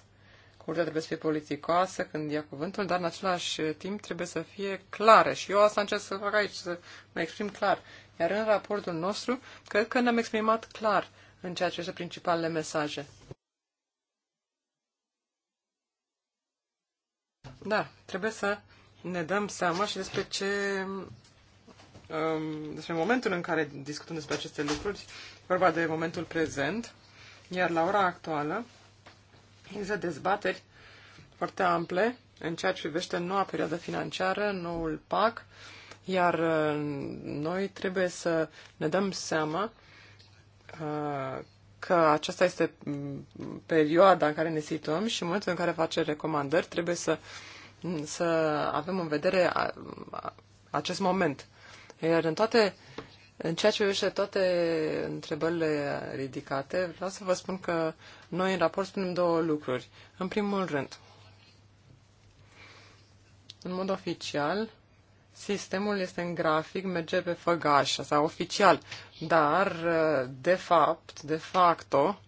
curtea trebuie să fie politicoasă când ia cuvântul, dar în același timp trebuie să fie clară. Și eu asta încerc să fac aici, să mă exprim clar. Iar în raportul nostru, cred că ne-am exprimat clar în ceea ce sunt principalele mesaje. Da, trebuie să ne dăm seama și despre ce um, despre momentul în care discutăm despre aceste lucruri, vorba de momentul prezent, iar la ora actuală există dezbateri foarte ample în ceea ce privește noua perioadă financiară, noul PAC, iar uh, noi trebuie să ne dăm seama uh, că aceasta este mm, perioada în care ne situăm și în momentul în care face recomandări trebuie să, mm, să avem în vedere acest moment. Iar în toate uh, în ceea ce privește toate întrebările ridicate, vreau să vă spun că noi în raport spunem două lucruri. În primul rând, în mod oficial, sistemul este în grafic, merge pe făgaș, asta oficial, dar de fapt, de facto,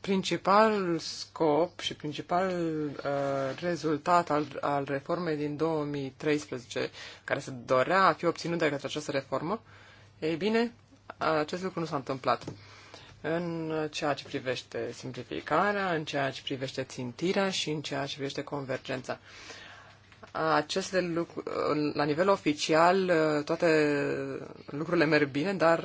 principalul scop și principalul uh, rezultat al, al reformei din 2013, care se dorea a fi obținut de către această reformă, uh, ei bine, acest lucru nu s-a întâmplat. În ceea ce privește simplificarea, în ceea ce privește țintirea și în ceea ce privește convergența. Aceste lucruri, la nivel oficial, toate lucrurile merg bine, dar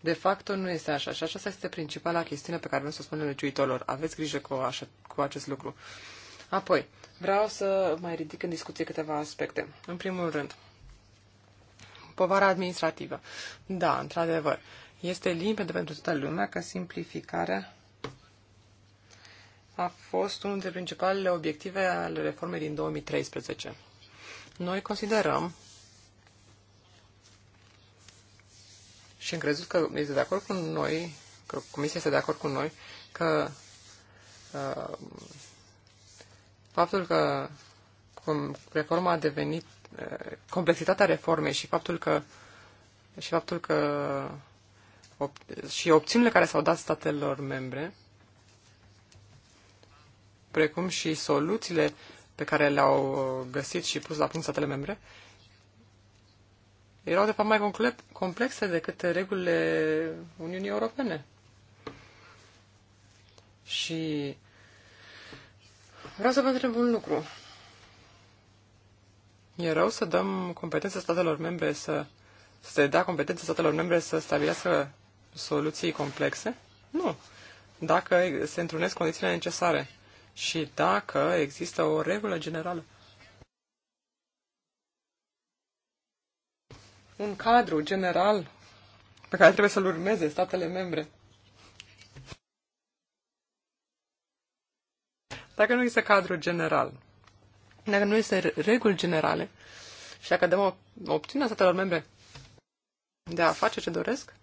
de fapt nu este așa. Și aceasta este principala chestiune pe care vrem să o spunem legiuitorilor. Aveți grijă cu, așa, cu acest lucru. Apoi, vreau să mai ridic în discuție câteva aspecte. În primul rând, povara administrativă. Da, într-adevăr, este limpede pentru toată lumea că simplificarea a fost unul dintre principalele obiective ale reformei din 2013. Noi considerăm și am crezut că este de acord cu noi, că Comisia este de acord cu noi, că uh, faptul că reforma a devenit complexitatea reformei și faptul că și faptul că op- și opțiunile care s-au dat statelor membre, precum și soluțiile pe care le-au găsit și pus la punct statele membre, erau de fapt mai complexe decât regulile Uniunii Europene. Și vreau să vă întreb un lucru. E rău să dăm competențe statelor membre să, să se dea competența statelor membre să stabilească soluții complexe? Nu. Dacă se întrunesc condițiile necesare și dacă există o regulă generală. Un cadru general pe care trebuie să-l urmeze statele membre. Dacă nu există cadru general dacă nu este reguli generale și dacă dăm opțiunea statelor membre de a face ce doresc,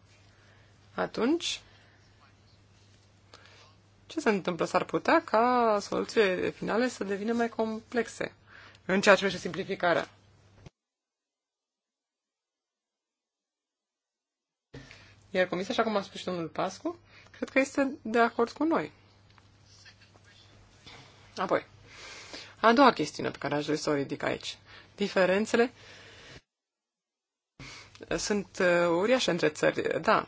atunci ce se întâmplă? S-ar putea ca soluțiile finale să devină mai complexe în ceea ce privește simplificarea. Iar Comisia, așa cum a spus și domnul Pascu, cred că este de acord cu noi. Apoi, a doua chestiune pe care aș vrea să o ridic aici. Diferențele sunt uh, uriașe între țări, da.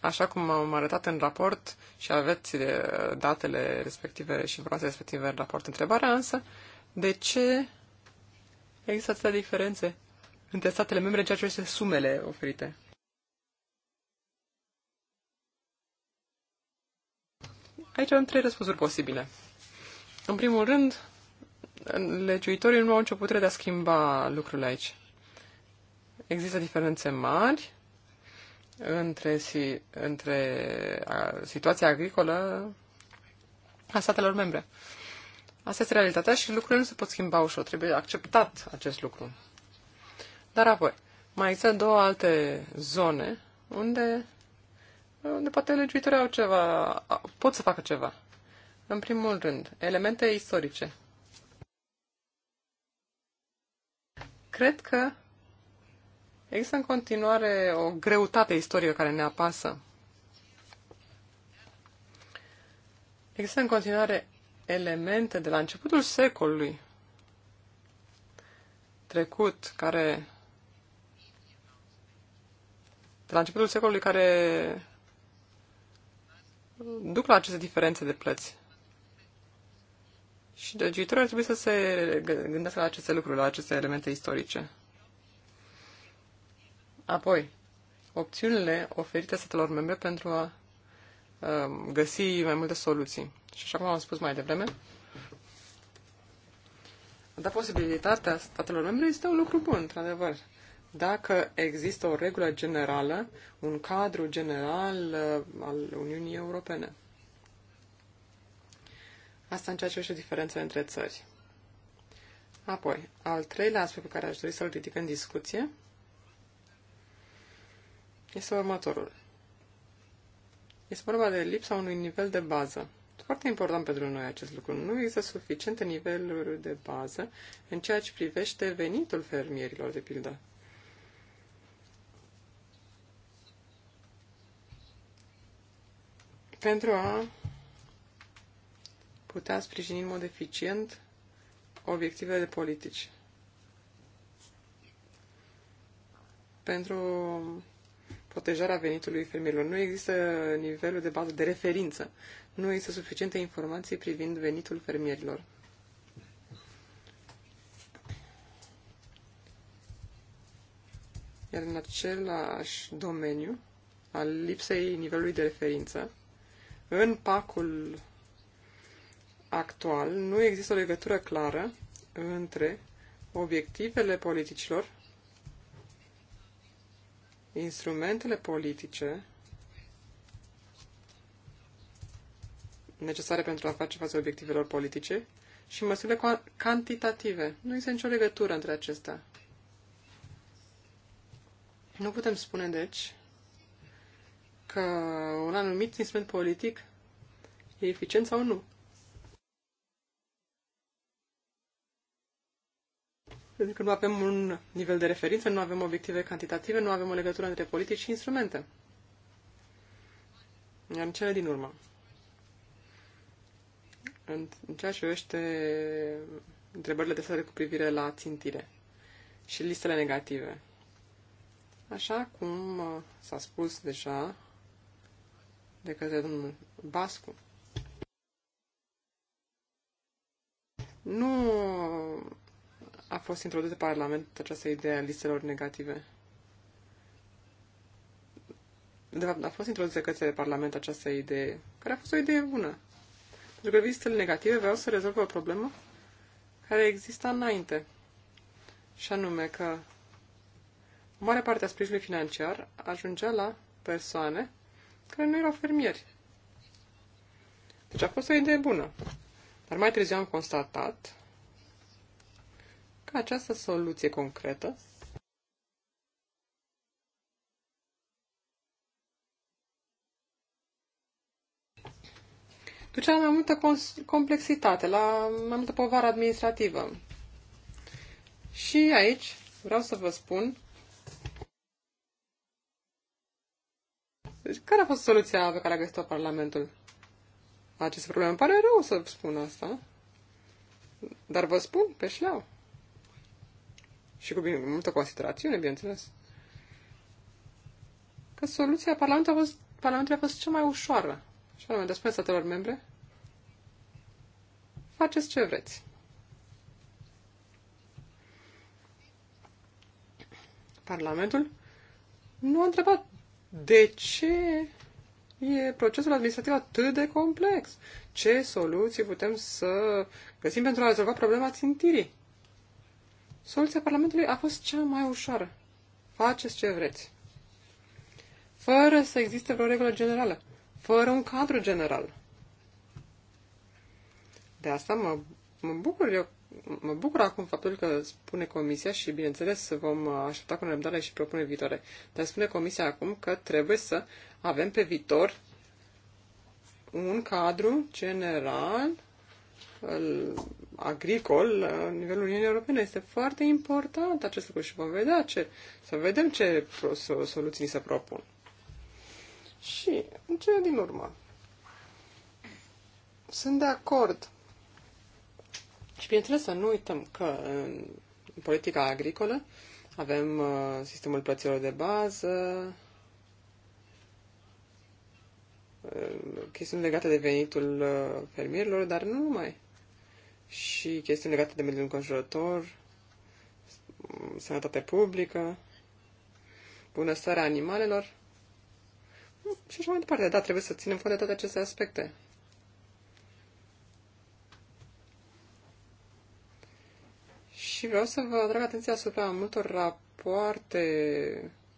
Așa cum am arătat în raport și aveți uh, datele respective și informațiile respective în raport, întrebarea însă, de ce există atâtea diferențe între statele membre în ceea ce este sumele oferite? Aici am trei răspunsuri posibile. În primul rând, legiuitorii nu au nicio putere de a schimba lucrurile aici. Există diferențe mari între, între situația agricolă a statelor membre. Asta este realitatea și lucrurile nu se pot schimba ușor. Trebuie acceptat acest lucru. Dar apoi, mai există două alte zone unde, unde poate legiuitorii au ceva, pot să facă ceva. În primul rând, elemente istorice. Cred că există în continuare o greutate istorică care ne apasă. Există în continuare elemente de la începutul secolului trecut care de la începutul secolului care duc la aceste diferențe de plăți. Și viitor ar trebui să se gândească la aceste lucruri, la aceste elemente istorice. Apoi, opțiunile oferite statelor membre pentru a um, găsi mai multe soluții. Și așa cum am spus mai devreme, dar posibilitatea statelor membre este un lucru bun, într-adevăr. Dacă există o regulă generală, un cadru general uh, al Uniunii Europene. Asta în ceea ce o diferență între țări. Apoi, al treilea aspect pe care aș dori să-l ridic în discuție este următorul. Este vorba de lipsa unui nivel de bază. Foarte important pentru noi acest lucru. Nu există suficiente niveluri de bază în ceea ce privește venitul fermierilor, de pildă. Pentru a putea sprijini în mod eficient obiectivele de politici. Pentru protejarea venitului fermierilor. Nu există nivelul de bază de referință. Nu există suficiente informații privind venitul fermierilor. Iar în același domeniu al lipsei nivelului de referință, în pacul actual nu există o legătură clară între obiectivele politicilor, instrumentele politice necesare pentru a face față obiectivelor politice și măsurile cantitative. Nu există nicio legătură între acestea. Nu putem spune, deci, că un anumit instrument politic e eficient sau nu. pentru că nu avem un nivel de referință, nu avem obiective cantitative, nu avem o legătură între politici și instrumente. Iar în cele din urmă, în ceea ce privește întrebările de cu privire la țintire și listele negative, așa cum uh, s-a spus deja de către domnul Bascu, nu a fost introdusă Parlament această idee a listelor negative. De fapt, a fost introdusă către Parlament această idee, care a fost o idee bună. Pentru că listele negative vreau să rezolvă o problemă care exista înainte. Și anume că o mare parte a sprijinului financiar ajungea la persoane care nu erau fermieri. Deci a fost o idee bună. Dar mai târziu am constatat că această soluție concretă ducea la mai multă complexitate, la mai multă povară administrativă. Și aici vreau să vă spun deci, care a fost soluția pe care a găsit-o Parlamentul aceste probleme. Îmi pare rău să spun asta, dar vă spun pe șleau și cu bine, multă considerațiune, bineînțeles, că soluția Parlamentului a fost, Parlamentului a fost cea mai ușoară. Și anume, de statelor membre, faceți ce vreți. Parlamentul nu a întrebat de ce e procesul administrativ atât de complex. Ce soluții putem să găsim pentru a rezolva problema țintirii? Soluția Parlamentului a fost cea mai ușoară. Faceți ce vreți. Fără să existe vreo regulă generală. Fără un cadru general. De asta mă, mă bucur eu. Mă bucur acum faptul că spune Comisia și, bineînțeles, vom aștepta cu nerăbdare și propune viitoare. Dar spune Comisia acum că trebuie să avem pe viitor un cadru general agricol la nivelul Uniunii Europene. Este foarte important acest lucru și vom vedea ce, să vedem ce soluții se propun. Și, în cele din urmă, sunt de acord. Și, bineînțeles, să nu uităm că în politica agricolă avem uh, sistemul plăților de bază, Uh, chestiuni legate de venitul uh, fermierilor, dar nu numai. Și chestiuni legate de mediul înconjurător, sănătate publică, bunăstarea animalelor și așa mai departe. Da, trebuie să ținem cont de toate aceste aspecte. Și vreau să vă atrag atenția asupra multor rapoarte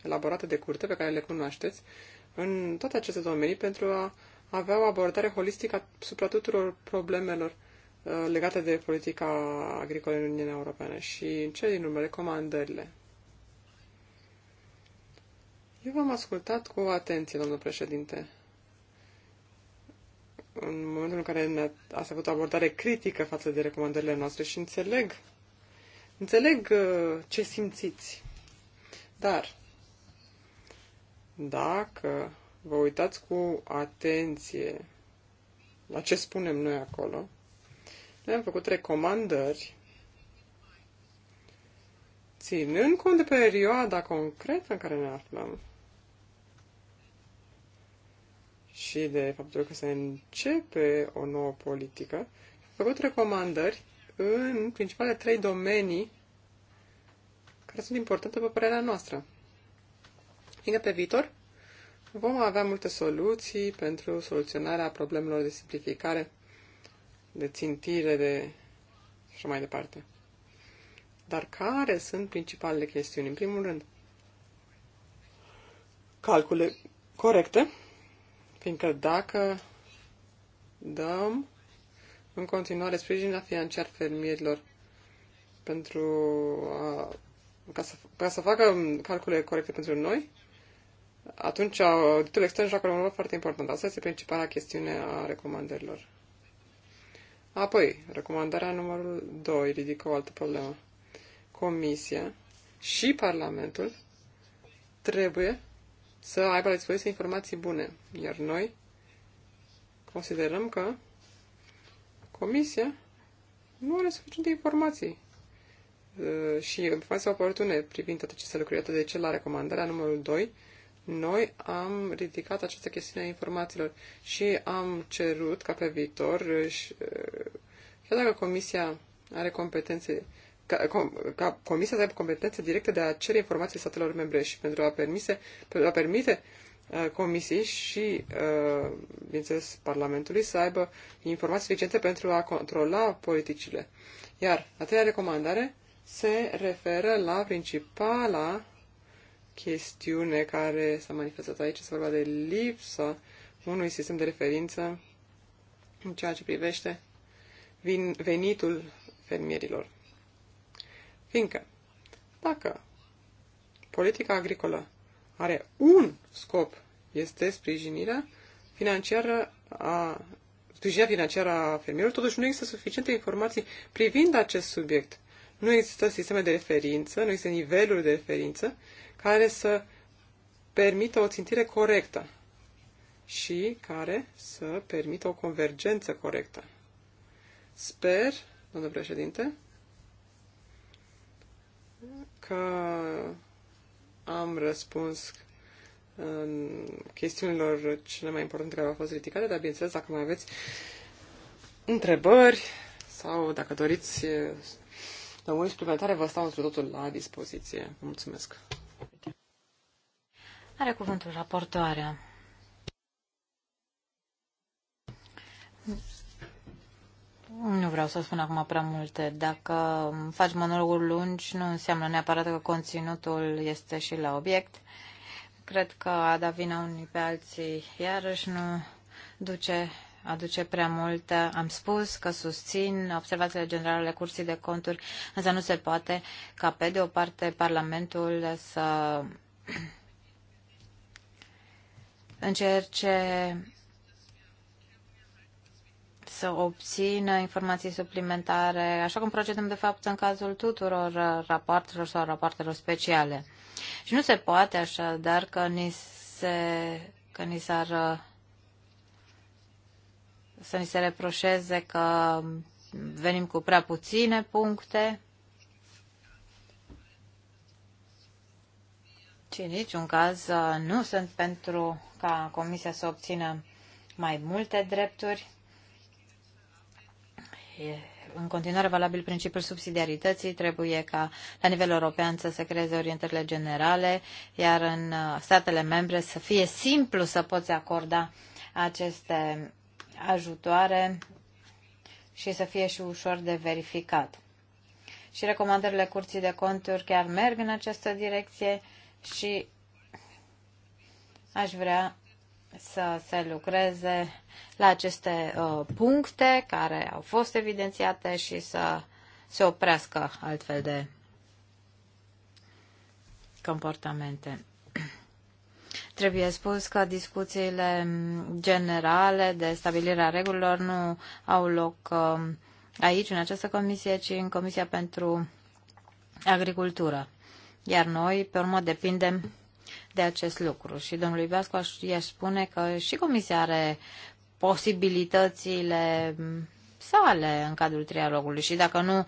elaborate de curte pe care le cunoașteți, uh, în toate aceste domenii pentru a avea o abordare holistică asupra tuturor problemelor uh, legate de politica agricolă în Uniunea Europeană și în cele din urmă recomandările. Eu v-am ascultat cu atenție, domnul președinte. În momentul în care ați avut o abordare critică față de recomandările noastre și înțeleg, înțeleg uh, ce simțiți. Dar dacă vă uitați cu atenție la ce spunem noi acolo, noi am făcut recomandări ținând cont de perioada concretă în care ne aflăm și de faptul că se începe o nouă politică, am făcut recomandări în principale trei domenii care sunt importante pe părerea noastră fiindcă pe viitor vom avea multe soluții pentru soluționarea problemelor de simplificare, de țintire, de și mai departe. Dar care sunt principalele chestiuni? În primul rând, calcule corecte, fiindcă dacă dăm în continuare sprijin la financiar fermierilor pentru a, ca, să, ca să facă calcule corecte pentru noi, atunci auditul uh, extern joacă un rol foarte important. Asta este principala chestiune a recomandărilor. Apoi, recomandarea numărul 2 ridică o altă problemă. Comisia și Parlamentul trebuie să aibă la dispoziție informații bune, iar noi considerăm că Comisia nu are suficiente informații uh, și informații oportune privind toate aceste lucruri. De ce la recomandarea numărul 2 noi am ridicat această chestiune a informațiilor și am cerut ca pe viitor, uh, și, uh, chiar dacă Comisia are competențe ca, ca Comisia să aibă competențe directe de a cere informații statelor membre și pentru a, permise, pentru a permite uh, Comisiei și, bineînțeles, Parlamentului să aibă informații suficiente pentru a controla politicile. Iar a treia recomandare se referă la principala chestiune care s-a manifestat aici, este vorba de lipsa unui sistem de referință în ceea ce privește venitul fermierilor. Fiindcă, dacă politica agricolă are un scop, este sprijinirea financiară a sprijinirea financiară a fermierilor, totuși nu există suficiente informații privind acest subiect. Nu există sisteme de referință, nu există niveluri de referință care să permită o țintire corectă și care să permită o convergență corectă. Sper, domnul președinte, că am răspuns uh, chestiunilor cele mai importante care au fost ridicate, dar bineînțeles, dacă mai aveți întrebări sau dacă doriți uh, Lămuri suplimentare vă stau întru totul la dispoziție. mulțumesc.
Are cuvântul raportoarea. Nu vreau să spun acum prea multe. Dacă faci monologuri lungi, nu înseamnă neapărat că conținutul este și la obiect. Cred că a da vina unii pe alții iarăși nu duce aduce prea mult. Am spus că susțin observațiile generale ale Curții de Conturi, însă nu se poate ca, pe de o parte, Parlamentul să încerce să obțină informații suplimentare, așa cum procedăm de fapt în cazul tuturor rapoartelor sau rapoartelor speciale. Și nu se poate așa, dar că ni, se, că ni s-ar să ni se reproșeze că venim cu prea puține puncte, Și în niciun caz uh, nu sunt pentru ca Comisia să obțină mai multe drepturi. E în continuare valabil principiul subsidiarității, trebuie ca la nivel european să se creeze orientările generale, iar în uh, statele membre să fie simplu să poți acorda aceste ajutoare și să fie și ușor de verificat. Și recomandările Curții de Conturi chiar merg în această direcție și aș vrea să se lucreze la aceste uh, puncte care au fost evidențiate și să se oprească altfel de comportamente. Trebuie spus că discuțiile generale de stabilire a regulilor nu au loc um, aici, în această comisie, ci în Comisia pentru Agricultură. Iar noi, pe urmă, depindem de acest lucru. Și domnului Bascu i-aș spune că și Comisia are posibilitățile um, sale în cadrul trialogului și dacă nu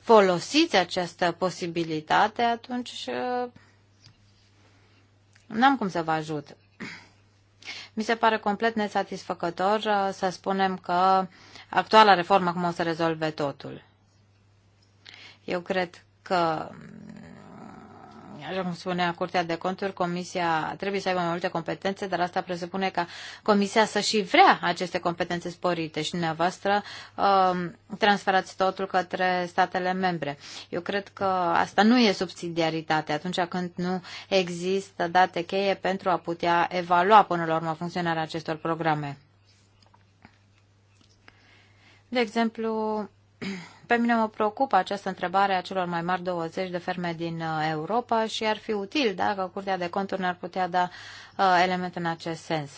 folosiți această posibilitate, atunci uh, N-am cum să vă ajut. Mi se pare complet nesatisfăcător uh, să spunem că actuala reformă cum o să rezolve totul. Eu cred că Așa cum spunea Curtea de Conturi, Comisia trebuie să aibă mai multe competențe, dar asta presupune ca Comisia să și vrea aceste competențe sporite și dumneavoastră um, transferați totul către statele membre. Eu cred că asta nu e subsidiaritate atunci când nu există date cheie pentru a putea evalua până la urmă funcționarea acestor programe. De exemplu, pe mine mă preocupă această întrebare a celor mai mari 20 de ferme din uh, Europa și ar fi util dacă Curtea de Conturi ne-ar putea da uh, elemente în acest sens.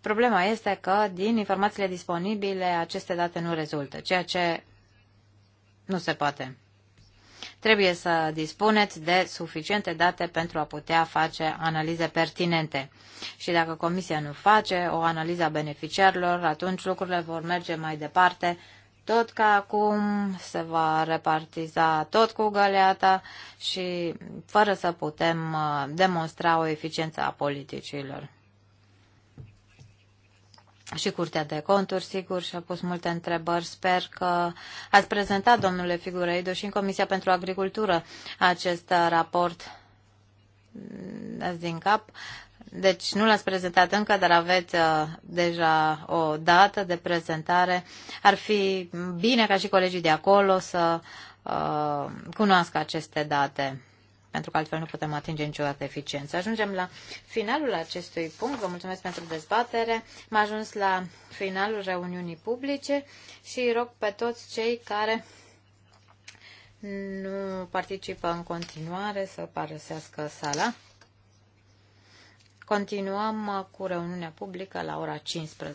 Problema este că din informațiile disponibile aceste date nu rezultă, ceea ce nu se poate. Trebuie să dispuneți de suficiente date pentru a putea face analize pertinente. Și dacă comisia nu face o analiză a beneficiarilor, atunci lucrurile vor merge mai departe, tot ca acum, se va repartiza tot cu găleata și fără să putem uh, demonstra o eficiență a politicilor și Curtea de Conturi, sigur, și-a pus multe întrebări. Sper că ați prezentat, domnule Figureidu, și în Comisia pentru Agricultură acest raport azi din cap. Deci nu l-ați prezentat încă, dar aveți uh, deja o dată de prezentare. Ar fi bine ca și colegii de acolo să uh, cunoască aceste date pentru că altfel nu putem atinge niciodată eficiența. Ajungem la finalul acestui punct. Vă mulțumesc pentru dezbatere. M-a ajuns la finalul reuniunii publice și rog pe toți cei care nu participă în continuare să părăsească sala. Continuăm cu reuniunea publică la ora 15.